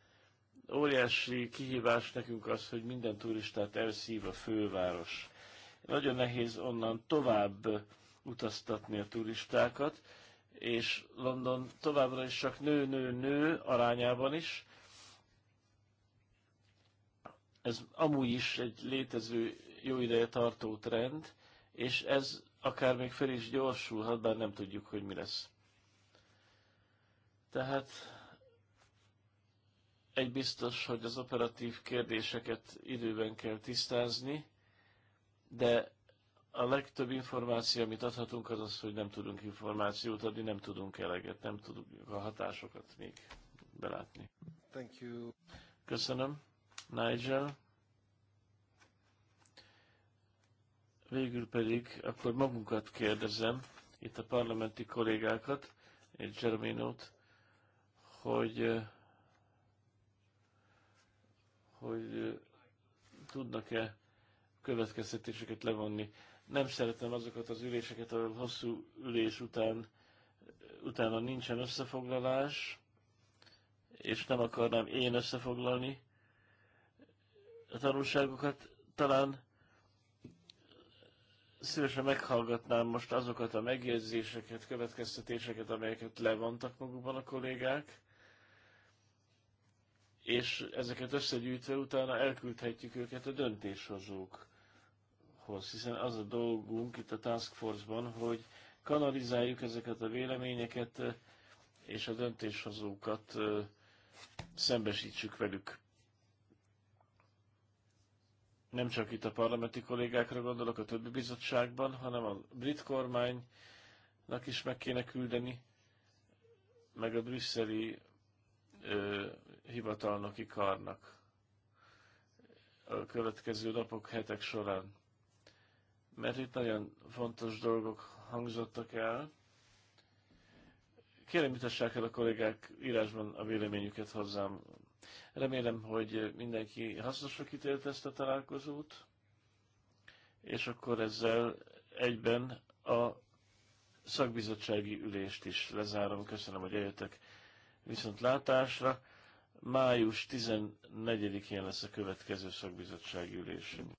óriási kihívás nekünk az, hogy minden turistát elszív a főváros. Nagyon nehéz onnan tovább utaztatni a turistákat, és London továbbra is csak nő-nő-nő arányában is, ez amúgy is egy létező, jó ideje tartó trend, és ez akár még fel is gyorsulhat, bár nem tudjuk, hogy mi lesz. Tehát egy biztos, hogy az operatív kérdéseket időben kell tisztázni, de a legtöbb információ, amit adhatunk, az az, hogy nem tudunk információt adni, nem tudunk eleget, nem tudunk a hatásokat még belátni. Thank you. Köszönöm. Nigel. Végül pedig akkor magunkat kérdezem, itt a parlamenti kollégákat, egy Germinót, hogy hogy tudnak-e következtetéseket levonni. Nem szeretem azokat az üléseket, ahol hosszú ülés után utána nincsen összefoglalás, és nem akarnám én összefoglalni tanulságokat. Talán szívesen meghallgatnám most azokat a megjegyzéseket, következtetéseket, amelyeket levontak magukban a kollégák, és ezeket összegyűjtve utána elküldhetjük őket a döntéshozókhoz, hiszen az a dolgunk itt a Task Force-ban, hogy kanalizáljuk ezeket a véleményeket, és a döntéshozókat szembesítsük velük nem csak itt a parlamenti kollégákra gondolok a többi bizottságban, hanem a brit kormánynak is meg kéne küldeni, meg a brüsszeli ö, hivatalnoki karnak a következő napok, hetek során. Mert itt nagyon fontos dolgok hangzottak el. Kérem, mutassák el a kollégák írásban a véleményüket hozzám Remélem, hogy mindenki hasznosra kitélt ezt a találkozót, és akkor ezzel egyben a szakbizottsági ülést is lezárom. Köszönöm, hogy eljöttek viszont látásra. Május 14-én lesz a következő szakbizottsági ülésünk.